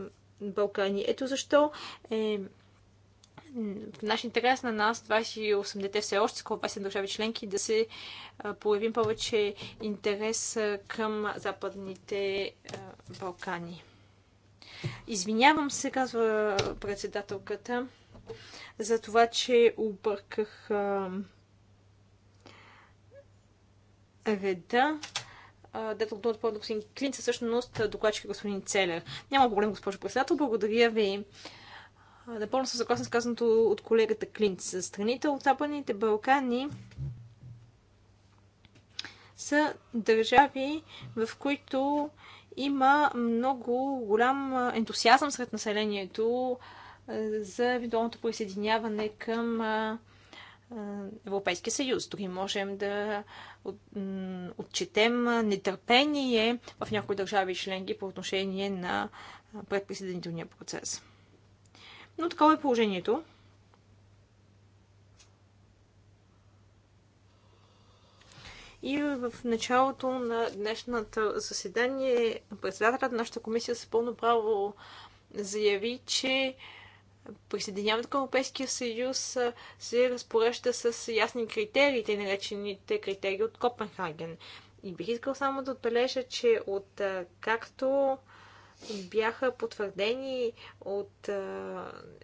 Балкани. Ето защо е в наш интерес на нас, 28-те все още, скоро 20 държави членки, да се появим повече интерес към Западните Балкани. Извинявам се, казва председателката за това, че обърках а, реда. Дето от по господин Клинца, е всъщност докладчик е господин Целер. Няма проблем, госпожо председател. Благодаря ви. Напълно съм съгласна с казаното от колегата Клинц. Страните от Западните Балкани са държави, в които има много голям ентусиазъм сред населението за евентуалното присъединяване към Европейския съюз. Дори можем да отчетем нетърпение в някои държави членки по отношение на предприсъединителния процес. Но такова е положението. И в началото на днешното заседание председателят на нашата комисия с пълно право заяви, че Присъединяват към Европейския съюз се разпореща с ясни критерии, те наречените критерии от Копенхаген. И бих искал само да отбележа, че от както бяха потвърдени от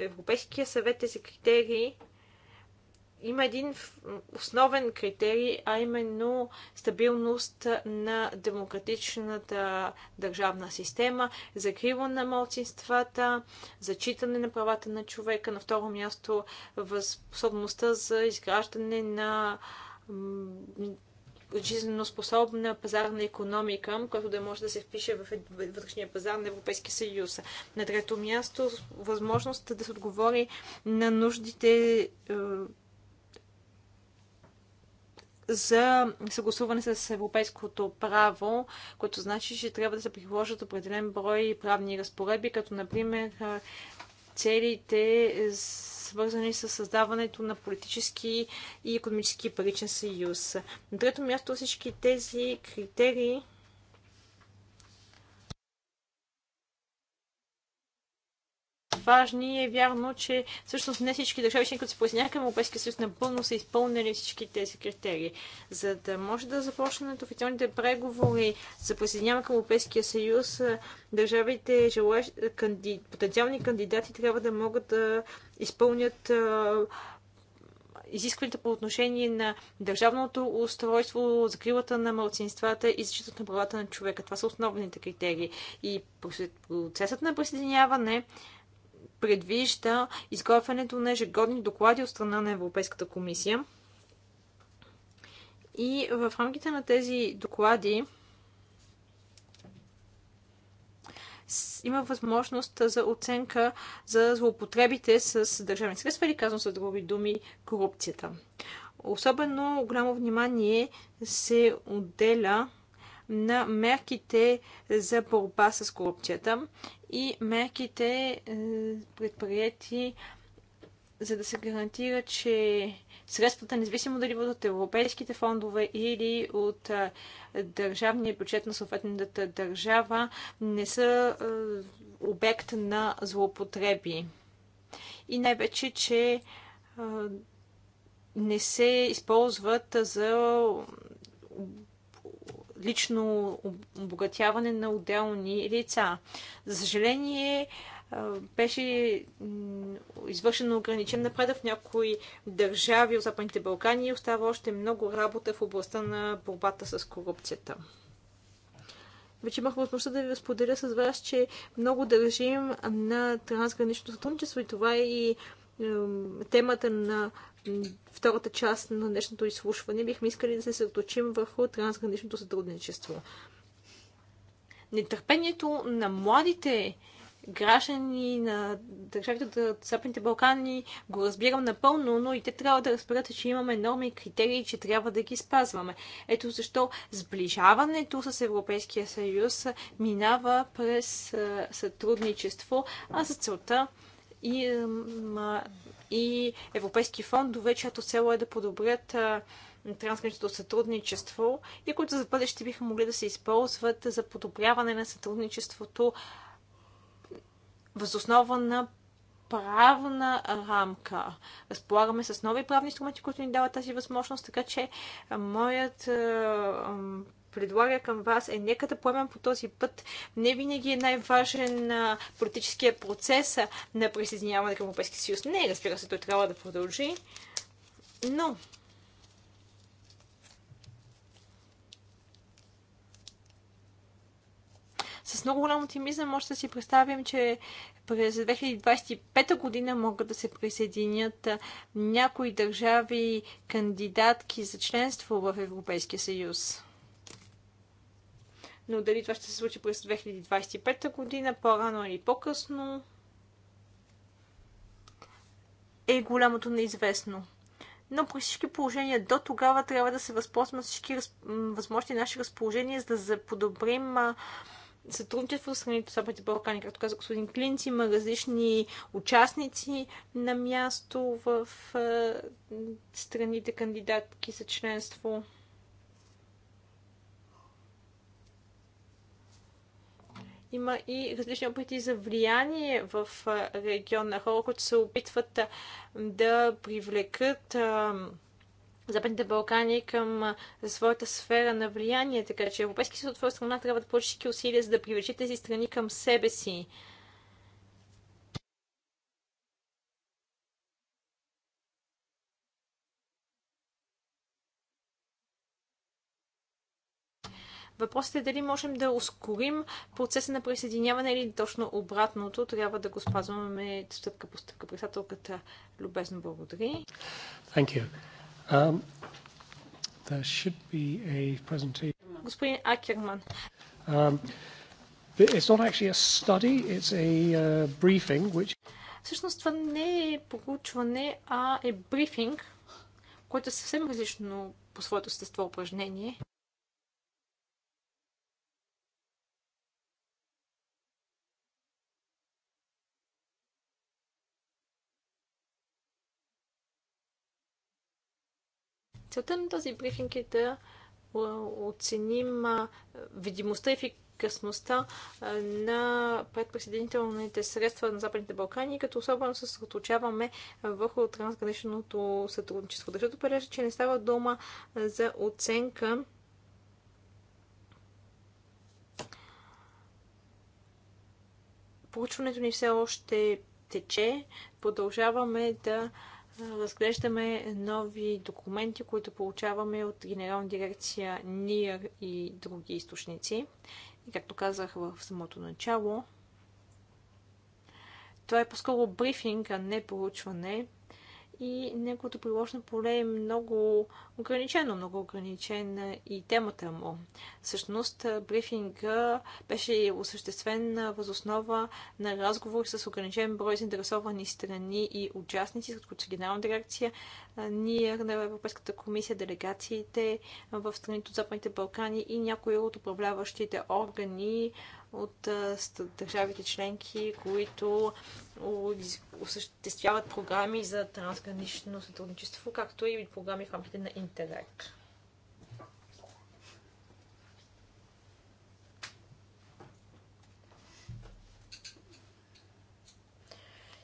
Европейския съвет тези критерии, има един основен критерий, а именно стабилност на демократичната държавна система, закрива на младсинствата, зачитане на правата на човека, на второ място възможността за изграждане на жизненно способна пазарна економика, която да може да се впише в вътрешния пазар на Европейския съюз. На трето място, възможност да се отговори на нуждите е, за съгласуване с европейското право, което значи, че трябва да се приложат определен брой правни разпоредби, като например целите свързани с създаването на политически и економически паричен съюз. На трето място всички тези критерии важни. Е вярно, че всъщност не всички държави, които се присъединяха към Европейския съюз, напълно са изпълнили всички тези критерии. За да може да започнат официалните преговори за присъединяване към Европейския съюз, държавите, желаеш, канди, потенциални кандидати трябва да могат да изпълнят изискванията по отношение на държавното устройство, закрилата на малцинствата и защитата на правата на човека. Това са основните критерии. И процесът на присъединяване предвижда изготвянето на ежегодни доклади от страна на Европейската комисия. И в рамките на тези доклади има възможност за оценка за злоупотребите с държавни средства или казвам с други думи корупцията. Особено голямо внимание се отделя на мерките за борба с корупцията и мерките е, предприяти, за да се гарантира, че средствата, независимо дали бъдат от европейските фондове или от е, държавния бюджет на съответната държава, не са е, обект на злоупотреби. И най-вече, че не се използват за лично обогатяване на отделни лица. За съжаление, беше извършено ограничен напредък в някои държави от Западните Балкани и остава още много работа в областта на борбата с корупцията. Вече имах възможността да ви споделя с вас, че много държим на трансграничното сътрудничество и това е и темата на втората част на днешното изслушване, бихме искали да се съточим върху трансграничното сътрудничество. Нетърпението на младите граждани на държавите от Западните Балкани го разбирам напълно, но и те трябва да разберат, че имаме норми и критерии, че трябва да ги спазваме. Ето защо сближаването с Европейския съюз минава през сътрудничество, а за целта и и европейски фондове, чиято цел е да подобрят трансграничното сътрудничество и които за бъдеще биха могли да се използват за подобряване на сътрудничеството възоснова на правна рамка. Разполагаме с нови правни инструменти, които ни дават тази възможност, така че моят предлага към вас е нека да поемем по този път. Не винаги е най-важен на политическия процес на присъединяване към Европейския съюз. Не, разбира се, той трябва да продължи. Но с много голям оптимизъм може да си представим, че през 2025 година могат да се присъединят някои държави кандидатки за членство в Европейския съюз но дали това ще се случи през 2025 година, по-рано или по-късно, е голямото неизвестно. Но при всички положения до тогава трябва да се възползваме всички раз... възможни наши разположения, за да подобрим сътрудничество с страните от Западните Балкани. Както каза господин Клинц, има различни участници на място в страните кандидатки за членство. има и различни опити за влияние в региона. Хора, които се опитват да привлекат Западните Балкани към своята сфера на влияние. Така че Европейски съюз от своя страна трябва да положи всички усилия, за да привлече тези страни към себе си. Въпросът е дали можем да ускорим процеса на присъединяване или точно обратното. Трябва да го спазваме стъпка по стъпка. Председателката любезно благодари. Thank you. Um, there should be a presentation. Господин Акерман. Um, it's not actually a study, it's a uh, briefing, which... Всъщност това не е проучване, а е брифинг, което е съвсем различно по своето същество упражнение. Целта на този брифинг е да оценим видимостта и ефикасността на предприсъединителните средства на Западните Балкани, като особено се съсредоточаваме върху трансграничното сътрудничество. Държа да че не става дума за оценка Проучването ни все още тече. Продължаваме да разглеждаме нови документи, които получаваме от Генерална дирекция НИР и други източници. И както казах в самото начало, това е по-скоро брифинг, а не проучване и неговото приложно поле е много ограничено, много ограничена и темата му. Всъщност, брифинга беше осъществен възоснова на разговор с ограничен брой заинтересовани страни и участници, като генерална дирекция, ние на Европейската комисия, делегациите в страните от Западните Балкани и някои от управляващите органи от държавите членки, които осъществяват програми за трансгранично сътрудничество, както и програми в рамките на Интерек.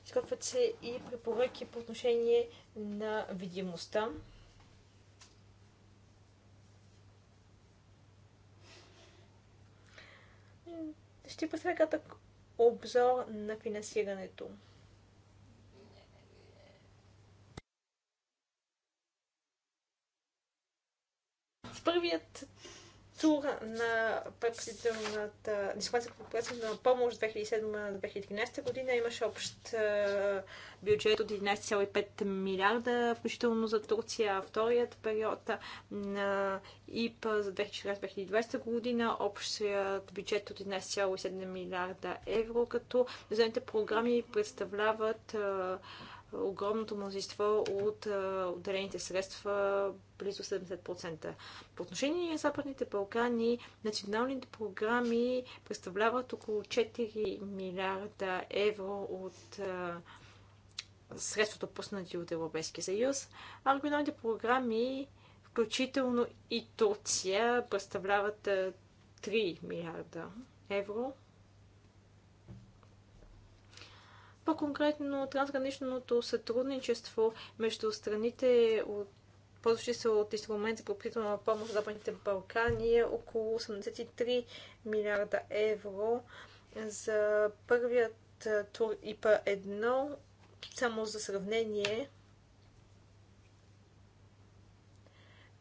Изкъпват се и препоръки по отношение на видимостта. Ще представя кратък обзор на финансирането. Първият тура на предприсъединителната диспансерна на помощ 2007-2013 година имаше общ бюджет от 11,5 милиарда, включително за Турция. Вторият период на ИП за 2014-2020 година общият бюджет от 11,7 милиарда евро, като зелените програми представляват огромното мнозинство от отделените средства, близо 70%. По отношение на Западните Балкани, националните програми представляват около 4 милиарда евро от средствата пуснати от Европейския съюз, а регионалните програми, включително и Турция, представляват 3 милиарда евро. По-конкретно, трансграничното сътрудничество между страните от ползващи се от инструмент за на помощ в Западните Балкани е около 83 милиарда евро. За първият тур ИПА-1, само за сравнение,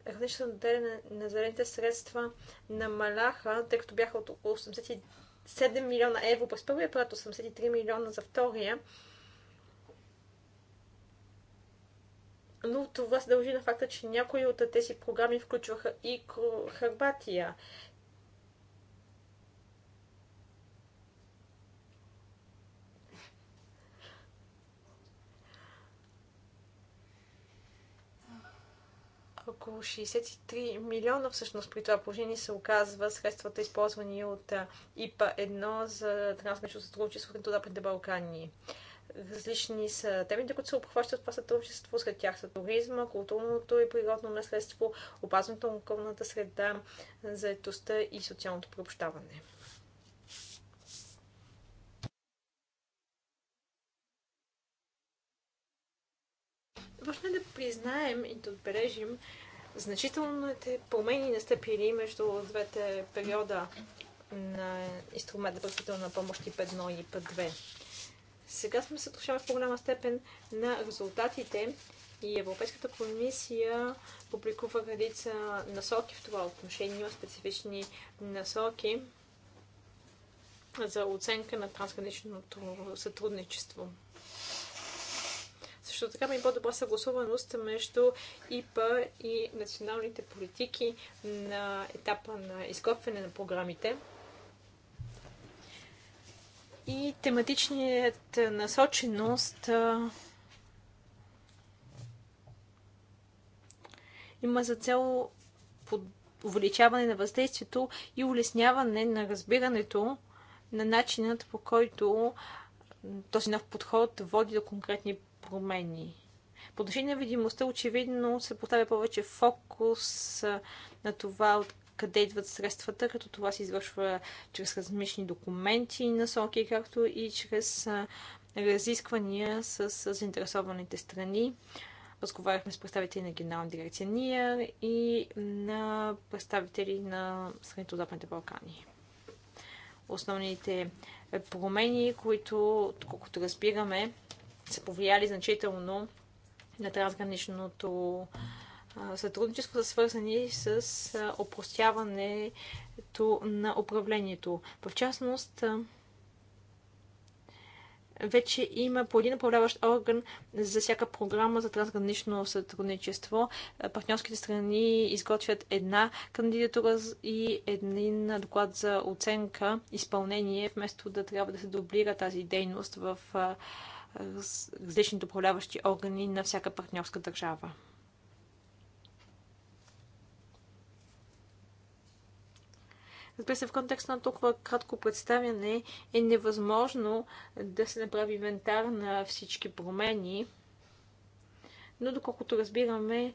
различната на зелените средства намаляха, тъй като бяха от около 82 7 милиона евро през първия път 83 милиона за втория. Но това се дължи на факта, че някои от тези програми включваха и Хърбатия. около 63 милиона всъщност при това положение се оказва средствата използвани от ИПА-1 за трансгранично сътрудничество в Западните Балкани. Различни са темите, които се обхващат това сътрудничество. Сред тях са туризма, културното и природно наследство, опазването на околната среда, заетостта и социалното приобщаване. Важно е да признаем и да отбележим значителните е промени настъпили между двете периода на инструмента предварителна помощ и 1 и 2 Сега сме се отрушава в по-голяма степен на резултатите и Европейската комисия публикува редица насоки в това отношение, има специфични насоки за оценка на трансграничното сътрудничество. Също така има е по-добра съгласуваност между ИПА и националните политики на етапа на изготвяне на програмите. И тематичният насоченост има за цел под увеличаване на въздействието и улесняване на разбирането на начинът по който този нов подход води до конкретни промени. По отношение на видимостта, очевидно се поставя повече фокус на това, от къде идват средствата, като това се извършва чрез различни документи и насоки, както и чрез разисквания с заинтересованите страни. Разговаряхме с представители на Генерална дирекция НИА и на представители на страните от Западните Балкани. Основните промени, които, колкото разбираме, са повлияли значително на трансграничното сътрудничество са свързани с опростяването на управлението. В частност, вече има по един управляващ орган за всяка програма за трансгранично сътрудничество. Партньорските страни изготвят една кандидатура и един доклад за оценка, изпълнение, вместо да трябва да се дублира тази дейност в различните управляващи органи на всяка партньорска държава. Разбира се, в контекста на толкова кратко представяне е невъзможно да се направи инвентар на всички промени, но доколкото разбираме,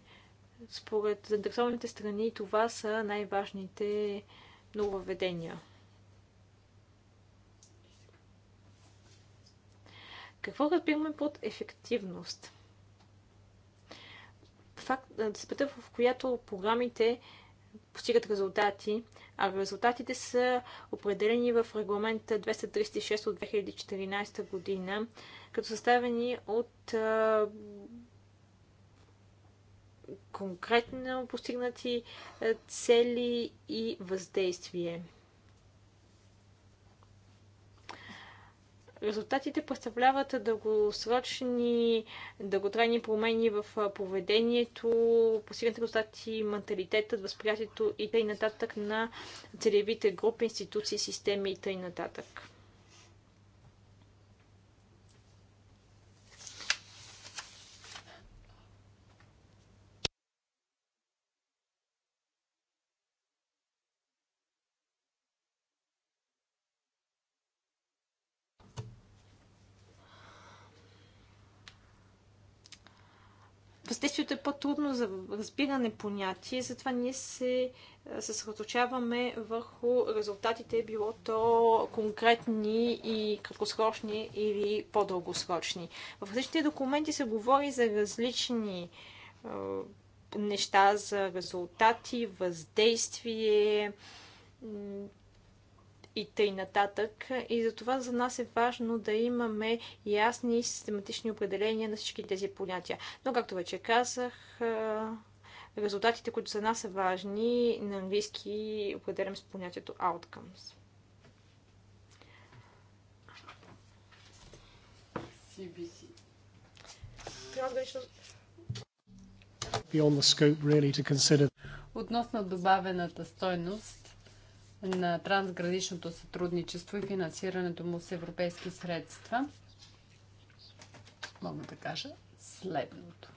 според заинтересованите страни това са най-важните нововведения. Какво разбираме под ефективност? Факт, степента, в която програмите постигат резултати, а резултатите са определени в регламент 236 от 2014 година, като съставени от а, конкретно постигнати цели и въздействие. Резултатите представляват дългосрочни, дълготрайни промени в поведението, постигнати резултати, менталитетът, възприятието и т.н. на целевите групи, институции, системи и т.н. което е по-трудно за разбиране понятие, затова ние се е, съсредоточаваме върху резултатите, било то конкретни и краткосрочни или по-дългосрочни. В различните документи се говори за различни е, неща, за резултати, въздействие, и тъй нататък. И за това за нас е важно да имаме ясни и систематични определения на всички тези понятия. Но, както вече казах, резултатите, които за нас са важни, на английски определям с понятието outcomes. CBC. Beyond the scope really to consider. Относно добавената стойност, на трансграничното сътрудничество и финансирането му с европейски средства, мога да кажа следното.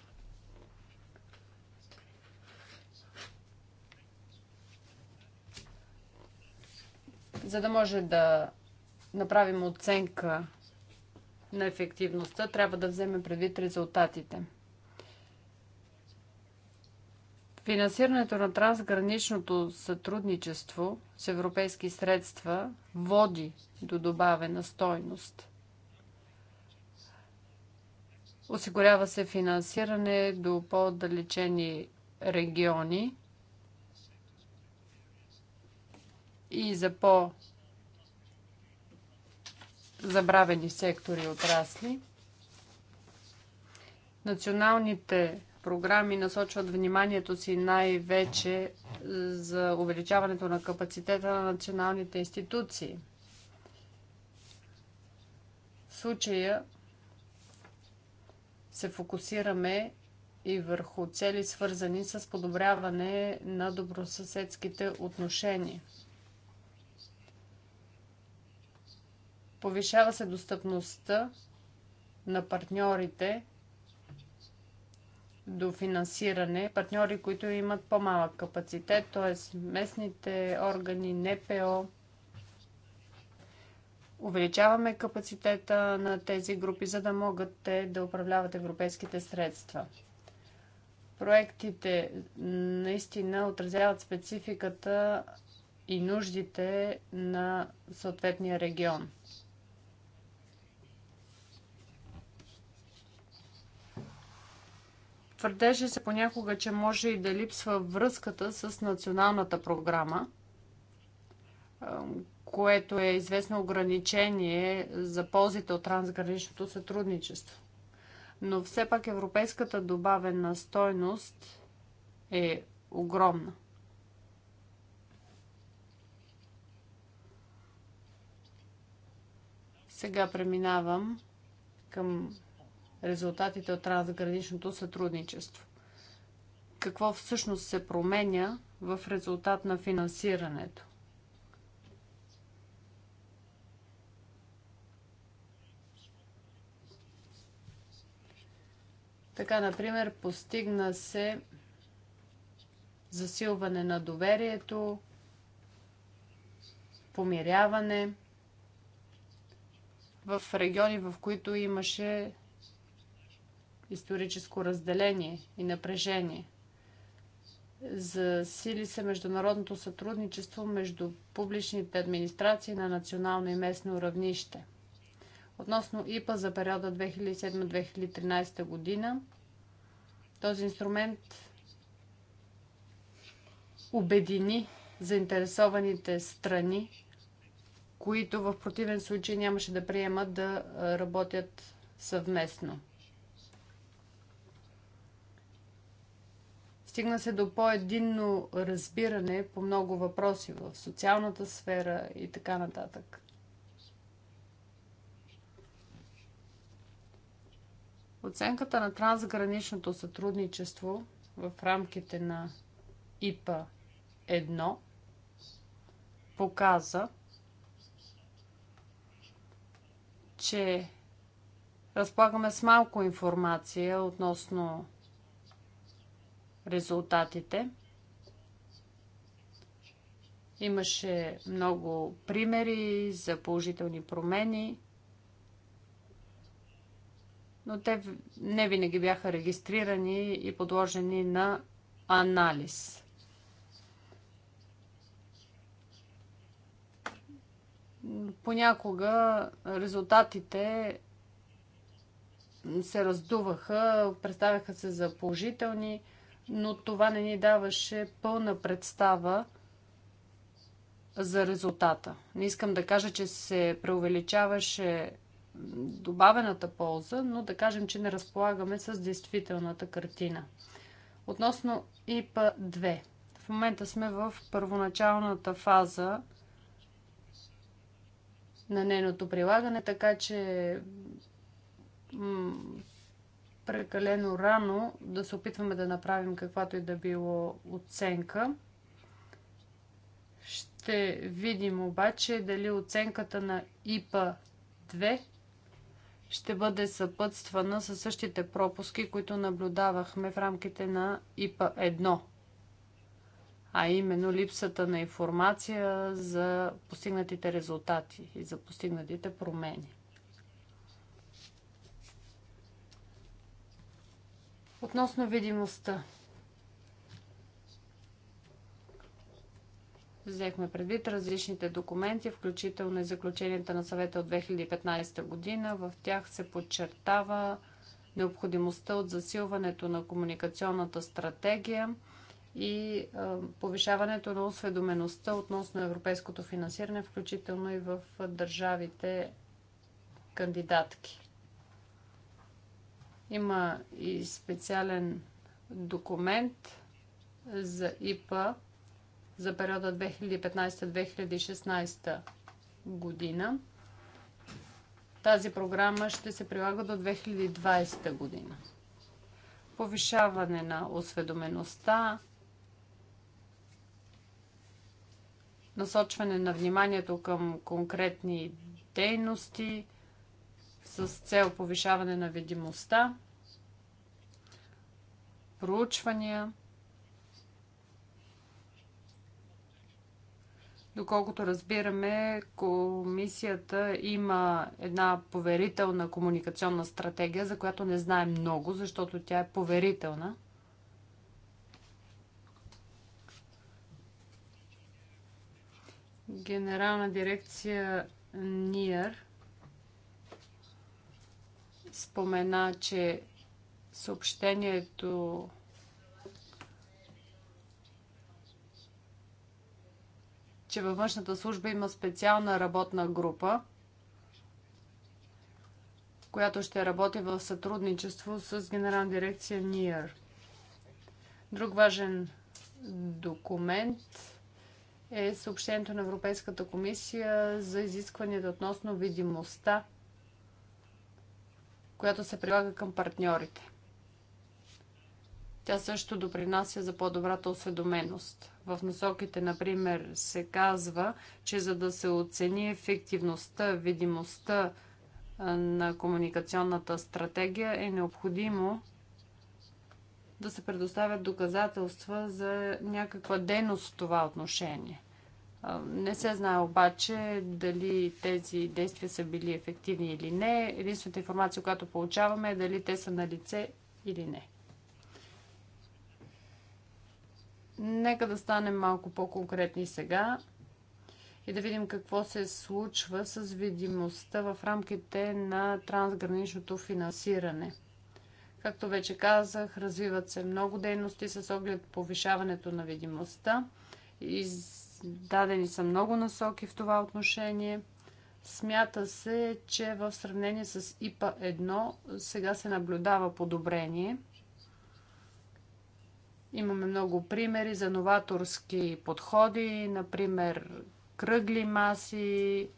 За да може да направим оценка на ефективността, трябва да вземем предвид резултатите – Финансирането на трансграничното сътрудничество с европейски средства води до добавена стойност. Осигурява се финансиране до по-отдалечени региони и за по-забравени сектори и отрасли. Националните програми насочват вниманието си най-вече е, за увеличаването на капацитета на националните институции. В случая се фокусираме и върху цели, свързани с подобряване на добросъседските отношения. Повишава се достъпността на партньорите до финансиране партньори, които имат по-малък капацитет, т.е. местните органи, НПО. Увеличаваме капацитета на тези групи, за да могат те да управляват европейските средства. Проектите наистина отразяват спецификата и нуждите на съответния регион. Твърдеше се понякога, че може и да липсва връзката с националната програма, което е известно ограничение за ползите от трансграничното сътрудничество. Но все пак европейската добавена стойност е огромна. Сега преминавам към резултатите от трансграничното сътрудничество. Какво всъщност се променя в резултат на финансирането? Така, например, постигна се засилване на доверието, помиряване в региони, в които имаше историческо разделение и напрежение. Засили се международното сътрудничество между публичните администрации на национално и местно равнище. Относно ИПА за периода 2007-2013 година, този инструмент обедини заинтересованите страни, които в противен случай нямаше да приемат да работят съвместно. Стигна се до по-единно разбиране по много въпроси в социалната сфера и така нататък. Оценката на трансграничното сътрудничество в рамките на ИПА 1 показа, че разполагаме с малко информация относно резултатите. Имаше много примери за положителни промени, но те не винаги бяха регистрирани и подложени на анализ. Понякога резултатите се раздуваха, представяха се за положителни, но това не ни даваше пълна представа за резултата. Не искам да кажа, че се преувеличаваше добавената полза, но да кажем, че не разполагаме с действителната картина. Относно ИПА 2. В момента сме в първоначалната фаза на нейното прилагане, така че прекалено рано да се опитваме да направим каквато и да било оценка. Ще видим обаче дали оценката на ИПА 2 ще бъде съпътствана със същите пропуски, които наблюдавахме в рамките на ИПА 1 а именно липсата на информация за постигнатите резултати и за постигнатите промени. Относно видимостта. Взехме предвид различните документи, включително и заключенията на съвета от 2015 година. В тях се подчертава необходимостта от засилването на комуникационната стратегия и повишаването на осведомеността относно европейското финансиране, включително и в държавите кандидатки. Има и специален документ за ИПА за периода 2015-2016 година. Тази програма ще се прилага до 2020 година. Повишаване на осведомеността, насочване на вниманието към конкретни дейности с цел повишаване на видимостта проучвания. Доколкото разбираме, комисията има една поверителна комуникационна стратегия, за която не знаем много, защото тя е поверителна. Генерална дирекция НИР спомена, че съобщението че във външната служба има специална работна група, която ще работи в сътрудничество с Генерална дирекция НИР. Друг важен документ е съобщението на Европейската комисия за изискванията относно видимостта, която се прилага към партньорите. Тя също допринася за по-добрата осведоменост. В насоките, например, се казва, че за да се оцени ефективността, видимостта на комуникационната стратегия е необходимо да се предоставят доказателства за някаква дейност в това отношение. Не се знае обаче дали тези действия са били ефективни или не. Единствената информация, която получаваме е дали те са на лице или не. Нека да станем малко по-конкретни сега и да видим какво се случва с видимостта в рамките на трансграничното финансиране. Както вече казах, развиват се много дейности с оглед повишаването на видимостта. Издадени са много насоки в това отношение. Смята се, че в сравнение с ИПА 1 сега се наблюдава подобрение – Имаме много примери за новаторски подходи, например кръгли маси,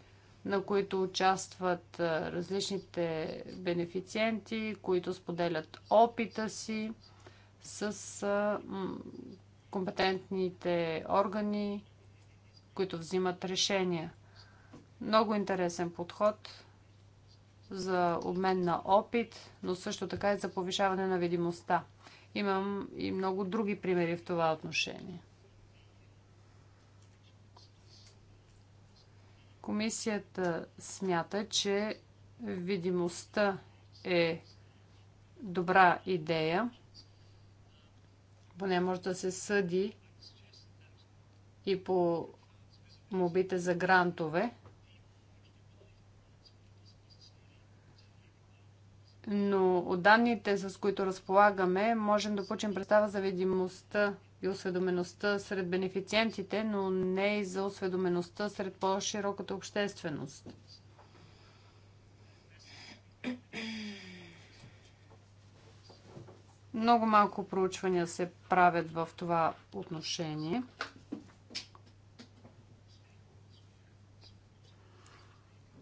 на които участват различните бенефициенти, които споделят опита си с компетентните органи, които взимат решения. Много интересен подход за обмен на опит, но също така и за повишаване на видимостта. Имам и много други примери в това отношение. Комисията смята, че видимостта е добра идея, поне може да се съди и по мобите за грантове. но от данните, с които разполагаме, можем да получим представа за видимостта и осведомеността сред бенефициентите, но не и за осведомеността сред по-широката общественост. Много малко проучвания се правят в това отношение.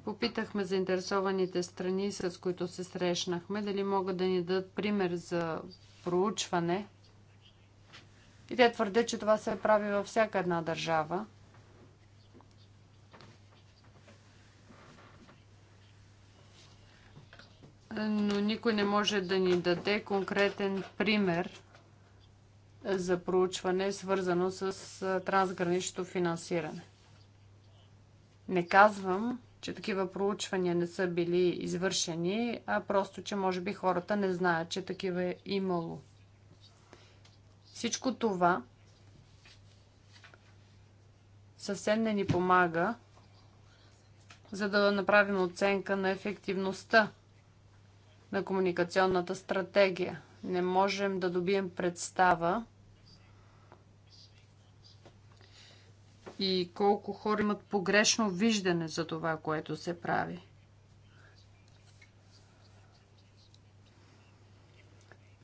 Попитахме заинтересованите страни, с които се срещнахме, дали могат да ни дадат пример за проучване. И те твърдят, че това се прави във всяка една държава. Но никой не може да ни даде конкретен пример за проучване, свързано с трансграничното финансиране. Не казвам, че такива проучвания не са били извършени, а просто, че може би хората не знаят, че такива е имало. Всичко това съвсем не ни помага, за да направим оценка на ефективността на комуникационната стратегия. Не можем да добием представа и колко хора имат погрешно виждане за това, което се прави.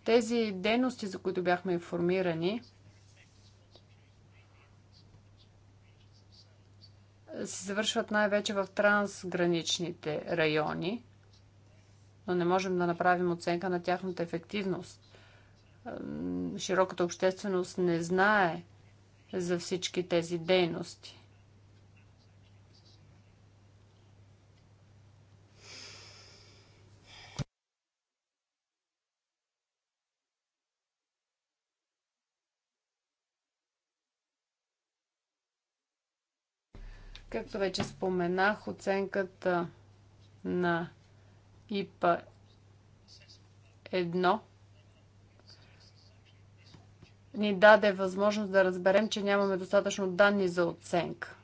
Тези дейности, за които бяхме информирани, се завършват най-вече в трансграничните райони, но не можем да направим оценка на тяхната ефективност. Широката общественост не знае за всички тези дейности. Както вече споменах, оценката на ИПА ни даде възможност да разберем, че нямаме достатъчно данни за оценка.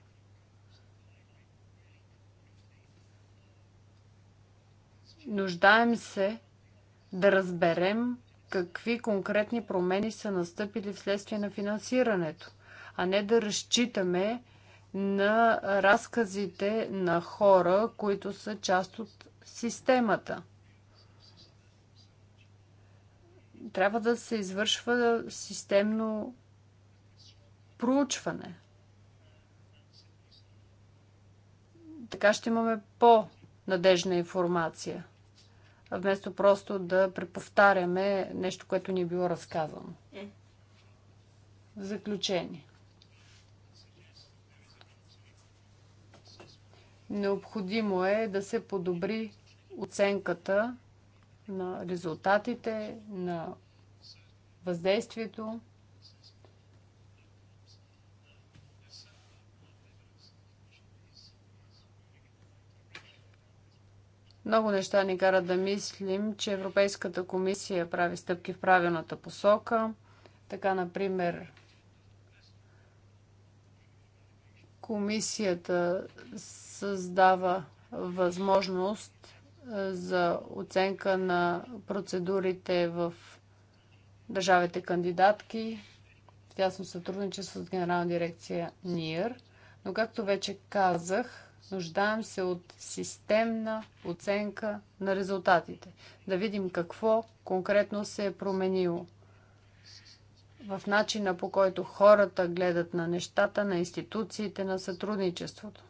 Нуждаем се да разберем какви конкретни промени са настъпили вследствие на финансирането, а не да разчитаме на разказите на хора, които са част от системата. трябва да се извършва системно проучване. Така ще имаме по-надежна информация, вместо просто да преповтаряме нещо, което ни е било разказано. В заключение. Необходимо е да се подобри оценката на резултатите, на въздействието. Много неща ни карат да мислим, че Европейската комисия прави стъпки в правилната посока. Така, например, комисията създава възможност за оценка на процедурите в държавите кандидатки в тясно сътрудничество с Генерална дирекция НИР. Но както вече казах, нуждаем се от системна оценка на резултатите. Да видим какво конкретно се е променило в начина по който хората гледат на нещата, на институциите, на сътрудничеството.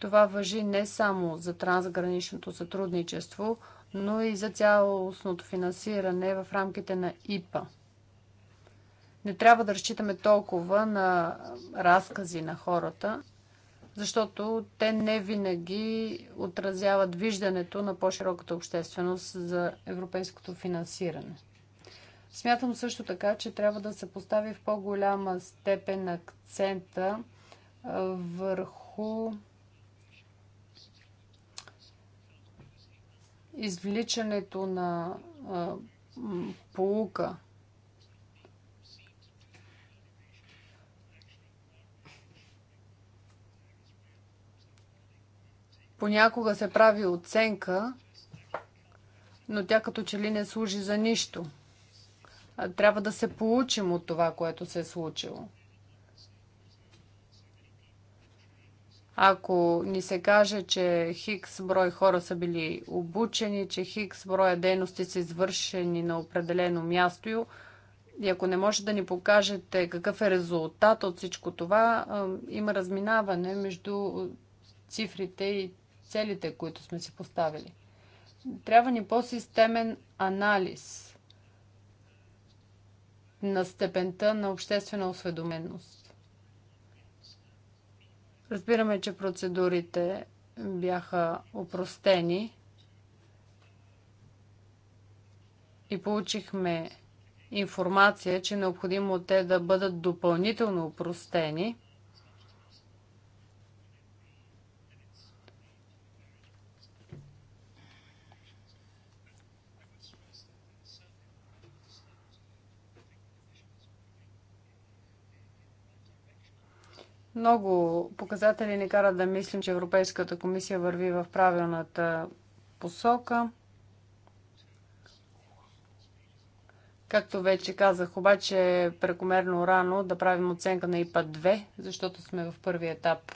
Това въжи не само за трансграничното сътрудничество, но и за цялостното финансиране в рамките на ИПА. Не трябва да разчитаме толкова на разкази на хората, защото те не винаги отразяват виждането на по-широката общественост за европейското финансиране. Смятам също така, че трябва да се постави в по-голяма степен акцента върху извличането на а, полука. Понякога се прави оценка, но тя като че ли не служи за нищо. Трябва да се получим от това, което се е случило. Ако ни се каже, че хикс брой хора са били обучени, че хикс броя дейности са извършени на определено място, и ако не може да ни покажете какъв е резултат от всичко това, има разминаване между цифрите и целите, които сме си поставили. Трябва ни по-системен анализ на степента на обществена осведоменост. Разбираме, че процедурите бяха опростени и получихме информация, че е необходимо те да бъдат допълнително опростени – Много показатели ни карат да мислим, че Европейската комисия върви в правилната посока. Както вече казах, обаче е прекомерно рано да правим оценка на ИПА 2, защото сме в първи етап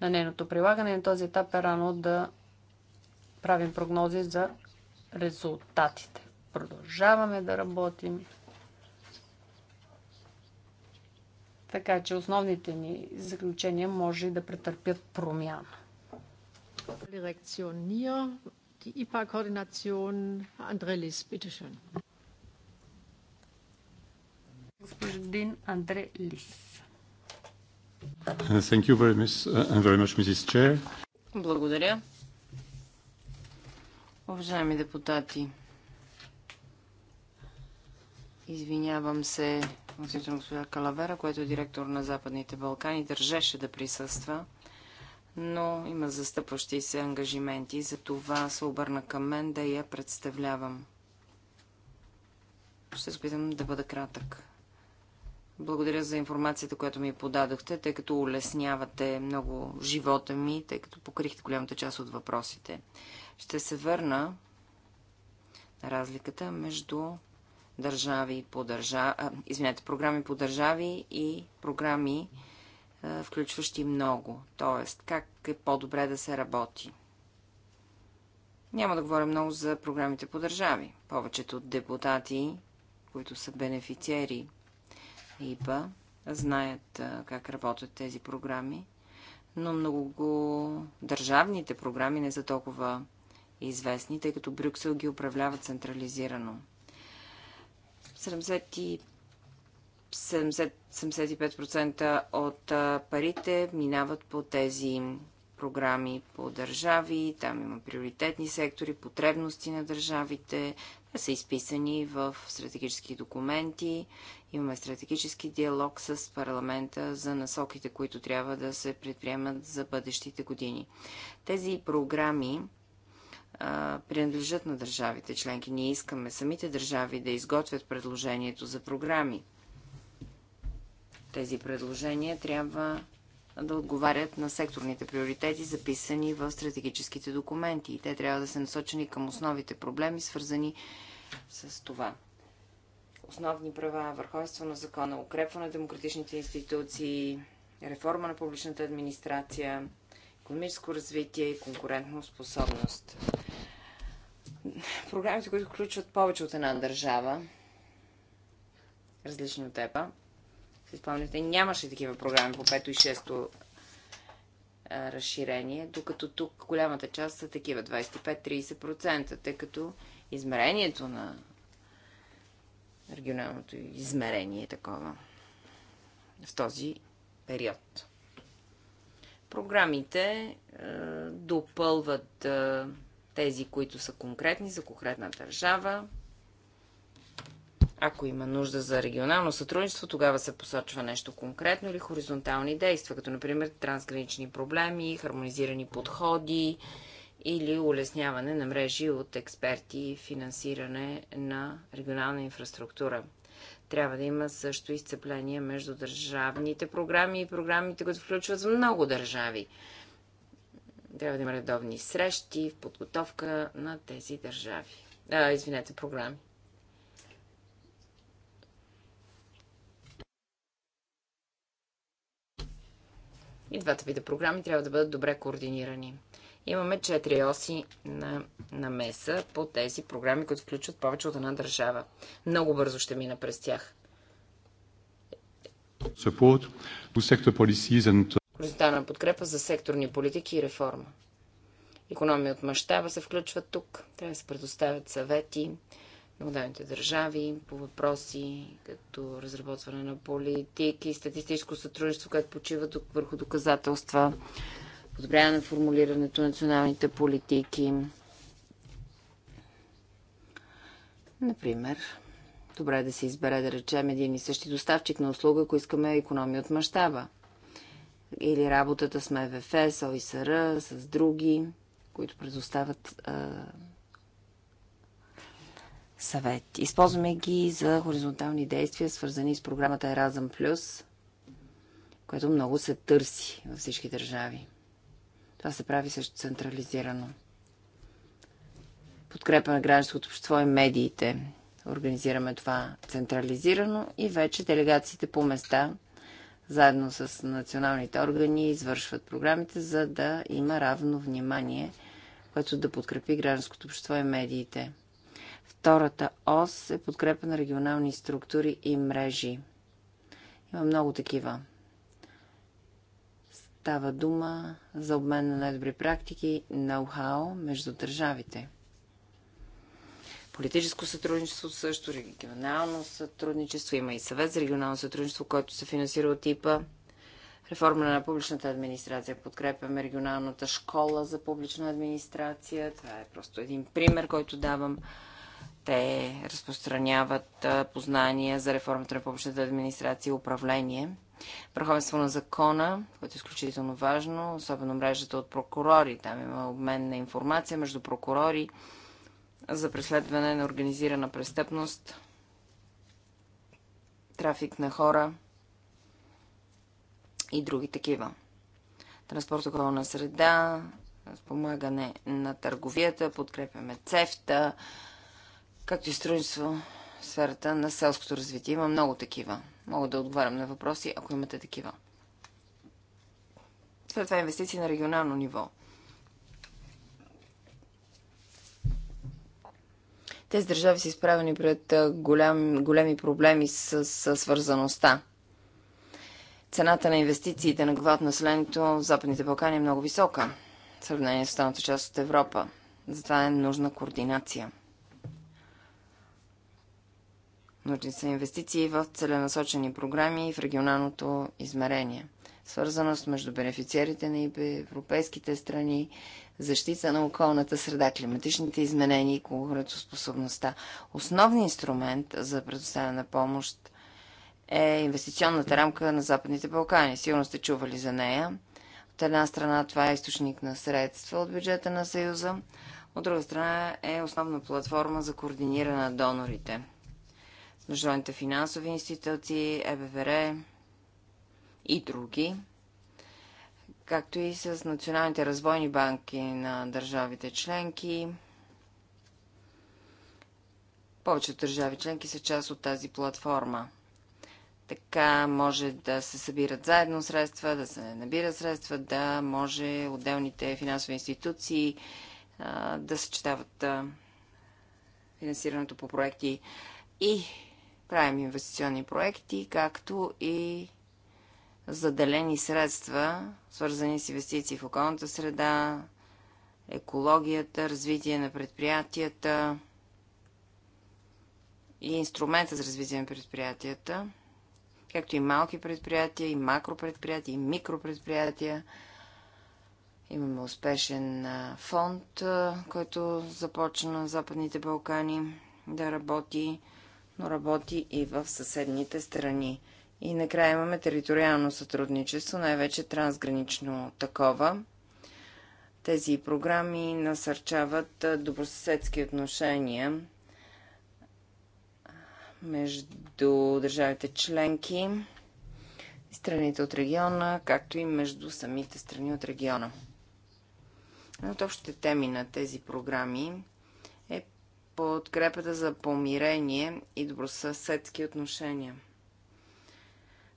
на нейното прилагане. На този етап е рано да правим прогнози за резултатите. Продължаваме да работим. Така че основните ни заключения може да претърпят промяна. Господин Андре Лис. Thank you very much, uh, very much, Mrs. Chair. Благодаря. Уважаеми депутати, Извинявам се, относително господа Калавера, който е директор на Западните Балкани, държеше да присъства, но има застъпващи се ангажименти, за това се обърна към мен да я представлявам. Ще се опитам да бъда кратък. Благодаря за информацията, която ми подадохте, тъй като улеснявате много живота ми, тъй като покрихте голямата част от въпросите. Ще се върна на разликата между държави по държави, извинете, програми по държави и програми, включващи много. Тоест, как е по-добре да се работи. Няма да говоря много за програмите по държави. Повечето от депутати, които са бенефициери ИПА, знаят как работят тези програми, но много държавните програми не са толкова известни, тъй като Брюксел ги управлява централизирано. 75% от парите минават по тези програми по държави, там има приоритетни сектори, потребности на държавите, те са изписани в стратегически документи, имаме стратегически диалог с парламента за насоките, които трябва да се предприемат за бъдещите години. Тези програми принадлежат на държавите членки. Ние искаме самите държави да изготвят предложението за програми. Тези предложения трябва да отговарят на секторните приоритети, записани в стратегическите документи. И те трябва да са насочени към основите проблеми, свързани с това. Основни права, върховенство на закона, укрепване на демократичните институции, реформа на публичната администрация, економическо развитие и конкурентно способност програмите, които включват повече от една държава, различни от ЕПА, си спомняте, нямаше такива програми по 5 и 6 разширение, докато тук голямата част са такива 25-30%, тъй като измерението на регионалното измерение е такова в този период. Програмите е, допълват е, тези, които са конкретни за конкретна държава. Ако има нужда за регионално сътрудничество, тогава се посочва нещо конкретно или хоризонтални действия, като например трансгранични проблеми, хармонизирани подходи или улесняване на мрежи от експерти и финансиране на регионална инфраструктура. Трябва да има също изцепление между държавните програми и програмите, които включват много държави. Трябва да има редовни срещи в подготовка на тези държави. А, извинете, програми. И двата вида програми трябва да бъдат добре координирани. Имаме 4 оси на намеса по тези програми, които включват повече от една държава. Много бързо ще мина през тях. Support Хоризонтална подкрепа за секторни политики и реформа. Економия от мащаба се включва тук. Трябва да се предоставят съвети на отделните държави по въпроси като разработване на политики, статистическо сътрудничество, което почива тук върху доказателства, подобряване на формулирането на националните политики. Например, добре е да се избере, да речем, един и същи доставчик на услуга, ако искаме економия от мащаба или работата с МВФ, с ОИСР, с други, които предоставят а, съвет. Използваме ги за хоризонтални действия, свързани с програмата Еразъм Плюс, което много се търси във всички държави. Това се прави също централизирано. Подкрепа на гражданското общество и медиите. Организираме това централизирано и вече делегациите по места заедно с националните органи извършват програмите, за да има равно внимание, което да подкрепи гражданското общество и медиите. Втората ос е подкрепа на регионални структури и мрежи. Има много такива. Става дума за обмен на най-добри практики, ноу-хау между държавите – Политическо сътрудничество също, регионално сътрудничество. Има и съвет за регионално сътрудничество, който се финансира от ИПА. Реформа на публичната администрация. Подкрепяме регионалната школа за публична администрация. Това е просто един пример, който давам. Те разпространяват познания за реформата на публичната администрация и управление. Върховенство на закона, което е изключително важно, особено мрежата от прокурори. Там има обмен на информация между прокурори за преследване на организирана престъпност, трафик на хора и други такива. Транспорт околна среда, спомагане на търговията, подкрепяме цефта, както и строителство в сферата на селското развитие. Има много такива. Мога да отговарям на въпроси, ако имате такива. След това инвестиции на регионално ниво – Тези държави са изправени пред голям, големи проблеми с, с свързаността. Цената на инвестициите на главата населението в Западните Балкани е много висока в сравнение с останалата част от Европа. Затова е нужна координация. Нужни са инвестиции в целенасочени програми и в регионалното измерение свързаност между бенефициарите на ИБ, европейските страни, защита на околната среда, климатичните изменения и конкурентоспособността. Основният инструмент за предоставяне на помощ е инвестиционната рамка на Западните Балкани. Сигурно сте чували за нея. От една страна това е източник на средства от бюджета на Съюза, от друга страна е основна платформа за координиране на донорите. С международните финансови институции, ЕБВР, и други, както и с националните разбойни банки на държавите членки. Повечето държави членки са част от тази платформа. Така може да се събират заедно средства, да се набират средства, да може отделните финансови институции а, да съчетават а, финансирането по проекти и правим инвестиционни проекти, както и заделени средства, свързани с инвестиции в околната среда, екологията, развитие на предприятията и инструмента за развитие на предприятията, както и малки предприятия, и макропредприятия, и микропредприятия. Имаме успешен фонд, който започна в Западните Балкани да работи, но работи и в съседните страни. И накрая имаме териториално сътрудничество, най-вече трансгранично такова. Тези програми насърчават добросъседски отношения между държавите членки и страните от региона, както и между самите страни от региона. От общите теми на тези програми е подкрепата за помирение и добросъседски отношения –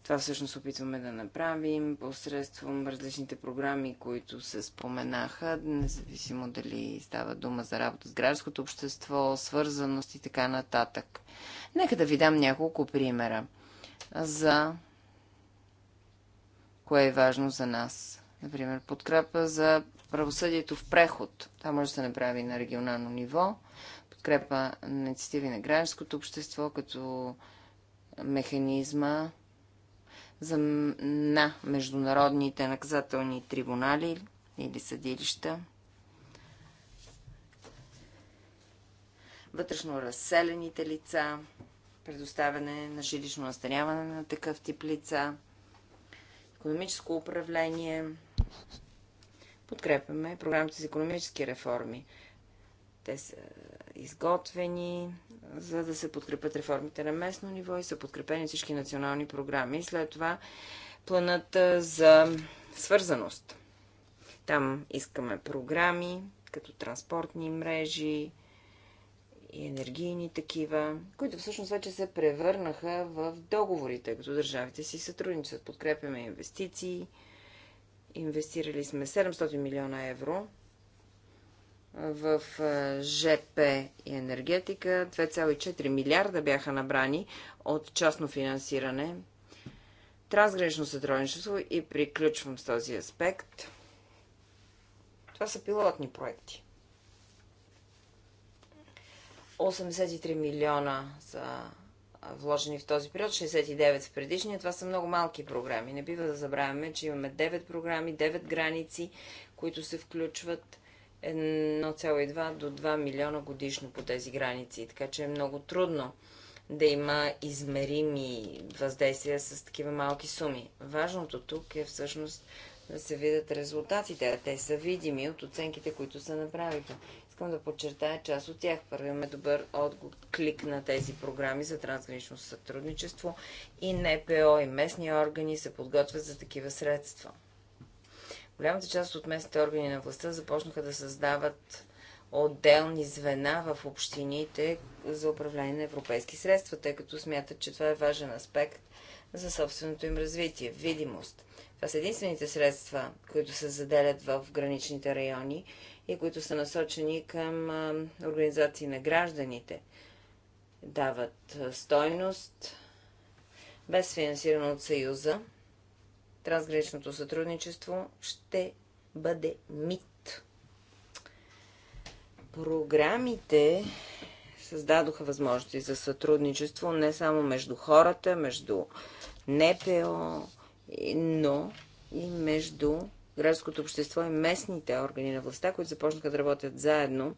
това всъщност опитваме да направим посредством различните програми, които се споменаха, независимо дали става дума за работа с гражданското общество, свързаност и така нататък. Нека да ви дам няколко примера за кое е важно за нас. Например, подкрепа за правосъдието в преход. Това може да се направи на регионално ниво. Подкрепа на инициативи на гражданското общество като механизма за, на международните наказателни трибунали или съдилища, вътрешно разселените лица, предоставяне на жилищно настаняване на такъв тип лица, економическо управление. Подкрепяме програмите за економически реформи. Те са изготвени, за да се подкрепят реформите на местно ниво и са подкрепени всички национални програми. След това планът за свързаност. Там искаме програми, като транспортни мрежи и енергийни такива, които всъщност вече се превърнаха в договорите, като държавите си сътрудничат. Подкрепяме инвестиции. Инвестирали сме 700 милиона евро в е, ЖП и енергетика. 2,4 милиарда бяха набрани от частно финансиране, трансгранично сътрудничество и приключвам с този аспект. Това са пилотни проекти. 83 милиона са вложени в този период, 69 в предишния. Това са много малки програми. Не бива да забравяме, че имаме 9 програми, 9 граници, които се включват 1,2 до 2 милиона годишно по тези граници. Така че е много трудно да има измерими въздействия с такива малки суми. Важното тук е всъщност да се видят резултатите, а те са видими от оценките, които са направиха. Искам да подчертая част от тях. Първи е добър отклик на тези програми за трансгранично сътрудничество и НПО и местни органи се подготвят за такива средства. Голямата част от местните органи на властта започнаха да създават отделни звена в общините за управление на европейски средства, тъй като смятат, че това е важен аспект за собственото им развитие. Видимост. Това са единствените средства, които се заделят в граничните райони и които са насочени към организации на гражданите. Дават стойност без финансиране от Съюза трансграничното сътрудничество ще бъде мит. Програмите създадоха възможности за сътрудничество не само между хората, между НПО, но и между градското общество и местните органи на властта, които започнаха да работят заедно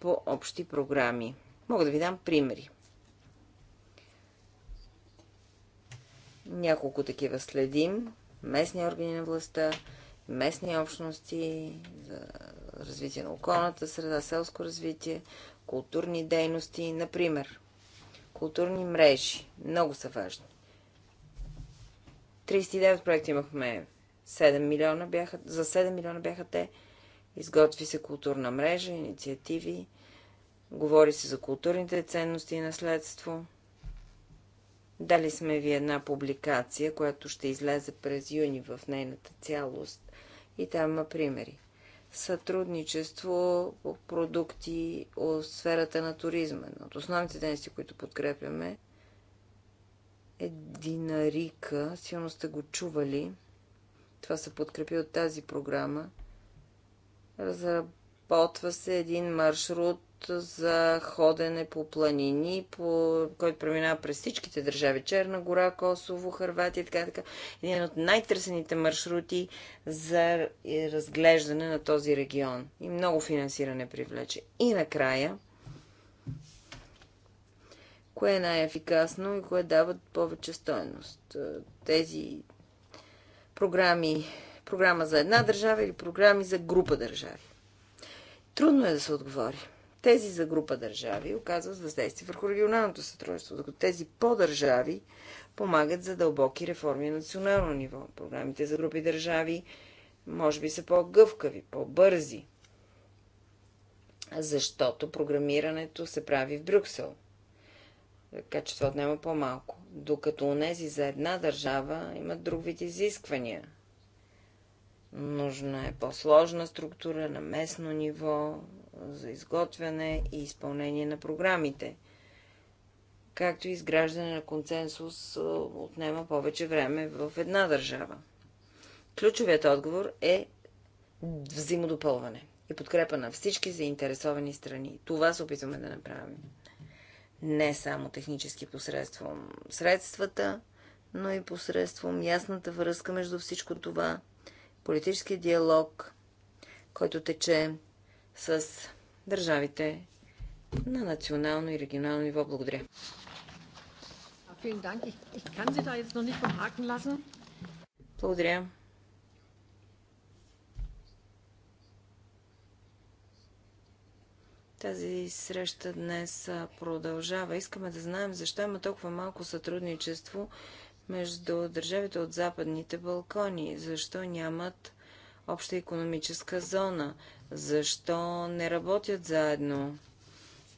по общи програми. Мога да ви дам примери. Няколко такива следим. Местни органи на властта, местни общности за развитие на околната среда, селско развитие, културни дейности, например. Културни мрежи. Много са важни. 39 проекта имахме. 7 милиона бяха, за 7 милиона бяха те. Изготви се културна мрежа, инициативи. Говори се за културните ценности и наследство. Дали сме ви една публикация, която ще излезе през юни в нейната цялост и там има примери. Сътрудничество по продукти от сферата на туризма. От основните дейности, които подкрепяме, е Динарика. Силно сте го чували. Това се подкрепи от тази програма. Разработва се един маршрут за ходене по планини, по... който преминава през всичките държави. Черна гора, Косово, Харватия и така, така. Един от най-търсените маршрути за разглеждане на този регион. И много финансиране привлече. И накрая, кое е най-ефикасно и кое дава повече стоеност. Е, тези програми, програма за една държава или програми за група държави. Трудно е да се отговори. Тези за група държави оказват въздействие върху регионалното сътрудничество, докато тези по-държави помагат за дълбоки реформи на национално ниво. Програмите за групи държави може би са по-гъвкави, по-бързи, защото програмирането се прави в Брюксел. Така че това отнема по-малко. Докато нези за една държава имат друг вид изисквания. Нужна е по-сложна структура на местно ниво, за изготвяне и изпълнение на програмите. Както и изграждане на консенсус отнема повече време в една държава. Ключовият отговор е взаимодопълване и подкрепа на всички заинтересовани страни. Това се опитваме да направим. Не само технически посредством средствата, но и посредством ясната връзка между всичко това, политически диалог, който тече с държавите на национално и регионално ниво. Благодаря. Благодаря. Тази среща днес продължава. Искаме да знаем защо има толкова малко сътрудничество между държавите от Западните Балкани, защо нямат обща економическа зона, защо не работят заедно?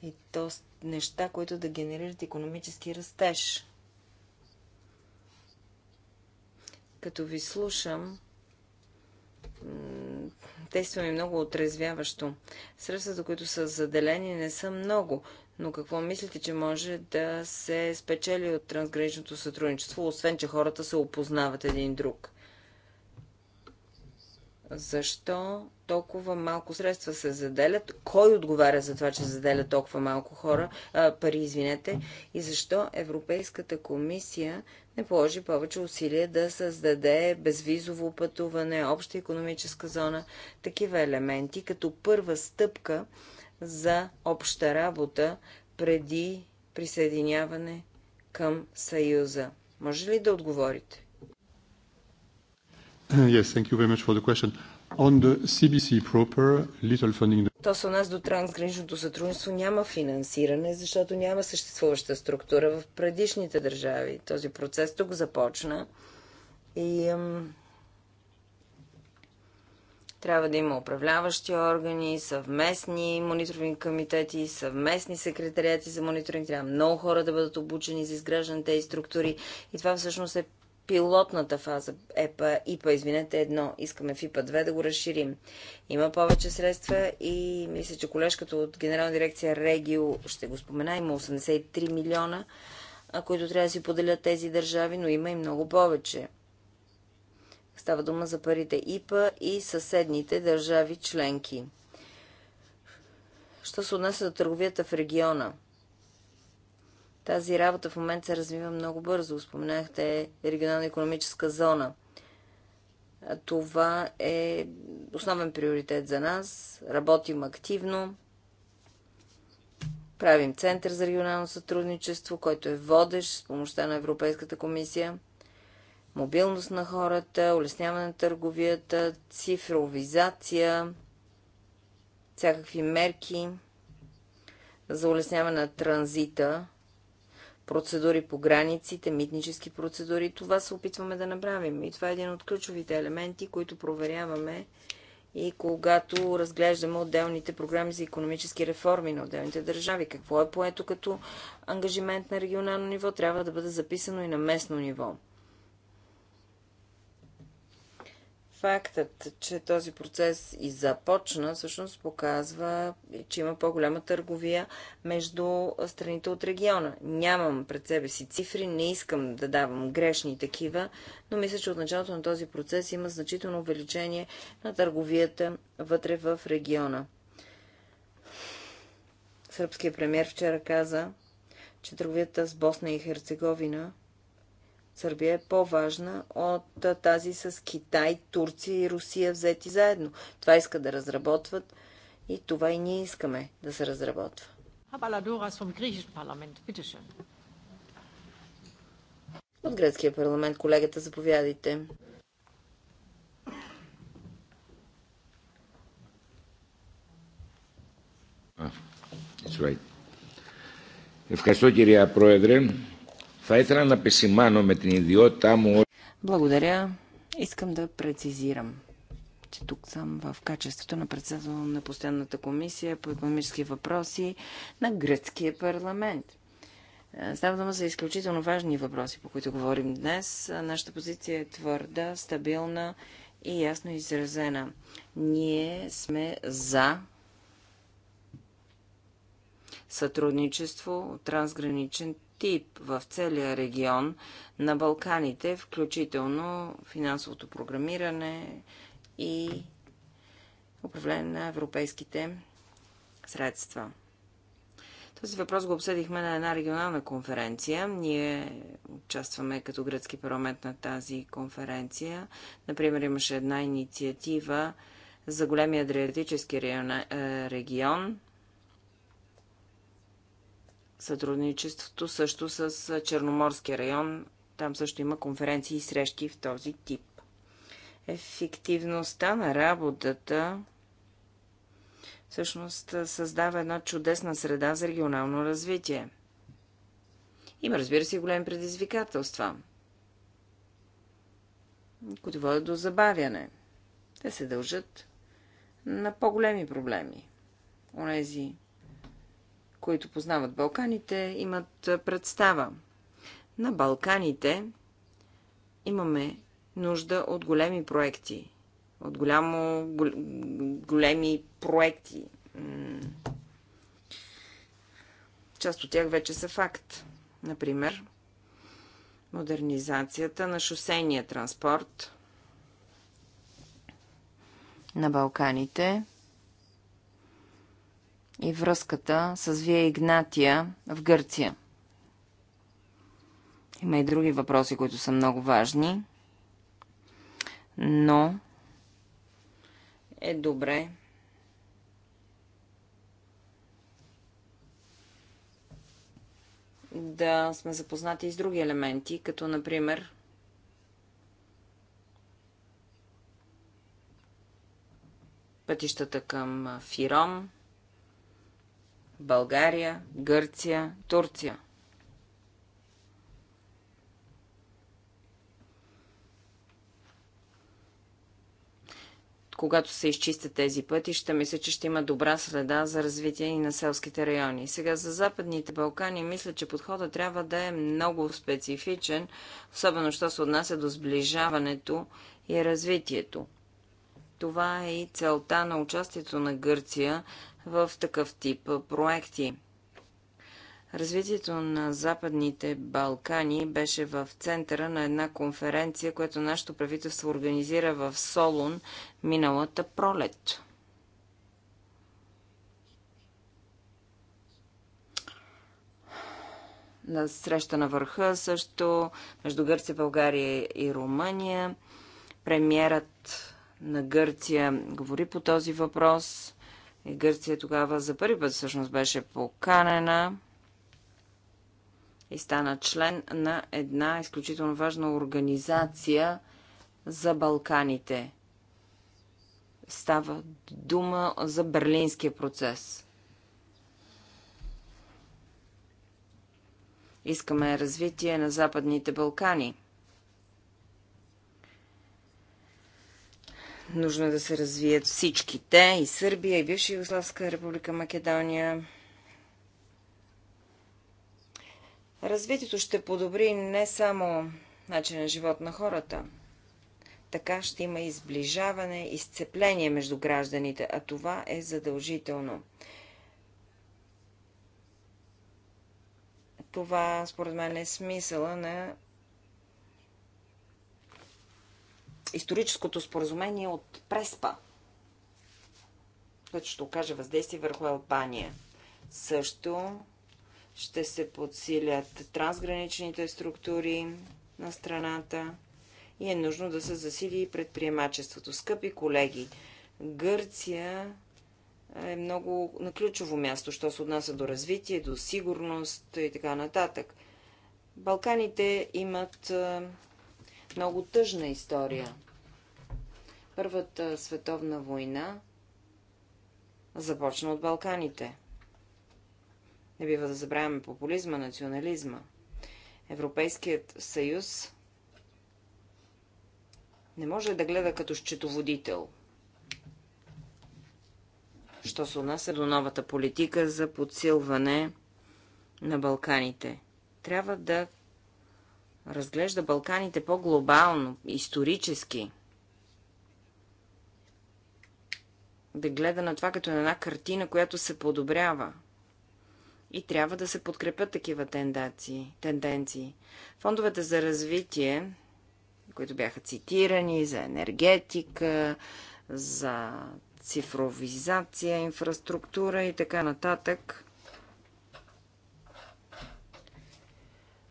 И то неща, които да генерират економически растеж. Като ви слушам, действа ми много отрезвяващо. Средствата, които са заделени, не са много, но какво мислите, че може да се спечели от трансграничното сътрудничество, освен че хората се опознават един друг? защо толкова малко средства се заделят, кой отговаря за това, че заделят толкова малко хора, а, пари, извинете, и защо Европейската комисия не положи повече усилия да създаде безвизово пътуване, обща економическа зона, такива елементи, като първа стъпка за обща работа преди присъединяване към Съюза. Може ли да отговорите? Yes, thank you very much for the question. On the CBC proper, little funding... То с нас до трансграничното сътрудничество няма финансиране, защото няма съществуваща структура в предишните държави. Този процес тук започна и ам, трябва да има управляващи органи, съвместни мониторинг комитети, съвместни секретариати за мониторинг. Трябва много хора да бъдат обучени за изграждане тези структури. И това всъщност е пилотната фаза ЕПА, ИПА, извинете, едно. Искаме в ИПА 2 да го разширим. Има повече средства и мисля, че колежката от Генерална дирекция Регио ще го спомена. Има 83 милиона, които трябва да си поделят тези държави, но има и много повече. Става дума за парите ИПА и съседните държави членки. Що се отнася до търговията в региона? Тази работа в момента се развива много бързо. Споменахте регионална економическа зона. Това е основен приоритет за нас. Работим активно. Правим Център за регионално сътрудничество, който е водещ с помощта на Европейската комисия. Мобилност на хората, улесняване на търговията, цифровизация, всякакви мерки за улесняване на транзита процедури по границите, митнически процедури. Това се опитваме да направим. И това е един от ключовите елементи, които проверяваме и когато разглеждаме отделните програми за економически реформи на отделните държави. Какво е поето като ангажимент на регионално ниво, трябва да бъде записано и на местно ниво. Фактът, че този процес и започна, всъщност показва, че има по-голяма търговия между страните от региона. Нямам пред себе си цифри, не искам да давам грешни такива, но мисля, че от началото на този процес има значително увеличение на търговията вътре в региона. Сръбският премьер вчера каза, че търговията с Босна и Херцеговина Сърбия е по-важна от тази с Китай, Турция и Русия взети заедно. Това иска да разработват и това и ние искаме да се разработва. От гръцкия парламент колегата заповядайте. Ευχαριστώ κυρία Πρόεδρε. Θα ήθελα να επισημάνω με την ιδιότητά μου... Благодаря. Искам да прецизирам, че тук съм в качеството на председател на постоянната комисия по економически въпроси на гръцкия парламент. Е, става дума за изключително важни въпроси, по които говорим днес. Е, нашата позиция е твърда, стабилна и ясно изразена. Ние сме за сътрудничество, трансграничен тип в целия регион на Балканите, включително финансовото програмиране и управление на европейските средства. Този въпрос го обсъдихме на една регионална конференция. Ние участваме като гръцки парламент на тази конференция. Например, имаше една инициатива за големия адриатически е, регион, сътрудничеството също с Черноморския район. Там също има конференции и срещи в този тип. Ефективността на работата всъщност създава една чудесна среда за регионално развитие. Има, разбира се, големи предизвикателства, които водят до забавяне. Те се дължат на по-големи проблеми. Онези които познават Балканите, имат представа. На Балканите имаме нужда от големи проекти, от голямо, големи проекти. Част от тях вече са факт. Например, модернизацията на шосейния транспорт на Балканите и връзката с Вия Игнатия в Гърция. Има и други въпроси, които са много важни, но е добре да сме запознати и с други елементи, като например пътищата към Фиром, България, Гърция, Турция. Когато се изчистят тези пътища, мисля, че ще има добра среда за развитие и на селските райони. Сега за Западните Балкани мисля, че подходът трябва да е много специфичен, особено що се отнася до сближаването и развитието. Това е и целта на участието на Гърция в такъв тип проекти. Развитието на Западните Балкани беше в центъра на една конференция, която нашето правителство организира в Солун миналата пролет. На среща на върха също между Гърция, България и Румъния. Премьерът на Гърция говори по този въпрос. И Гърция тогава за първи път всъщност беше поканена и стана член на една изключително важна организация за Балканите. Става дума за Берлинския процес. Искаме развитие на Западните Балкани. Нужно е да се развият всичките, и Сърбия, и бивша Югославска република Македония. Развитието ще подобри не само начин на живот на хората, така ще има изближаване, изцепление между гражданите, а това е задължително. Това, според мен, е смисъла на историческото споразумение от Преспа, което ще окаже въздействие върху Албания. Също ще се подсилят трансграничните структури на страната и е нужно да се засили и предприемачеството. Скъпи колеги, Гърция е много на ключово място, що се отнася до развитие, до сигурност и така нататък. Балканите имат много тъжна история. Първата световна война започна от Балканите. Не бива да забравяме популизма, национализма. Европейският съюз не може да гледа като счетоводител. Що се отнася до новата политика за подсилване на Балканите? Трябва да разглежда Балканите по-глобално, исторически. Да гледа на това като на една картина, която се подобрява. И трябва да се подкрепят такива тенденции. Фондовете за развитие, които бяха цитирани, за енергетика, за цифровизация, инфраструктура и така нататък –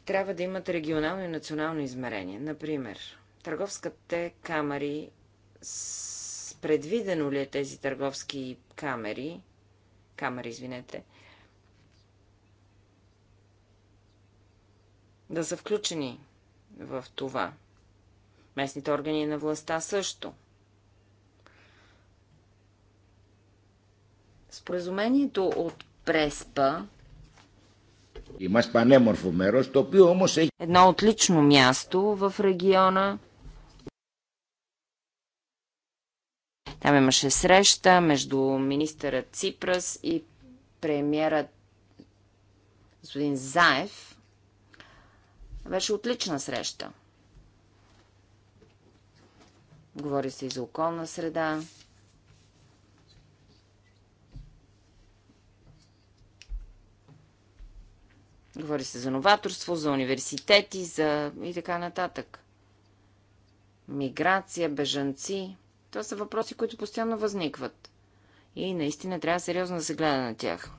трябва да имат регионално и национално измерение. Например, търговските камери, предвидено ли е тези търговски камери, камери, извинете, да са включени в това. Местните органи на властта също. Споразумението от Преспа το οποίο έχει... Едно отлично място в региона. Там имаше среща между министъра Ципрас и премиера господин Заев. Беше отлична среща. Говори се и за околна среда. Говори се за новаторство, за университети, за и така нататък. Миграция, бежанци. Това са въпроси, които постоянно възникват. И наистина трябва сериозно да се гледа на тях.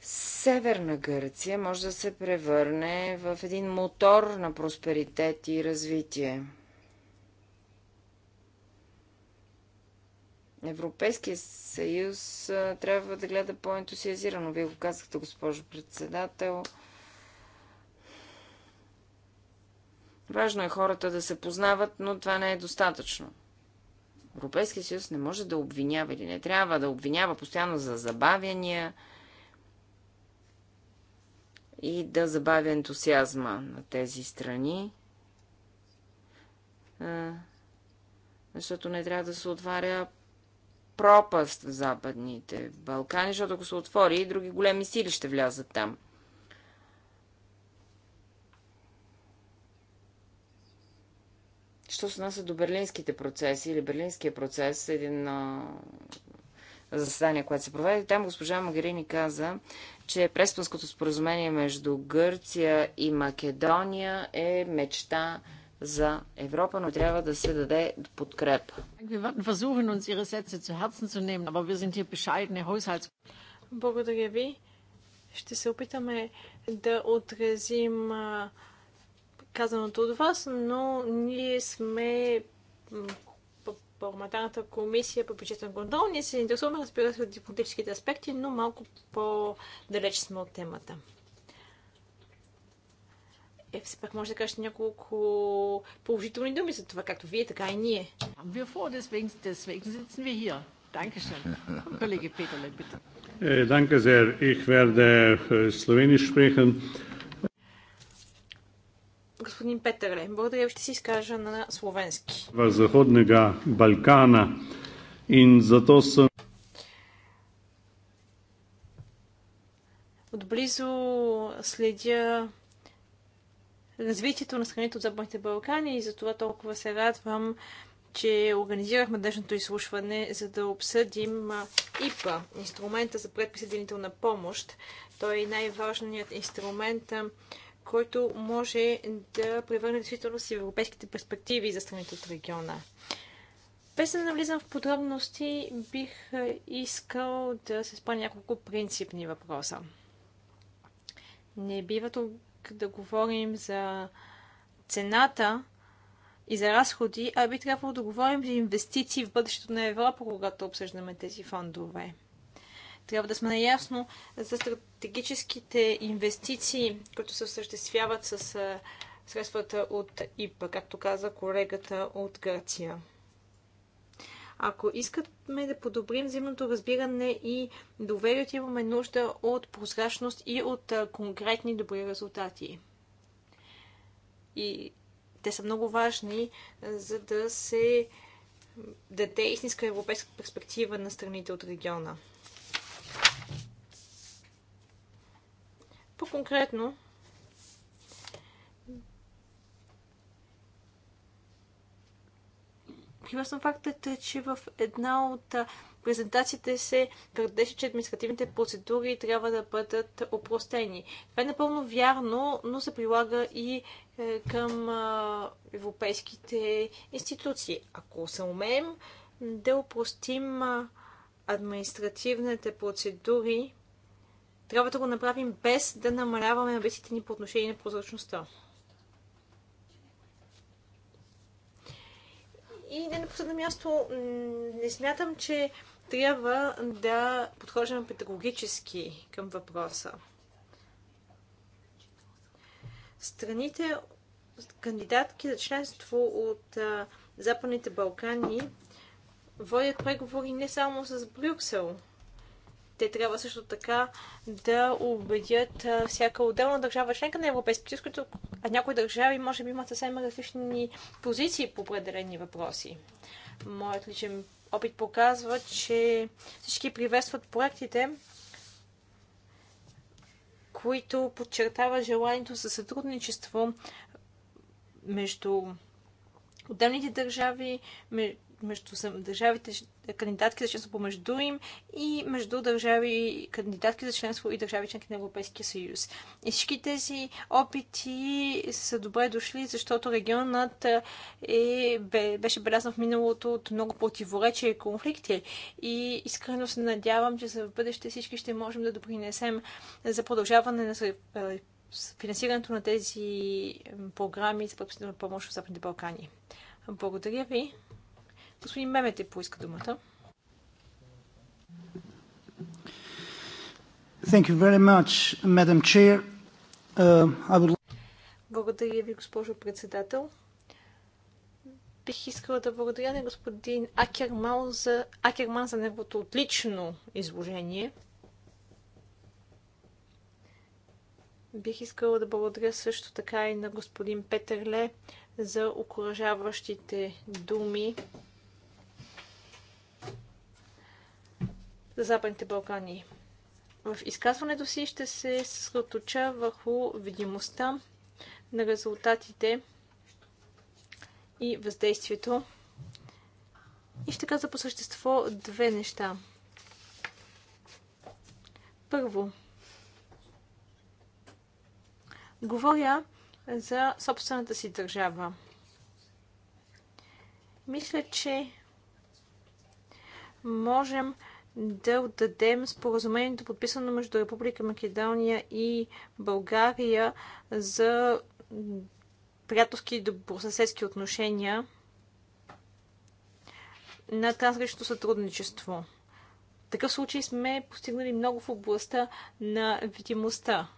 Северна Гърция може да се превърне в един мотор на просперитет и развитие. Европейския съюз трябва да гледа по-ентусиазирано. Вие го казахте, госпожо председател. Важно е хората да се познават, но това не е достатъчно. Европейския съюз не може да обвинява или не трябва да обвинява постоянно за забавяния и да забавя ентусиазма на тези страни, защото не трябва да се отваря пропаст в Западните Балкани, защото ако се отвори, и други големи сили ще влязат там. Що се нася до берлинските процеси или берлинския процес, един а, заседание, което се проведе, там госпожа Магарини каза, че Преспанското споразумение между Гърция и Македония е мечта за Европа, но трябва да се даде подкрепа. Благодаря ви. Ще се опитаме да отразим казаното от вас, но ние сме парламентарната комисия по бюджетен контрол. Ние се интересуваме, разбира се, от дипломатическите аспекти, но малко по-далеч сме от темата е, все пак може да кажете няколко положителни думи за това, както вие, така и ние. Kollege Peterle, bitte. Äh, danke sehr. Ich werde äh, sprechen. Господин Петърле, благодаря, ще си изкажа на словенски. В Балкана и зато съм... Отблизо следя развитието на страните от Западните Балкани и за това толкова се радвам, че организирахме днешното изслушване, за да обсъдим ИПА, инструмента за предприсъединителна помощ. Той е най-важният инструмент, който може да превърне действително с европейските перспективи за страните от региона. Без да навлизам в подробности, бих искал да се спра няколко принципни въпроса. Не бива да говорим за цената и за разходи, а би трябвало да говорим за инвестиции в бъдещето на Европа, когато обсъждаме тези фондове. Трябва да сме наясно за стратегическите инвестиции, които се осъществяват с средствата от ИПА, както каза колегата от Гърция. Ако искаме да подобрим взаимното разбиране и доверието, имаме нужда от прозрачност и от конкретни добри резултати. И те са много важни, за да се даде истинска европейска перспектива на страните от региона. По-конкретно, факта фактът, че в една от презентациите се твърдеше, че административните процедури трябва да бъдат опростени. Това е напълно вярно, но се прилага и е, към европейските институции. Ако се умеем да опростим административните процедури, трябва да го направим без да намаляваме амбициите ни по отношение на прозрачността. И не на последно място, не смятам, че трябва да подхождаме педагогически към въпроса. Страните кандидатки за членство от а, Западните Балкани водят преговори не само с Брюксел, те трябва също така да убедят всяка отделна държава, членка на Европейския съюз, които а някои държави може би имат съвсем различни позиции по определени въпроси. Моят личен опит показва, че всички приветстват проектите, които подчертават желанието за сътрудничество между отделните държави, между държавите кандидатки за членство помежду им и между държави кандидатки за членство и държави членки на Европейския съюз. И всички тези опити са добре дошли, защото регионът е, беше белязан в миналото от много противоречия и конфликти. И искрено се надявам, че за бъдеще всички ще можем да допринесем за продължаване на е, финансирането на тези програми за помощ в Западните Балкани. Благодаря ви. Господин Мемете поиска думата. Thank you very much, Madam Chair. Uh, I would... Благодаря ви, госпожо председател. Бих искала да благодаря на господин Акерман за, Акерман за неговото отлично изложение. Бих искала да благодаря също така и на господин Петърле за окоръжаващите думи за Западните Балкани. В изказването си ще се съсредоточа върху видимостта на резултатите и въздействието. И ще каза по същество две неща. Първо, говоря за собствената си държава. Мисля, че можем да отдадем споразумението, подписано между Република Македония и България за приятелски и добросъседски отношения на трансгранично сътрудничество. В такъв случай сме постигнали много в областта на видимостта.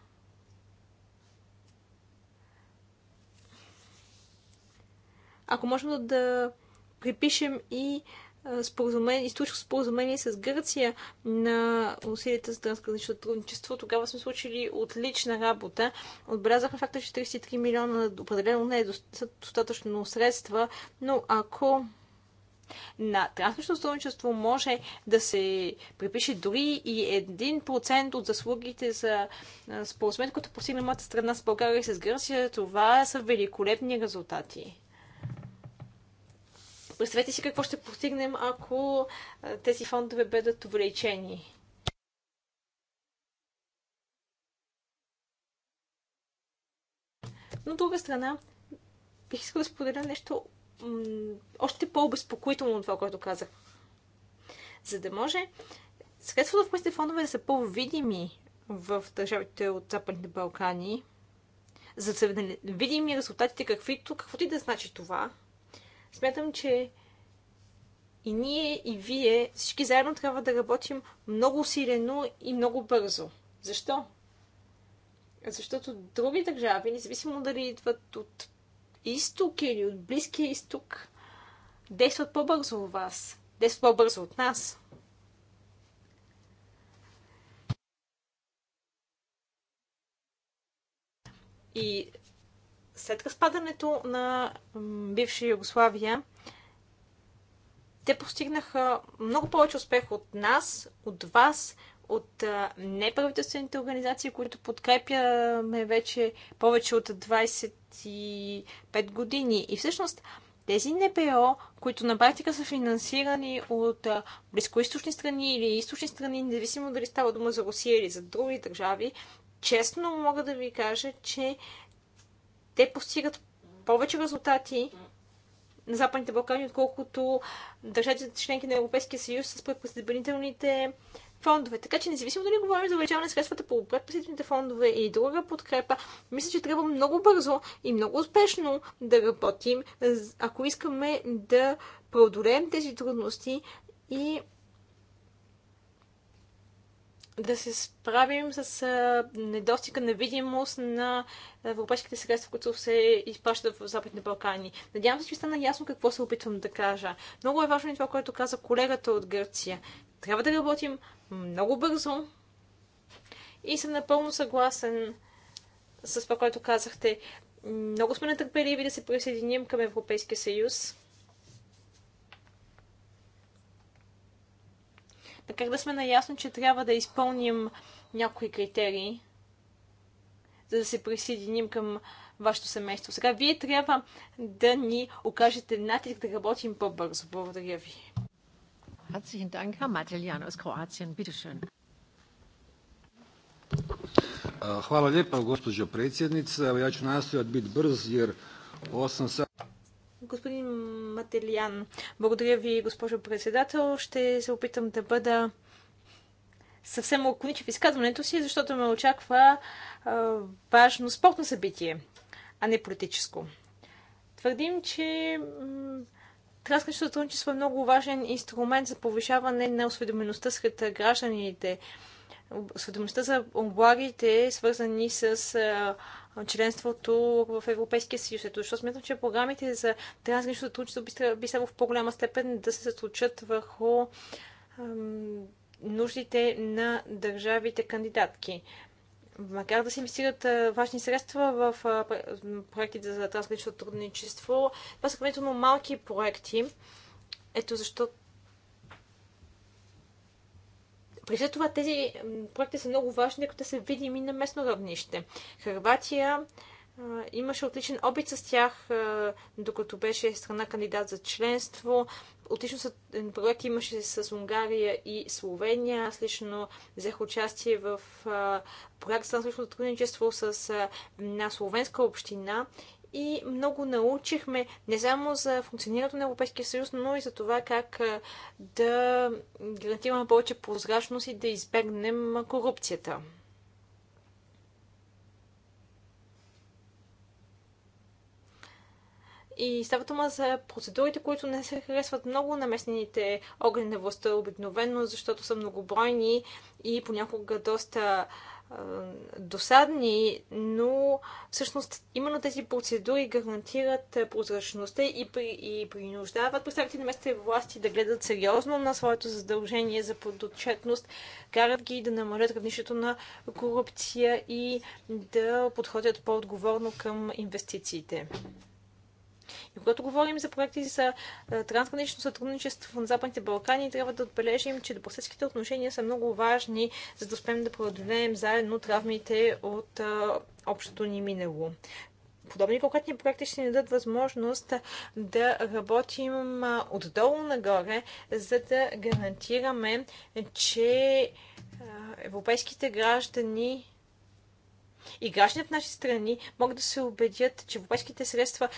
Ако можем да припишем и споразумение, историческо споразумение с Гърция на усилията за трансгранично сътрудничество. Тогава сме случили отлична работа. Отбелязахме факта, че 43 милиона определено не е достатъчно средства, но ако на трансгранично сътрудничество може да се припише дори и 1% от заслугите за споразумението, което постигна моята страна с България и с Гърция. Това са великолепни резултати. Представете си какво ще постигнем, ако тези фондове бъдат увеличени. Но от друга страна, бих искала да споделя нещо още по-обезпокоително от това, което казах. За да може средствата в местните фондове да са по-видими в държавите от Западните Балкани, за да са видими резултатите, каквито, каквото и да значи това, Смятам, че и ние, и вие, всички заедно трябва да работим много усилено и много бързо. Защо? Защото други държави, независимо дали идват от изток или от близкия изток, действат по-бързо от вас. Действат по-бързо от нас. И след разпадането на бивша Югославия, те постигнаха много повече успех от нас, от вас, от неправителствените организации, които подкрепяме вече повече от 25 години. И всъщност тези НПО, които на практика са финансирани от близкоисточни страни или източни страни, независимо дали става дума за Русия или за други държави, честно мога да ви кажа, че те постигат повече резултати на Западните Балкани, отколкото държавите членки на Европейския съюз с предпредсъединителните фондове. Така че независимо дали говорим за увеличаване на средствата по предпредсъединителните фондове и друга подкрепа, мисля, че трябва много бързо и много успешно да работим, ако искаме да преодолеем тези трудности и да се справим с недостига на видимост на европейските средства, които се изпращат в Западните Балкани. Надявам се, че стана ясно какво се опитвам да кажа. Много е важно и това, което каза колегата от Гърция. Трябва да работим много бързо и съм напълно съгласен с това, което казахте. Много сме нетърпеливи да се присъединим към Европейския съюз. Така да сме наясно, че трябва да изпълним някои критерии, за да се присъединим към вашето семейство. Сега вие трябва да ни окажете натиск да работим по-бързо. Благодаря ви. Herzlichen Dank, Herr Matelian aus Kroatien. Bitte schön. Hvala lijepa, gospođo ja ću nastojati biti brz jer 8 sati... Господин Мателиян. Благодаря ви, госпожо председател. Ще се опитам да бъда съвсем лаконичен в изказването си, защото ме очаква а, важно спортно събитие, а не политическо. Твърдим, че Транскръчното сътрудничество е много важен инструмент за повишаване на осведомеността сред гражданите. Осведомеността за облагите, свързани с членството в Европейския съюз. Ето защото смятам, че програмите за трансгранично сътрудничество би само в по-голяма степен да се съсочат върху нуждите на държавите кандидатки макар да се инвестират важни средства в проектите за трансгранично сътрудничество, това са сравнително малки проекти. Ето защо При след това тези проекти са много важни, като са видими на местно равнище. Харватия имаше отличен опит с тях, докато беше страна кандидат за членство. Отлично са, проект имаше с Унгария и Словения. Аз лично взех участие в проект за сътрудничество с една словенска община и много научихме не само за функционирането на Европейския съюз, но и за това как да гарантираме повече прозрачност и да избегнем корупцията. И става дума за процедурите, които не се харесват много на местните органи на властта обикновено, защото са многобройни и понякога доста досадни, но всъщност именно тези процедури гарантират прозрачността и, при, и принуждават представите на местните власти да гледат сериозно на своето задължение за подотчетност, карат ги да намалят равнището на корупция и да подходят по-отговорно към инвестициите. И когато говорим за проекти за е, трансгранично сътрудничество на Западните Балкани, трябва да отбележим, че добросъдските отношения са много важни, за да успеем да преодолеем заедно травмите от е, общото ни минало. Подобни конкретни проекти ще ни дадат възможност да работим е, отдолу нагоре, за да гарантираме, че европейските граждани и гражданите в нашите страни могат да се убедят, че европейските средства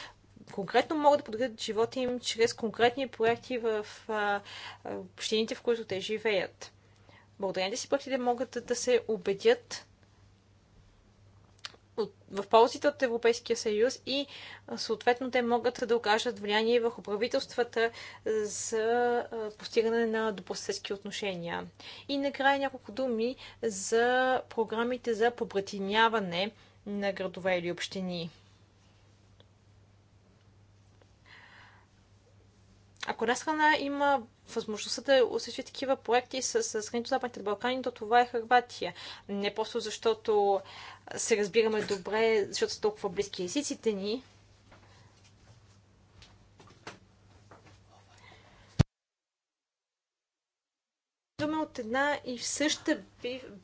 конкретно могат да подобрят живота им чрез конкретни проекти в общините, в които те живеят. Благодарение си партиите могат да се убедят в ползите от Европейския съюз и съответно те могат да окажат влияние върху правителствата за постигане на добросъседски отношения. И накрая няколко думи за програмите за побратиняване на градове или общини. Ако една страна има възможността да осъществи такива проекти с, с страните Западните Балкани, то това е Харватия. Не просто защото се разбираме добре, защото са толкова близки езиците ни, от една и съща,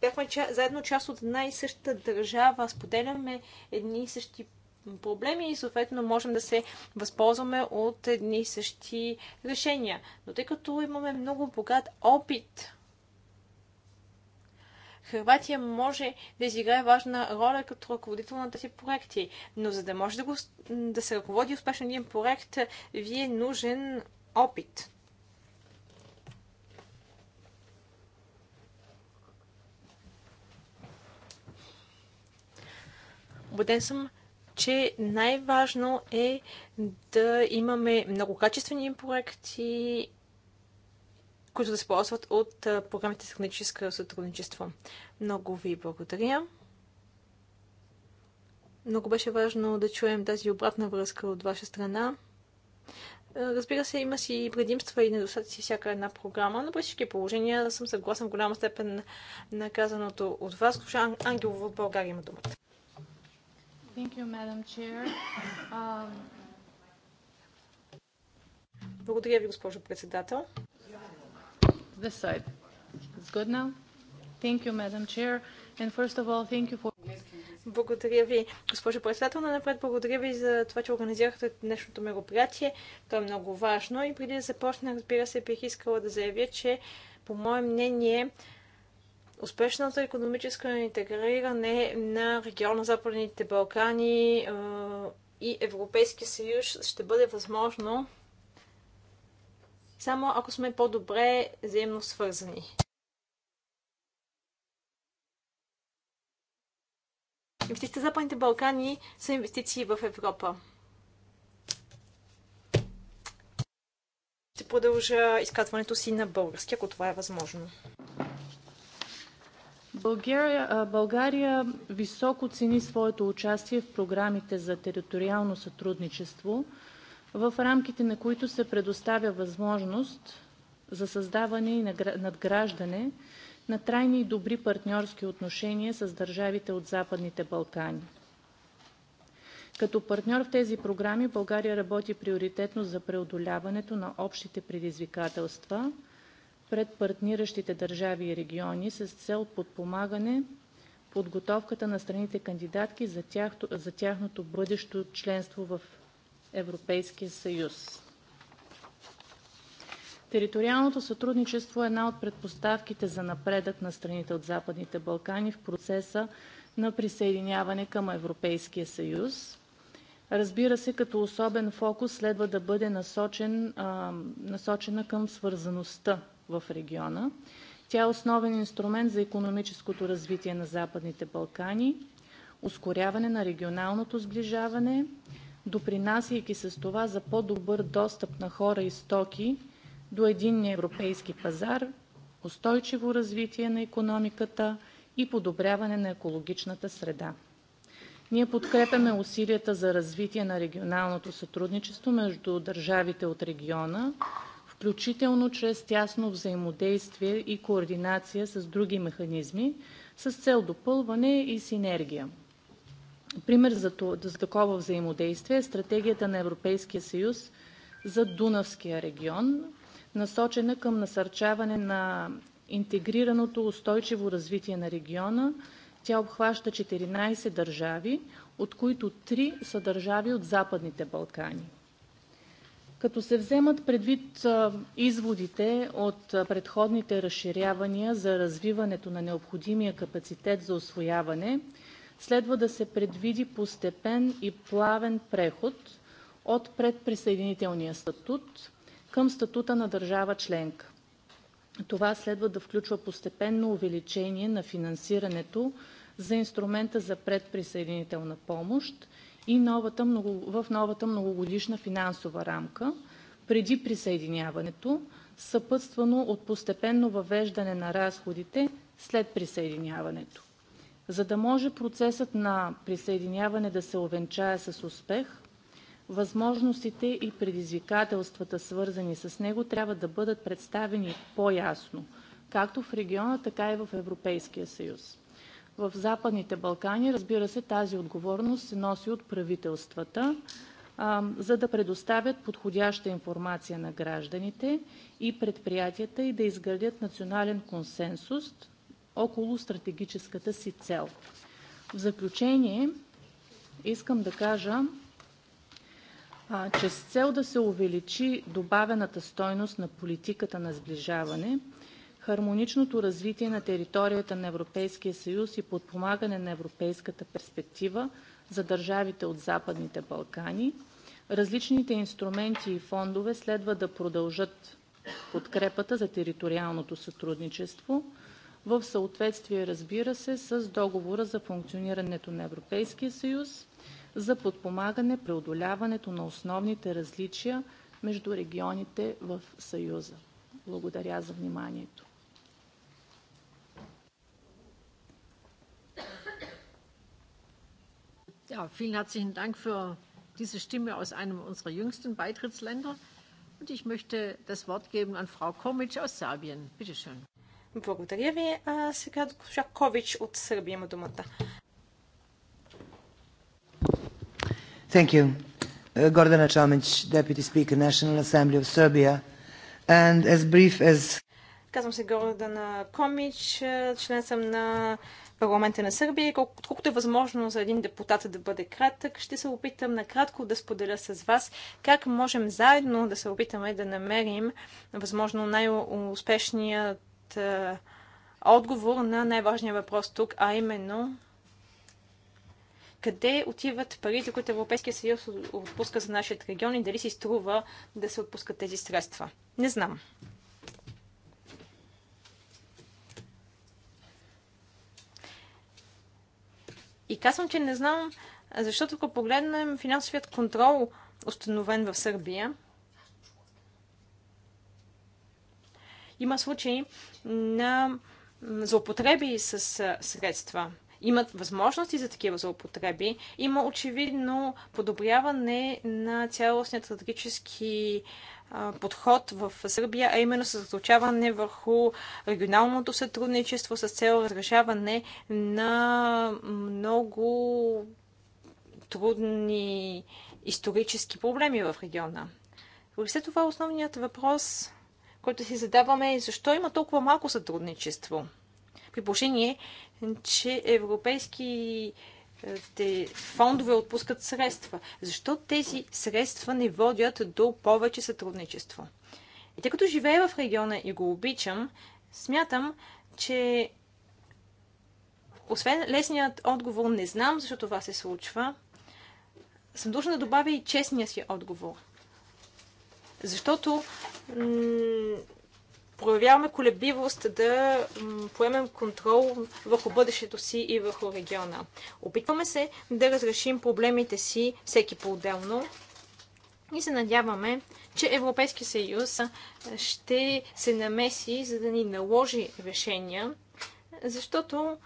бяхме заедно част от една и съща държава, споделяме едни и същи проблеми и съответно можем да се възползваме от едни и същи решения. Но тъй като имаме много богат опит Хрватия може да изиграе важна роля като ръководител на тези проекти, но за да може да, го, да се ръководи успешно един проект, ви е нужен опит. Убеден съм, че най-важно е да имаме много качествени проекти, които да се ползват от програмите с техническо сътрудничество. Много ви благодаря. Много беше важно да чуем тази обратна връзка от ваша страна. Разбира се, има си предимства и недостатъци всяка една програма, но при всички положения съм съгласен в голяма степен на казаното от вас. Госпожа Ангелова от България има думата. Thank you, Madam Chair. Um, благодаря ви, госпожо председател. This side. It's good now? Thank you, Madam Chair. And first of all, thank you for... Благодаря ви, госпожо председател. На напред благодаря ви за това, че организирахте днешното мероприятие. То е много важно. И преди да започна, разбира се, бих искала да заявя, че по мое мнение, успешната економическа интегриране на региона Западните Балкани и Европейския съюз ще бъде възможно само ако сме по-добре взаимно свързани. Инвестициите в Западните Балкани са инвестиции в Европа. Ще продължа изказването си на български, ако това е възможно. България, България високо цени своето участие в програмите за териториално сътрудничество, в рамките на които се предоставя възможност за създаване и надграждане на трайни и добри партньорски отношения с държавите от Западните Балкани. Като партньор в тези програми България работи приоритетно за преодоляването на общите предизвикателства – пред партниращите държави и региони с цел подпомагане подготовката на страните кандидатки за, тях, за тяхното бъдещо членство в Европейския съюз. Териториалното сътрудничество е една от предпоставките за напредък на страните от Западните Балкани в процеса на присъединяване към Европейския съюз. Разбира се, като особен фокус следва да бъде насочен, а, насочена към свързаността в региона. Тя е основен инструмент за економическото развитие на Западните Балкани, ускоряване на регионалното сближаване, допринасяйки с това за по-добър достъп на хора и стоки до един европейски пазар, устойчиво развитие на економиката и подобряване на екологичната среда. Ние подкрепяме усилията за развитие на регионалното сътрудничество между държавите от региона, включително чрез тясно взаимодействие и координация с други механизми, с цел допълване и синергия. Пример за такова взаимодействие е Стратегията на Европейския съюз за Дунавския регион, насочена към насърчаване на интегрираното устойчиво развитие на региона. Тя обхваща 14 държави, от които 3 са държави от Западните Балкани като се вземат предвид изводите от предходните разширявания за развиването на необходимия капацитет за усвояване, следва да се предвиди постепен и плавен преход от предприсъединителния статут към статута на държава членка. Това следва да включва постепенно увеличение на финансирането за инструмента за предприсъединителна помощ и в новата многогодишна финансова рамка преди присъединяването, съпътствано от постепенно въвеждане на разходите след присъединяването. За да може процесът на присъединяване да се увенчае с успех, възможностите и предизвикателствата, свързани с него, трябва да бъдат представени по-ясно както в региона, така и в Европейския съюз в Западните Балкани, разбира се, тази отговорност се носи от правителствата, за да предоставят подходяща информация на гражданите и предприятията и да изградят национален консенсус около стратегическата си цел. В заключение искам да кажа, че с цел да се увеличи добавената стойност на политиката на сближаване хармоничното развитие на територията на Европейския съюз и подпомагане на европейската перспектива за държавите от Западните Балкани, различните инструменти и фондове следва да продължат подкрепата за териториалното сътрудничество в съответствие, разбира се, с Договора за функционирането на Европейския съюз за подпомагане преодоляването на основните различия между регионите в Съюза. Благодаря за вниманието. Ja, vielen herzlichen Dank für diese Stimme aus einem unserer jüngsten Beitrittsländer. Und ich möchte das Wort geben an Frau Komic aus Serbien. Bitte schön. Благодаря ви. А сега госпожа Кович от Сърбия има думата. Thank you. Uh, Gordana Čomić, Deputy Speaker, National Assembly of Serbia. And as brief as... Казвам се Гордана Комич, член съм на uh, парламента на Сърбия. Колкото, колкото е възможно за един депутат да бъде кратък, ще се опитам накратко да споделя с вас как можем заедно да се опитаме да намерим възможно най-успешният е, отговор на най-важния въпрос тук, а именно къде отиват парите, които Европейския съюз отпуска за нашия регион и дали си струва да се отпускат тези средства. Не знам. И казвам, че не знам, защото ако погледнем финансовият контрол, установен в Сърбия, има случаи на злоупотреби с средства имат възможности за такива злоупотреби, има очевидно подобряване на цялостният стратегически подход в Сърбия, а именно съсредоточаване върху регионалното сътрудничество с цел разрешаване на много трудни исторически проблеми в региона. След това основният въпрос, който си задаваме е защо има толкова малко сътрудничество – при положение, че европейски те фондове отпускат средства. Защо тези средства не водят до повече сътрудничество? И тъй като живея в региона и го обичам, смятам, че освен лесният отговор не знам защо това се случва, съм должна да добавя и честния си отговор. Защото проявяваме колебивост да поемем контрол върху бъдещето си и върху региона. Опитваме се да разрешим проблемите си всеки по-отделно и се надяваме, че Европейски съюз ще се намеси, за да ни наложи решения, защото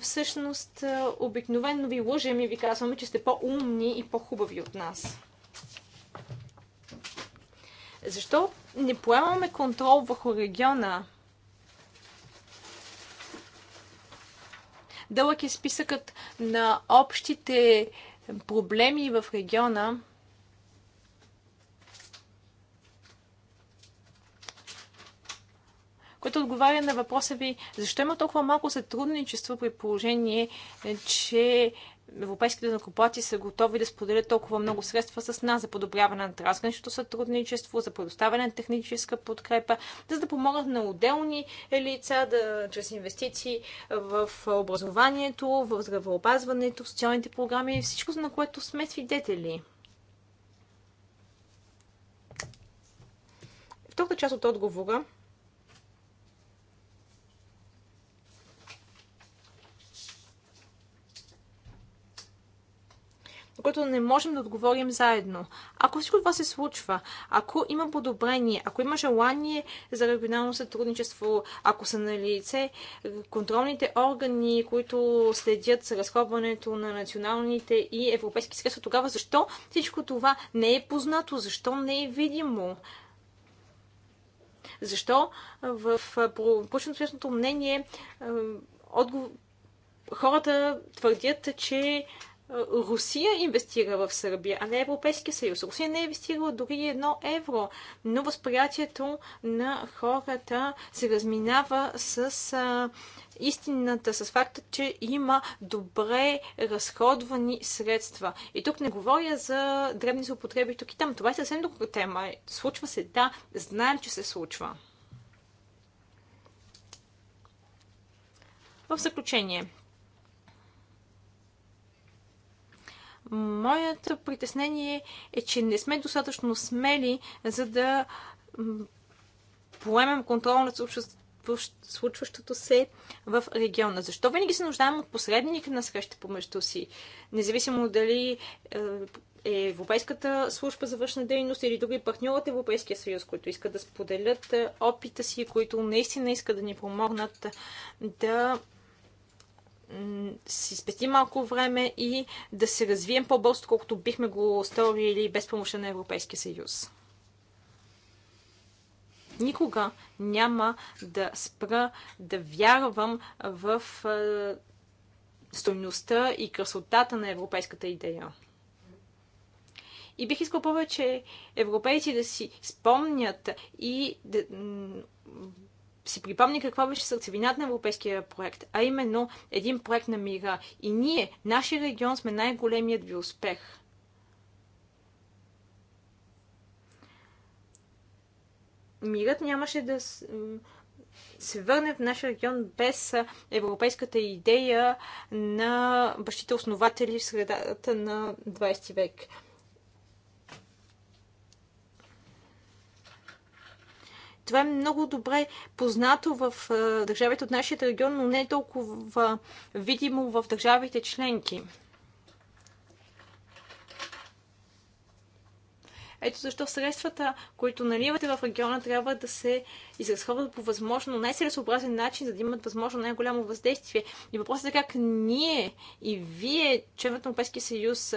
всъщност обикновено ви лъжем и ви казваме, че сте по-умни и по-хубави от нас. Защо не поемаме контрол върху региона. Дълъг е списъкът на общите проблеми в региона. което отговаря на въпроса ви, защо има толкова малко сътрудничество при положение, че европейските накоплати са готови да споделят толкова много средства с нас за подобряване на трансграничното сътрудничество, за предоставяне на техническа подкрепа, за да помогнат на отделни лица да, чрез инвестиции в образованието, в здравеопазването, в социалните програми и всичко, на което сме свидетели. Втората част от отговора което не можем да отговорим заедно. Ако всичко това се случва, ако има подобрение, ако има желание за регионално сътрудничество, ако са на лице контролните органи, които следят за разходването на националните и европейски средства, тогава защо всичко това не е познато, защо не е видимо? Защо в публичното мнение отговор хората твърдят, че Русия инвестира в Сърбия, а не Европейския съюз. Русия не е инвестирала дори едно евро, но възприятието на хората се разминава с а, истината, с факта, че има добре разходвани средства. И тук не говоря за дребни злоупотреби тук и там. Това е съвсем друга тема. Случва се, да, знаем, че се случва. В заключение, Моето притеснение е, че не сме достатъчно смели, за да поемем контрол над случващото се в региона. Защо винаги се нуждаем от посредник на среща помежду си? Независимо дали е, е Европейската служба за външна дейност или други партньори от Европейския съюз, които искат да споделят е, опита си, които наистина искат да ни помогнат да си спести малко време и да се развием по-бързо, колкото бихме го сторили без помощта на Европейския съюз. Никога няма да спра да вярвам в стойността и красотата на европейската идея. И бих искал повече европейци да си спомнят и да си припомни каква беше сърцевината на европейския проект, а именно един проект на мира. И ние, нашия регион, сме най-големият ви успех. Мирът нямаше да се върне в нашия регион без европейската идея на бащите основатели в средата на 20 век. Това е много добре познато в държавите от нашия регион, но не е толкова видимо в държавите членки. Ето защо средствата, които наливате в региона, трябва да се изразходват по възможно най-целесообразен начин, за да имат възможно най-голямо въздействие. И въпросът е как ние и вие, членът на Европейския съюз,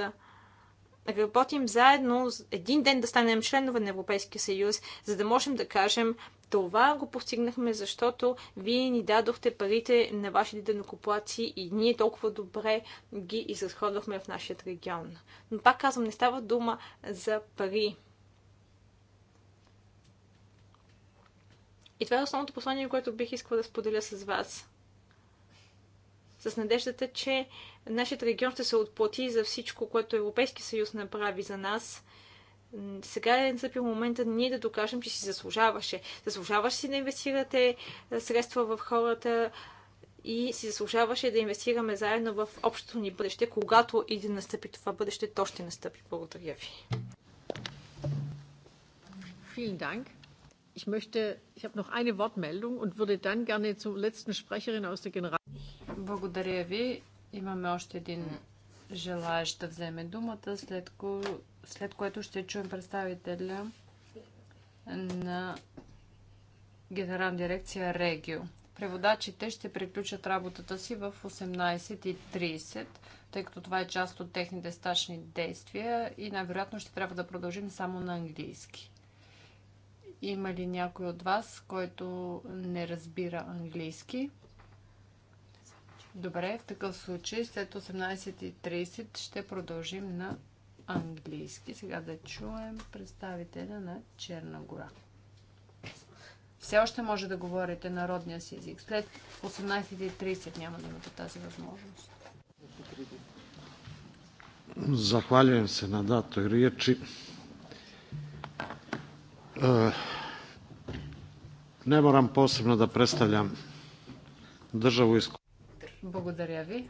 работим заедно, един ден да станем членове на Европейския съюз, за да можем да кажем това го постигнахме, защото вие ни дадохте парите на вашите денокоплаци и ние толкова добре ги изразходвахме в нашия регион. Но пак казвам, не става дума за пари. И това е основното послание, което бих искала да споделя с вас с надеждата, че нашият регион ще се отплати за всичко, което Европейски съюз направи за нас. Сега е настъпил момента ние да докажем, че си заслужаваше. Заслужаваше си да инвестирате е, средства в хората и си заслужаваше да инвестираме заедно в общото ни бъдеще. Когато и да настъпи това бъдеще, то ще настъпи. Благодаря ви. Vielen Dank. Ich möchte, ich habe noch eine Wortmeldung und würde dann gerne zur letzten Sprecherin aus der General. Благодаря ви. Имаме още един желаещ да вземе думата, след, ко... след което ще чуем представителя на Генерална дирекция Регио. Преводачите ще приключат работата си в 18.30, тъй като това е част от техните стачни действия и най-вероятно ще трябва да продължим само на английски. Има ли някой от вас, който не разбира английски? Добре, в такъв случай след 18.30 ще продължим на английски. Сега да чуем представителя на Черна гора. Все още може да говорите народния си език. След 18.30 няма да имате тази възможност. Zahvaljujem se na datoj riječi. Е, не морам посебно да представлям državu из... Благодаря ви.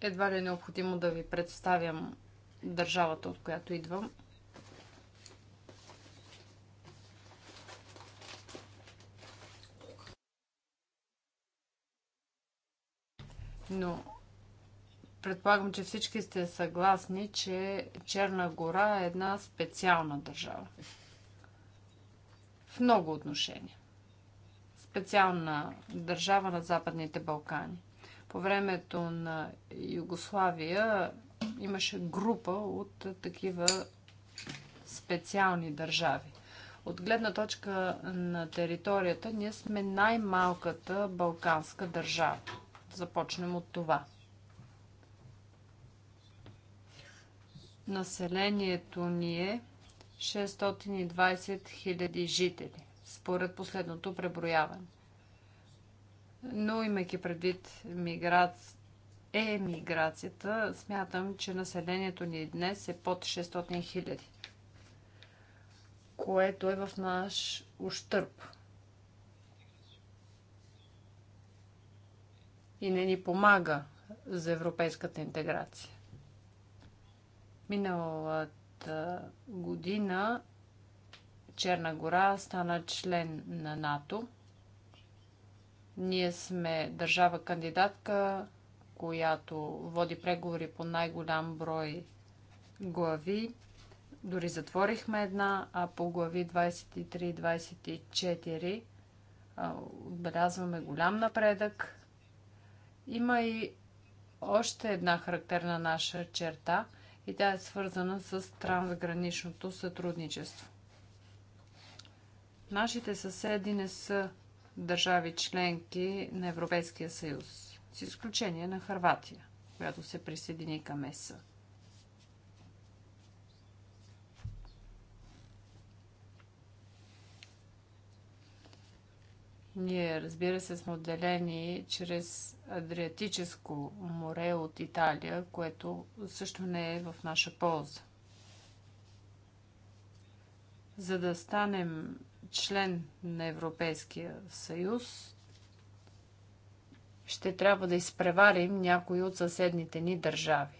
Едва ли е необходимо да ви представям държавата, от която идвам. Но Предполагам, че всички сте съгласни, че Черна гора е една специална държава. В много отношения. Специална държава на Западните Балкани. По времето на Югославия имаше група от такива специални държави. От гледна точка на територията, ние сме най-малката балканска държава. Започнем от това. Населението ни е 620 000 жители, според последното преброяване. Но имайки предвид миграция, емиграцията, смятам, че населението ни днес е под 600 хиляди, което е в наш ущърп. И не ни помага за европейската интеграция. Миналата година Черна гора стана член на НАТО. Ние сме държава кандидатка, която води преговори по най-голям брой глави. Дори затворихме една, а по глави 23 24 отбелязваме голям напредък. Има и още една характерна наша черта – и тя е свързана с трансграничното сътрудничество. Нашите съседи не са държави членки на Европейския съюз, с изключение на Харватия, която се присъедини към ЕСА. Ние, разбира се, сме отделени чрез Адриатическо море от Италия, което също не е в наша полза. За да станем член на Европейския съюз, ще трябва да изпреварим някои от съседните ни държави.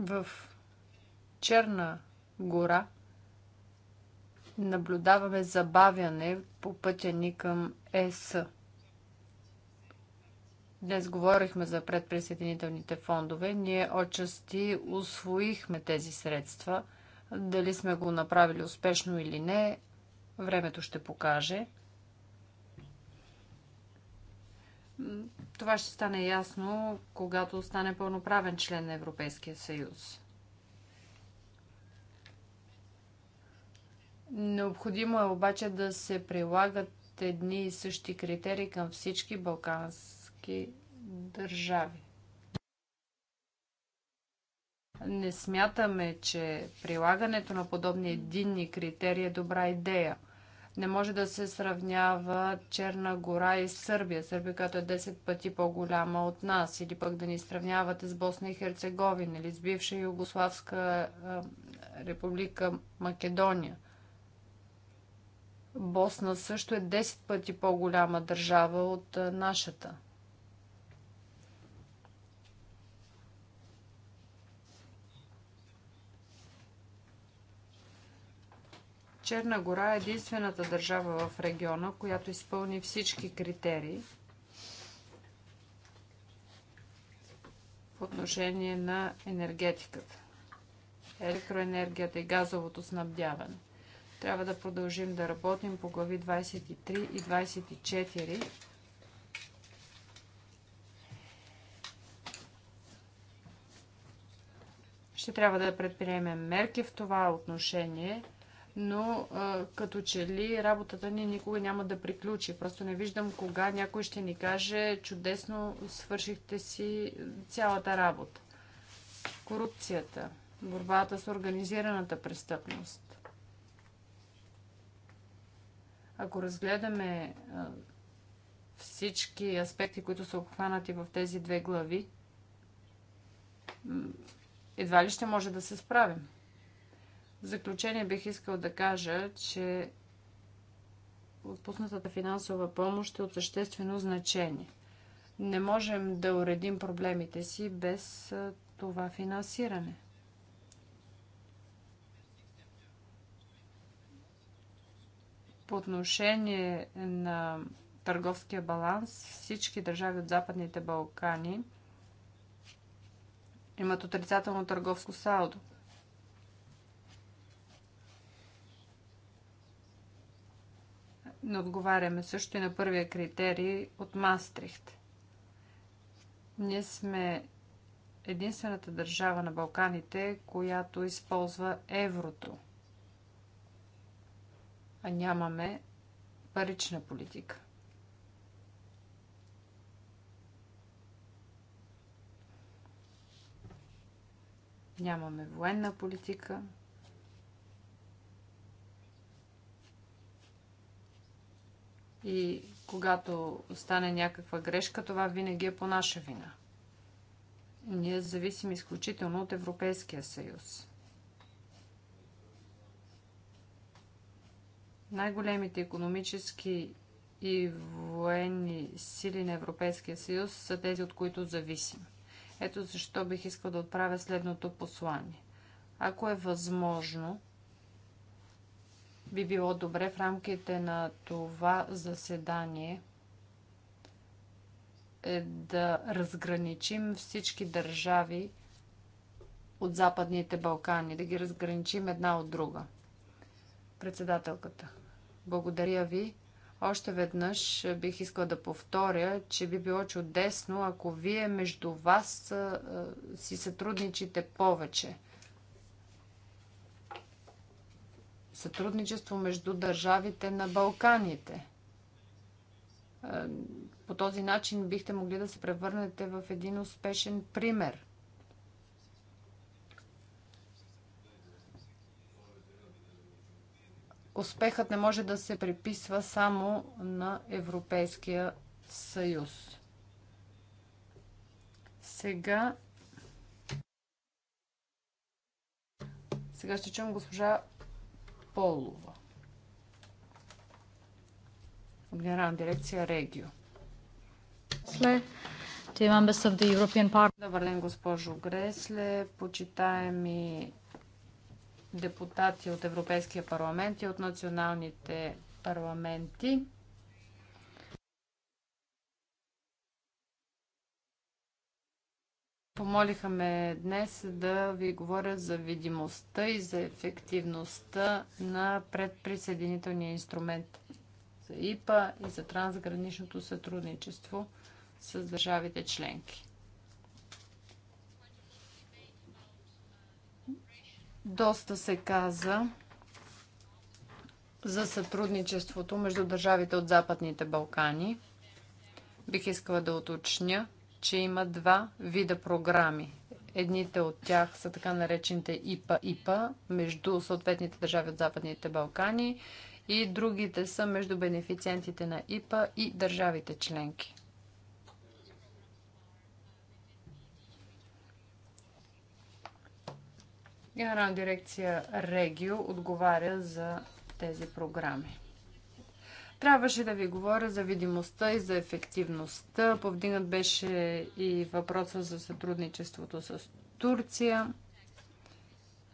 В Черна гора наблюдаваме забавяне по пътя ни към ЕС. Днес говорихме за предприсъединителните фондове. Ние отчасти освоихме тези средства. Дали сме го направили успешно или не, времето ще покаже. Това ще стане ясно, когато стане пълноправен член на Европейския съюз. Необходимо е обаче да се прилагат едни и същи критерии към всички балкански държави. Не смятаме, че прилагането на подобни единни критерии е добра идея – не може да се сравнява Черна гора и Сърбия. Сърбия, която е 10 пъти по-голяма от нас. Или пък да ни сравнявате с Босна и Херцеговина или с бивша Югославска република Македония. Босна също е 10 пъти по-голяма държава от нашата. Черна гора е единствената държава в региона, която изпълни всички критерии по отношение на енергетиката, електроенергията и газовото снабдяване. Трябва да продължим да работим по глави 23 и 24 ще трябва да предприемем мерки в това отношение – но а, като че ли работата ни никога няма да приключи. Просто не виждам кога някой ще ни каже чудесно свършихте си цялата работа. Корупцията, борбата с организираната престъпност. Ако разгледаме а, всички аспекти, които са обхванати в тези две глави, едва ли ще може да се справим. В заключение бих искал да кажа, че отпуснатата финансова помощ е от съществено значение. Не можем да уредим проблемите си без това финансиране. По отношение на търговския баланс, всички държави от Западните Балкани имат отрицателно търговско салдо. не отговаряме също и на първия критерий от Мастрихт. Ние сме единствената държава на Балканите, която използва еврото, а нямаме парична политика. Нямаме военна политика. И когато стане някаква грешка, това винаги е по наша вина. Ние зависим изключително от Европейския съюз. Най-големите економически и военни сили на Европейския съюз са тези, от които зависим. Ето защо бих искал да отправя следното послание. Ако е възможно, би било добре в рамките на това заседание е да разграничим всички държави от Западните Балкани, да ги разграничим една от друга. Председателката, благодаря ви. Още веднъж бих искала да повторя, че би било чудесно, ако вие между вас си сътрудничите повече – сътрудничество между държавите на Балканите. Е, по този начин бихте могли да се превърнете в един успешен пример. Успехът не може да се приписва само на Европейския съюз. Сега сега ще чуем госпожа полова. Генерална дирекция Регио. Добър ден, госпожо Гресле, почитаеми депутати от Европейския парламент и от националните парламенти. Помолиха ме днес да ви говоря за видимостта и за ефективността на предприсъединителния инструмент за ИПА и за трансграничното сътрудничество с държавите членки. Доста се каза за сътрудничеството между държавите от Западните Балкани. Бих искала да уточня, че има два вида програми. Едните от тях са така наречените ИПА-ИПА между съответните държави от Западните Балкани и другите са между бенефициентите на ИПА и държавите членки. Генерална дирекция Регио отговаря за тези програми. Трябваше да ви говоря за видимостта и за ефективността. Повдигнат беше и въпроса за сътрудничеството с Турция.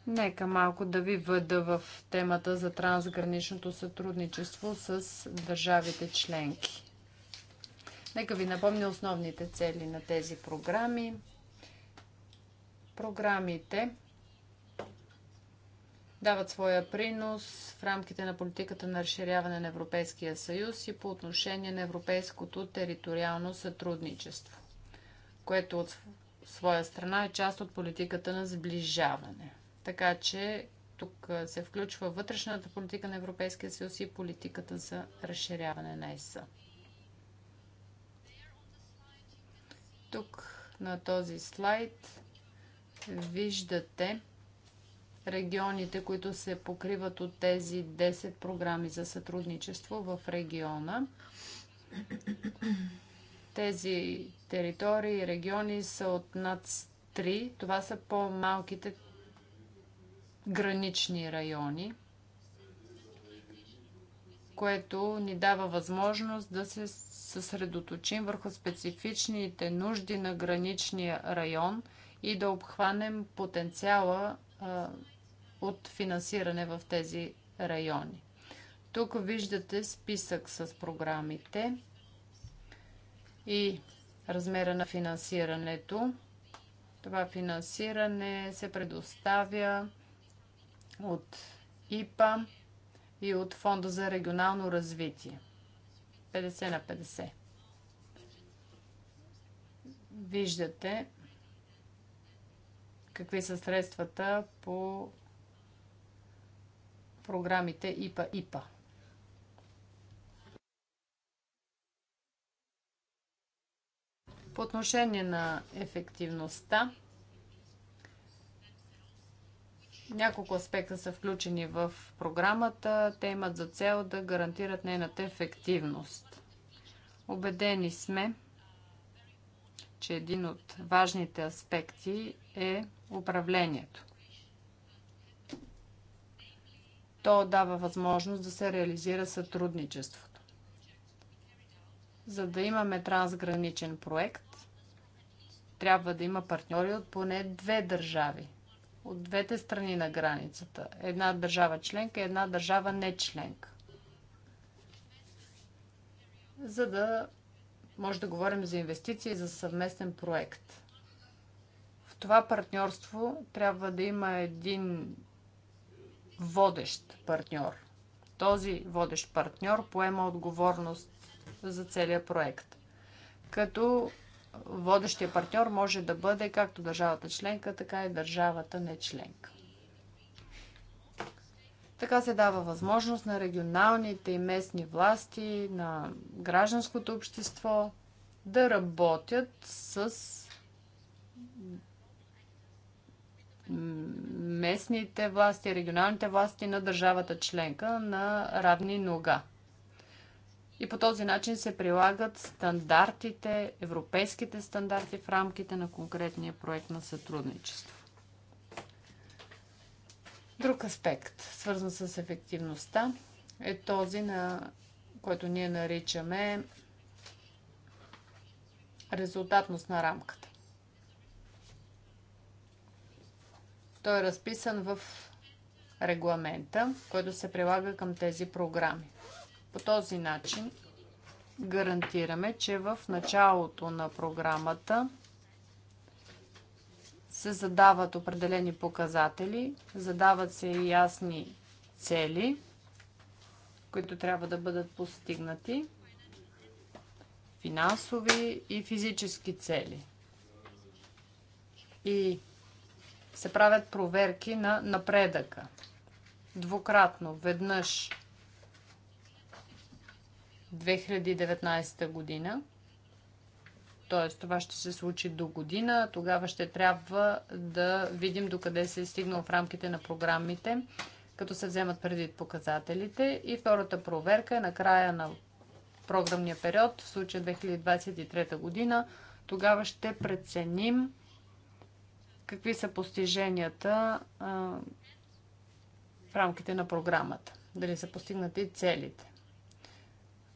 Нека малко да ви въда в темата за трансграничното сътрудничество с държавите членки. Нека ви напомня основните цели на тези програми. Програмите дават своя принос в рамките на политиката на разширяване на Европейския съюз и по отношение на европейското териториално сътрудничество, което от своя страна е част от политиката на сближаване. Така че тук се включва вътрешната политика на Европейския съюз и политиката за разширяване на ЕС. Тук на този слайд виждате регионите, които се покриват от тези 10 програми за сътрудничество в региона. Тези територии и региони са от над 3. Това са по-малките гранични райони, което ни дава възможност да се съсредоточим върху специфичните нужди на граничния район и да обхванем потенциала от финансиране в тези райони. Тук виждате списък с програмите и размера на финансирането. Това финансиране се предоставя от ИПА и от Фонда за регионално развитие. 50 на 50. Виждате какви са средствата по програмите ИПА-ИПА. По отношение на ефективността, няколко аспекта са включени в програмата. Те имат за цел да гарантират нейната ефективност. Обедени сме, че един от важните аспекти е управлението. То дава възможност да се реализира сътрудничеството. За да имаме трансграничен проект, трябва да има партньори от поне две държави. От двете страни на границата. Една държава членка и една държава не членка. За да може да говорим за инвестиции и за съвместен проект. В това партньорство трябва да има един водещ партньор. Този водещ партньор поема отговорност за целия проект. Като водещия партньор може да бъде както държавата членка, така и държавата не членка. Така се дава възможност на регионалните и местни власти, на гражданското общество да работят с местните власти, регионалните власти на държавата членка на равни нога. И по този начин се прилагат стандартите, европейските стандарти в рамките на конкретния проект на сътрудничество. Друг аспект, свързан с ефективността, е този, на който ние наричаме резултатност на рамката. Той е разписан в регламента, който се прилага към тези програми. По този начин гарантираме, че в началото на програмата се задават определени показатели, задават се и ясни цели, които трябва да бъдат постигнати, финансови и физически цели. И се правят проверки на напредъка. Двукратно, веднъж 2019 година, т.е. това ще се случи до година, тогава ще трябва да видим докъде се е стигнал в рамките на програмите, като се вземат предвид показателите. И втората проверка е на края на програмния период, в случая 2023 година, тогава ще преценим какви са постиженията а, в рамките на програмата. Дали са постигнати целите.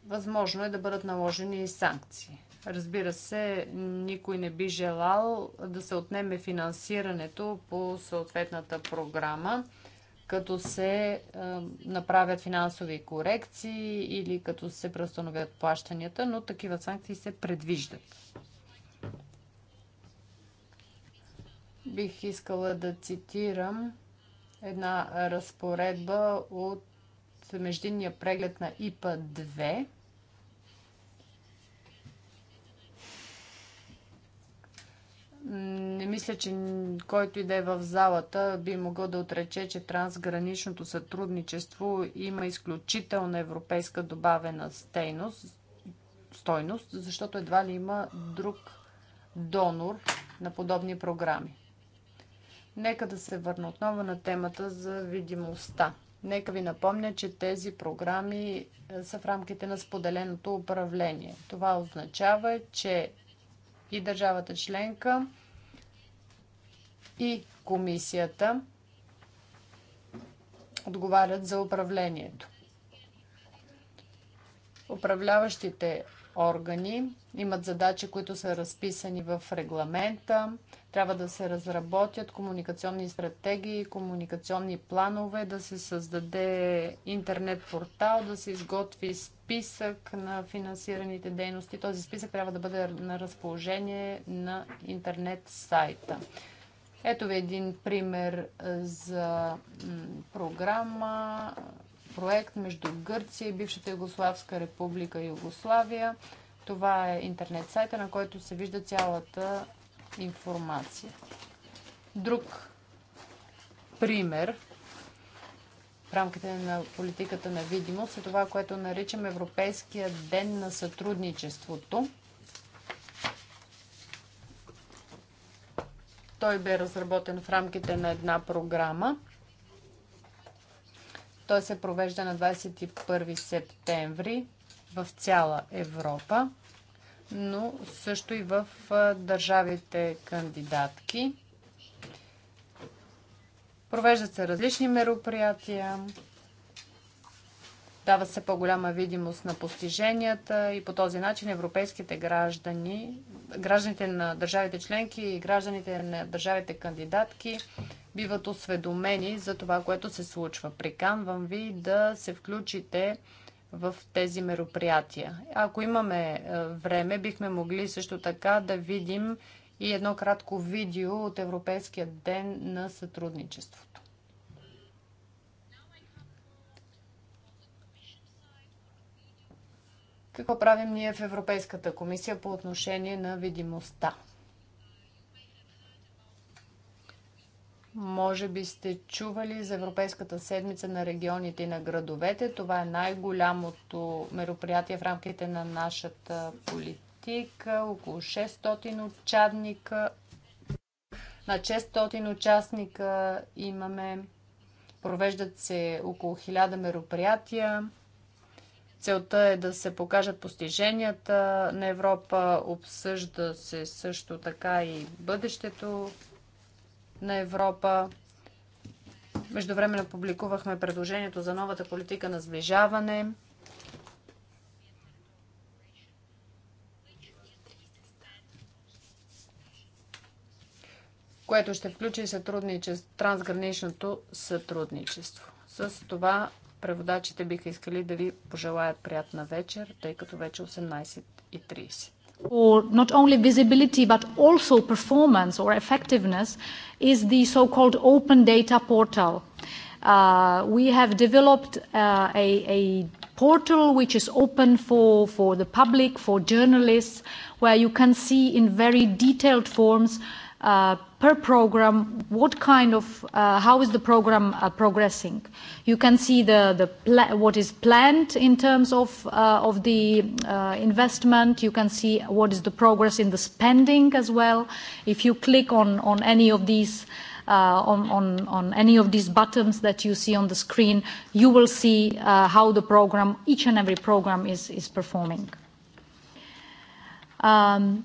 Възможно е да бъдат наложени и санкции. Разбира се, никой не би желал да се отнеме финансирането по съответната програма, като се а, направят финансови корекции или като се преустановят плащанията, но такива санкции се предвиждат. Бих искала да цитирам една разпоредба от междинния преглед на ИПА 2. Не мисля, че който иде в залата би могъл да отрече, че трансграничното сътрудничество има изключителна европейска добавена стейност, стойност, защото едва ли има друг донор на подобни програми. Нека да се върна отново на темата за видимостта. Нека ви напомня, че тези програми е, са в рамките на споделеното управление. Това означава, че и държавата членка, и комисията отговарят за управлението. Управляващите органи имат задачи, които са разписани в регламента. Трябва да се разработят комуникационни стратегии, комуникационни планове, да се създаде интернет портал, да се изготви списък на финансираните дейности. Този списък трябва да бъде на разположение на интернет сайта. Ето ви един пример за програма, проект между Гърция и бившата Югославска република Югославия. Това е интернет сайта, на който се вижда цялата информация. Друг пример в рамките на политиката на видимост е това, което наричам Европейския ден на сътрудничеството. Той бе разработен в рамките на една програма. Той се провежда на 21 септември в цяла Европа, но също и в държавите кандидатки. Провеждат се различни мероприятия, Дава се по-голяма видимост на постиженията и по този начин европейските граждани, гражданите на държавите членки и гражданите на държавите кандидатки биват осведомени за това, което се случва. Приканвам ви да се включите в тези мероприятия. Ако имаме е, време, бихме могли също така да видим и едно кратко видео от Европейския ден на сътрудничеството. Какво правим ние в Европейската комисия по отношение на видимостта? Може би сте чували за Европейската седмица на регионите и на градовете. Това е най-голямото мероприятие в рамките на нашата политика. Около 600 участника. На 600 участника имаме. Провеждат се около 1000 мероприятия. Целта е да се покажат постиженията на Европа, обсъжда се също така и бъдещето на Европа. Междувременно публикувахме предложението за новата политика на сближаване. което ще включи сътрудничество, трансграничното сътрудничество. С това Преводачите биха искали да ви пожелаят приятна вечер, тъй като вече 18.30. Or not only visibility but also performance or effectiveness is the so-called open data portal. Uh, we have developed uh, a, a portal which is open for, for the public, for journalists, where you can see in very detailed forms uh, per program, what kind of, uh, how is the program uh, progressing? You can see the, the pla- what is planned in terms of, uh, of the uh, investment. You can see what is the progress in the spending as well. If you click on, on any of these, uh, on, on, on any of these buttons that you see on the screen, you will see uh, how the program, each and every program is, is performing. Um,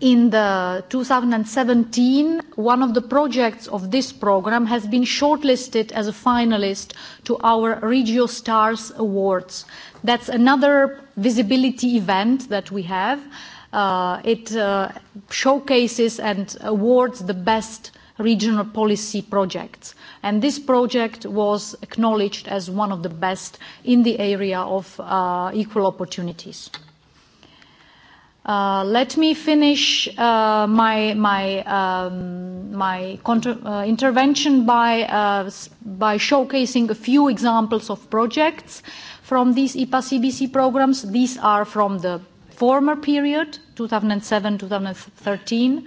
in the 2017, one of the projects of this program has been shortlisted as a finalist to our Regio Stars Awards. That's another visibility event that we have. Uh, it uh, showcases and awards the best regional policy projects. And this project was acknowledged as one of the best in the area of uh, equal opportunities. Uh, let me finish uh, my my um, my contra- uh, intervention by uh, by showcasing a few examples of projects from these IPA CBC programs. These are from the former period, 2007-2013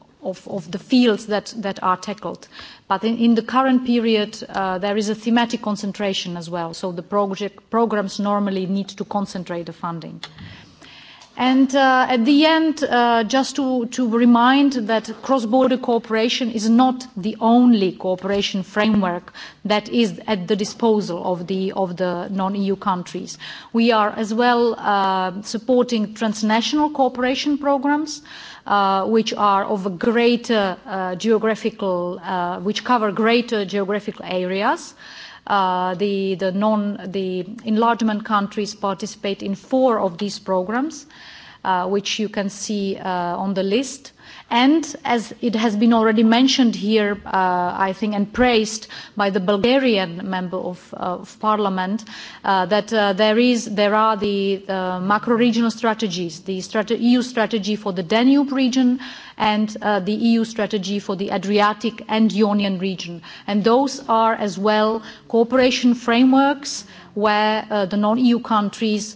of, of the fields that, that are tackled. But in, in the current period, uh, there is a thematic concentration as well. So the project, programs normally need to concentrate the funding. Mm-hmm And uh, at the end, uh, just to, to remind that cross-border cooperation is not the only cooperation framework that is at the disposal of the, of the non-EU countries. We are as well uh, supporting transnational cooperation programs uh, which are of a greater uh, geographical, uh, which cover greater geographical areas uh, the, the, non, the enlargement countries participate in four of these programs, uh, which you can see uh, on the list And as it has been already mentioned here, uh, I think, and praised by the Bulgarian member of, of parliament, uh, that uh, there is, there are the uh, macro-regional strategies, the strate- EU strategy for the Danube region and uh, the EU strategy for the Adriatic and Ionian region. And those are as well cooperation frameworks where uh, the non-EU countries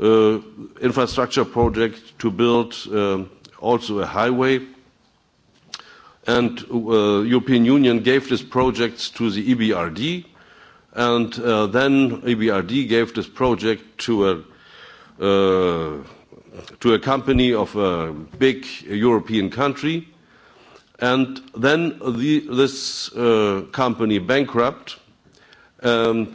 uh, infrastructure project to build also a highway. And uh, European Union gave this project to the EBRD, and uh, then EBRD gave this project to a uh, to a company of a big European country, and then the, this uh, company bankrupt. And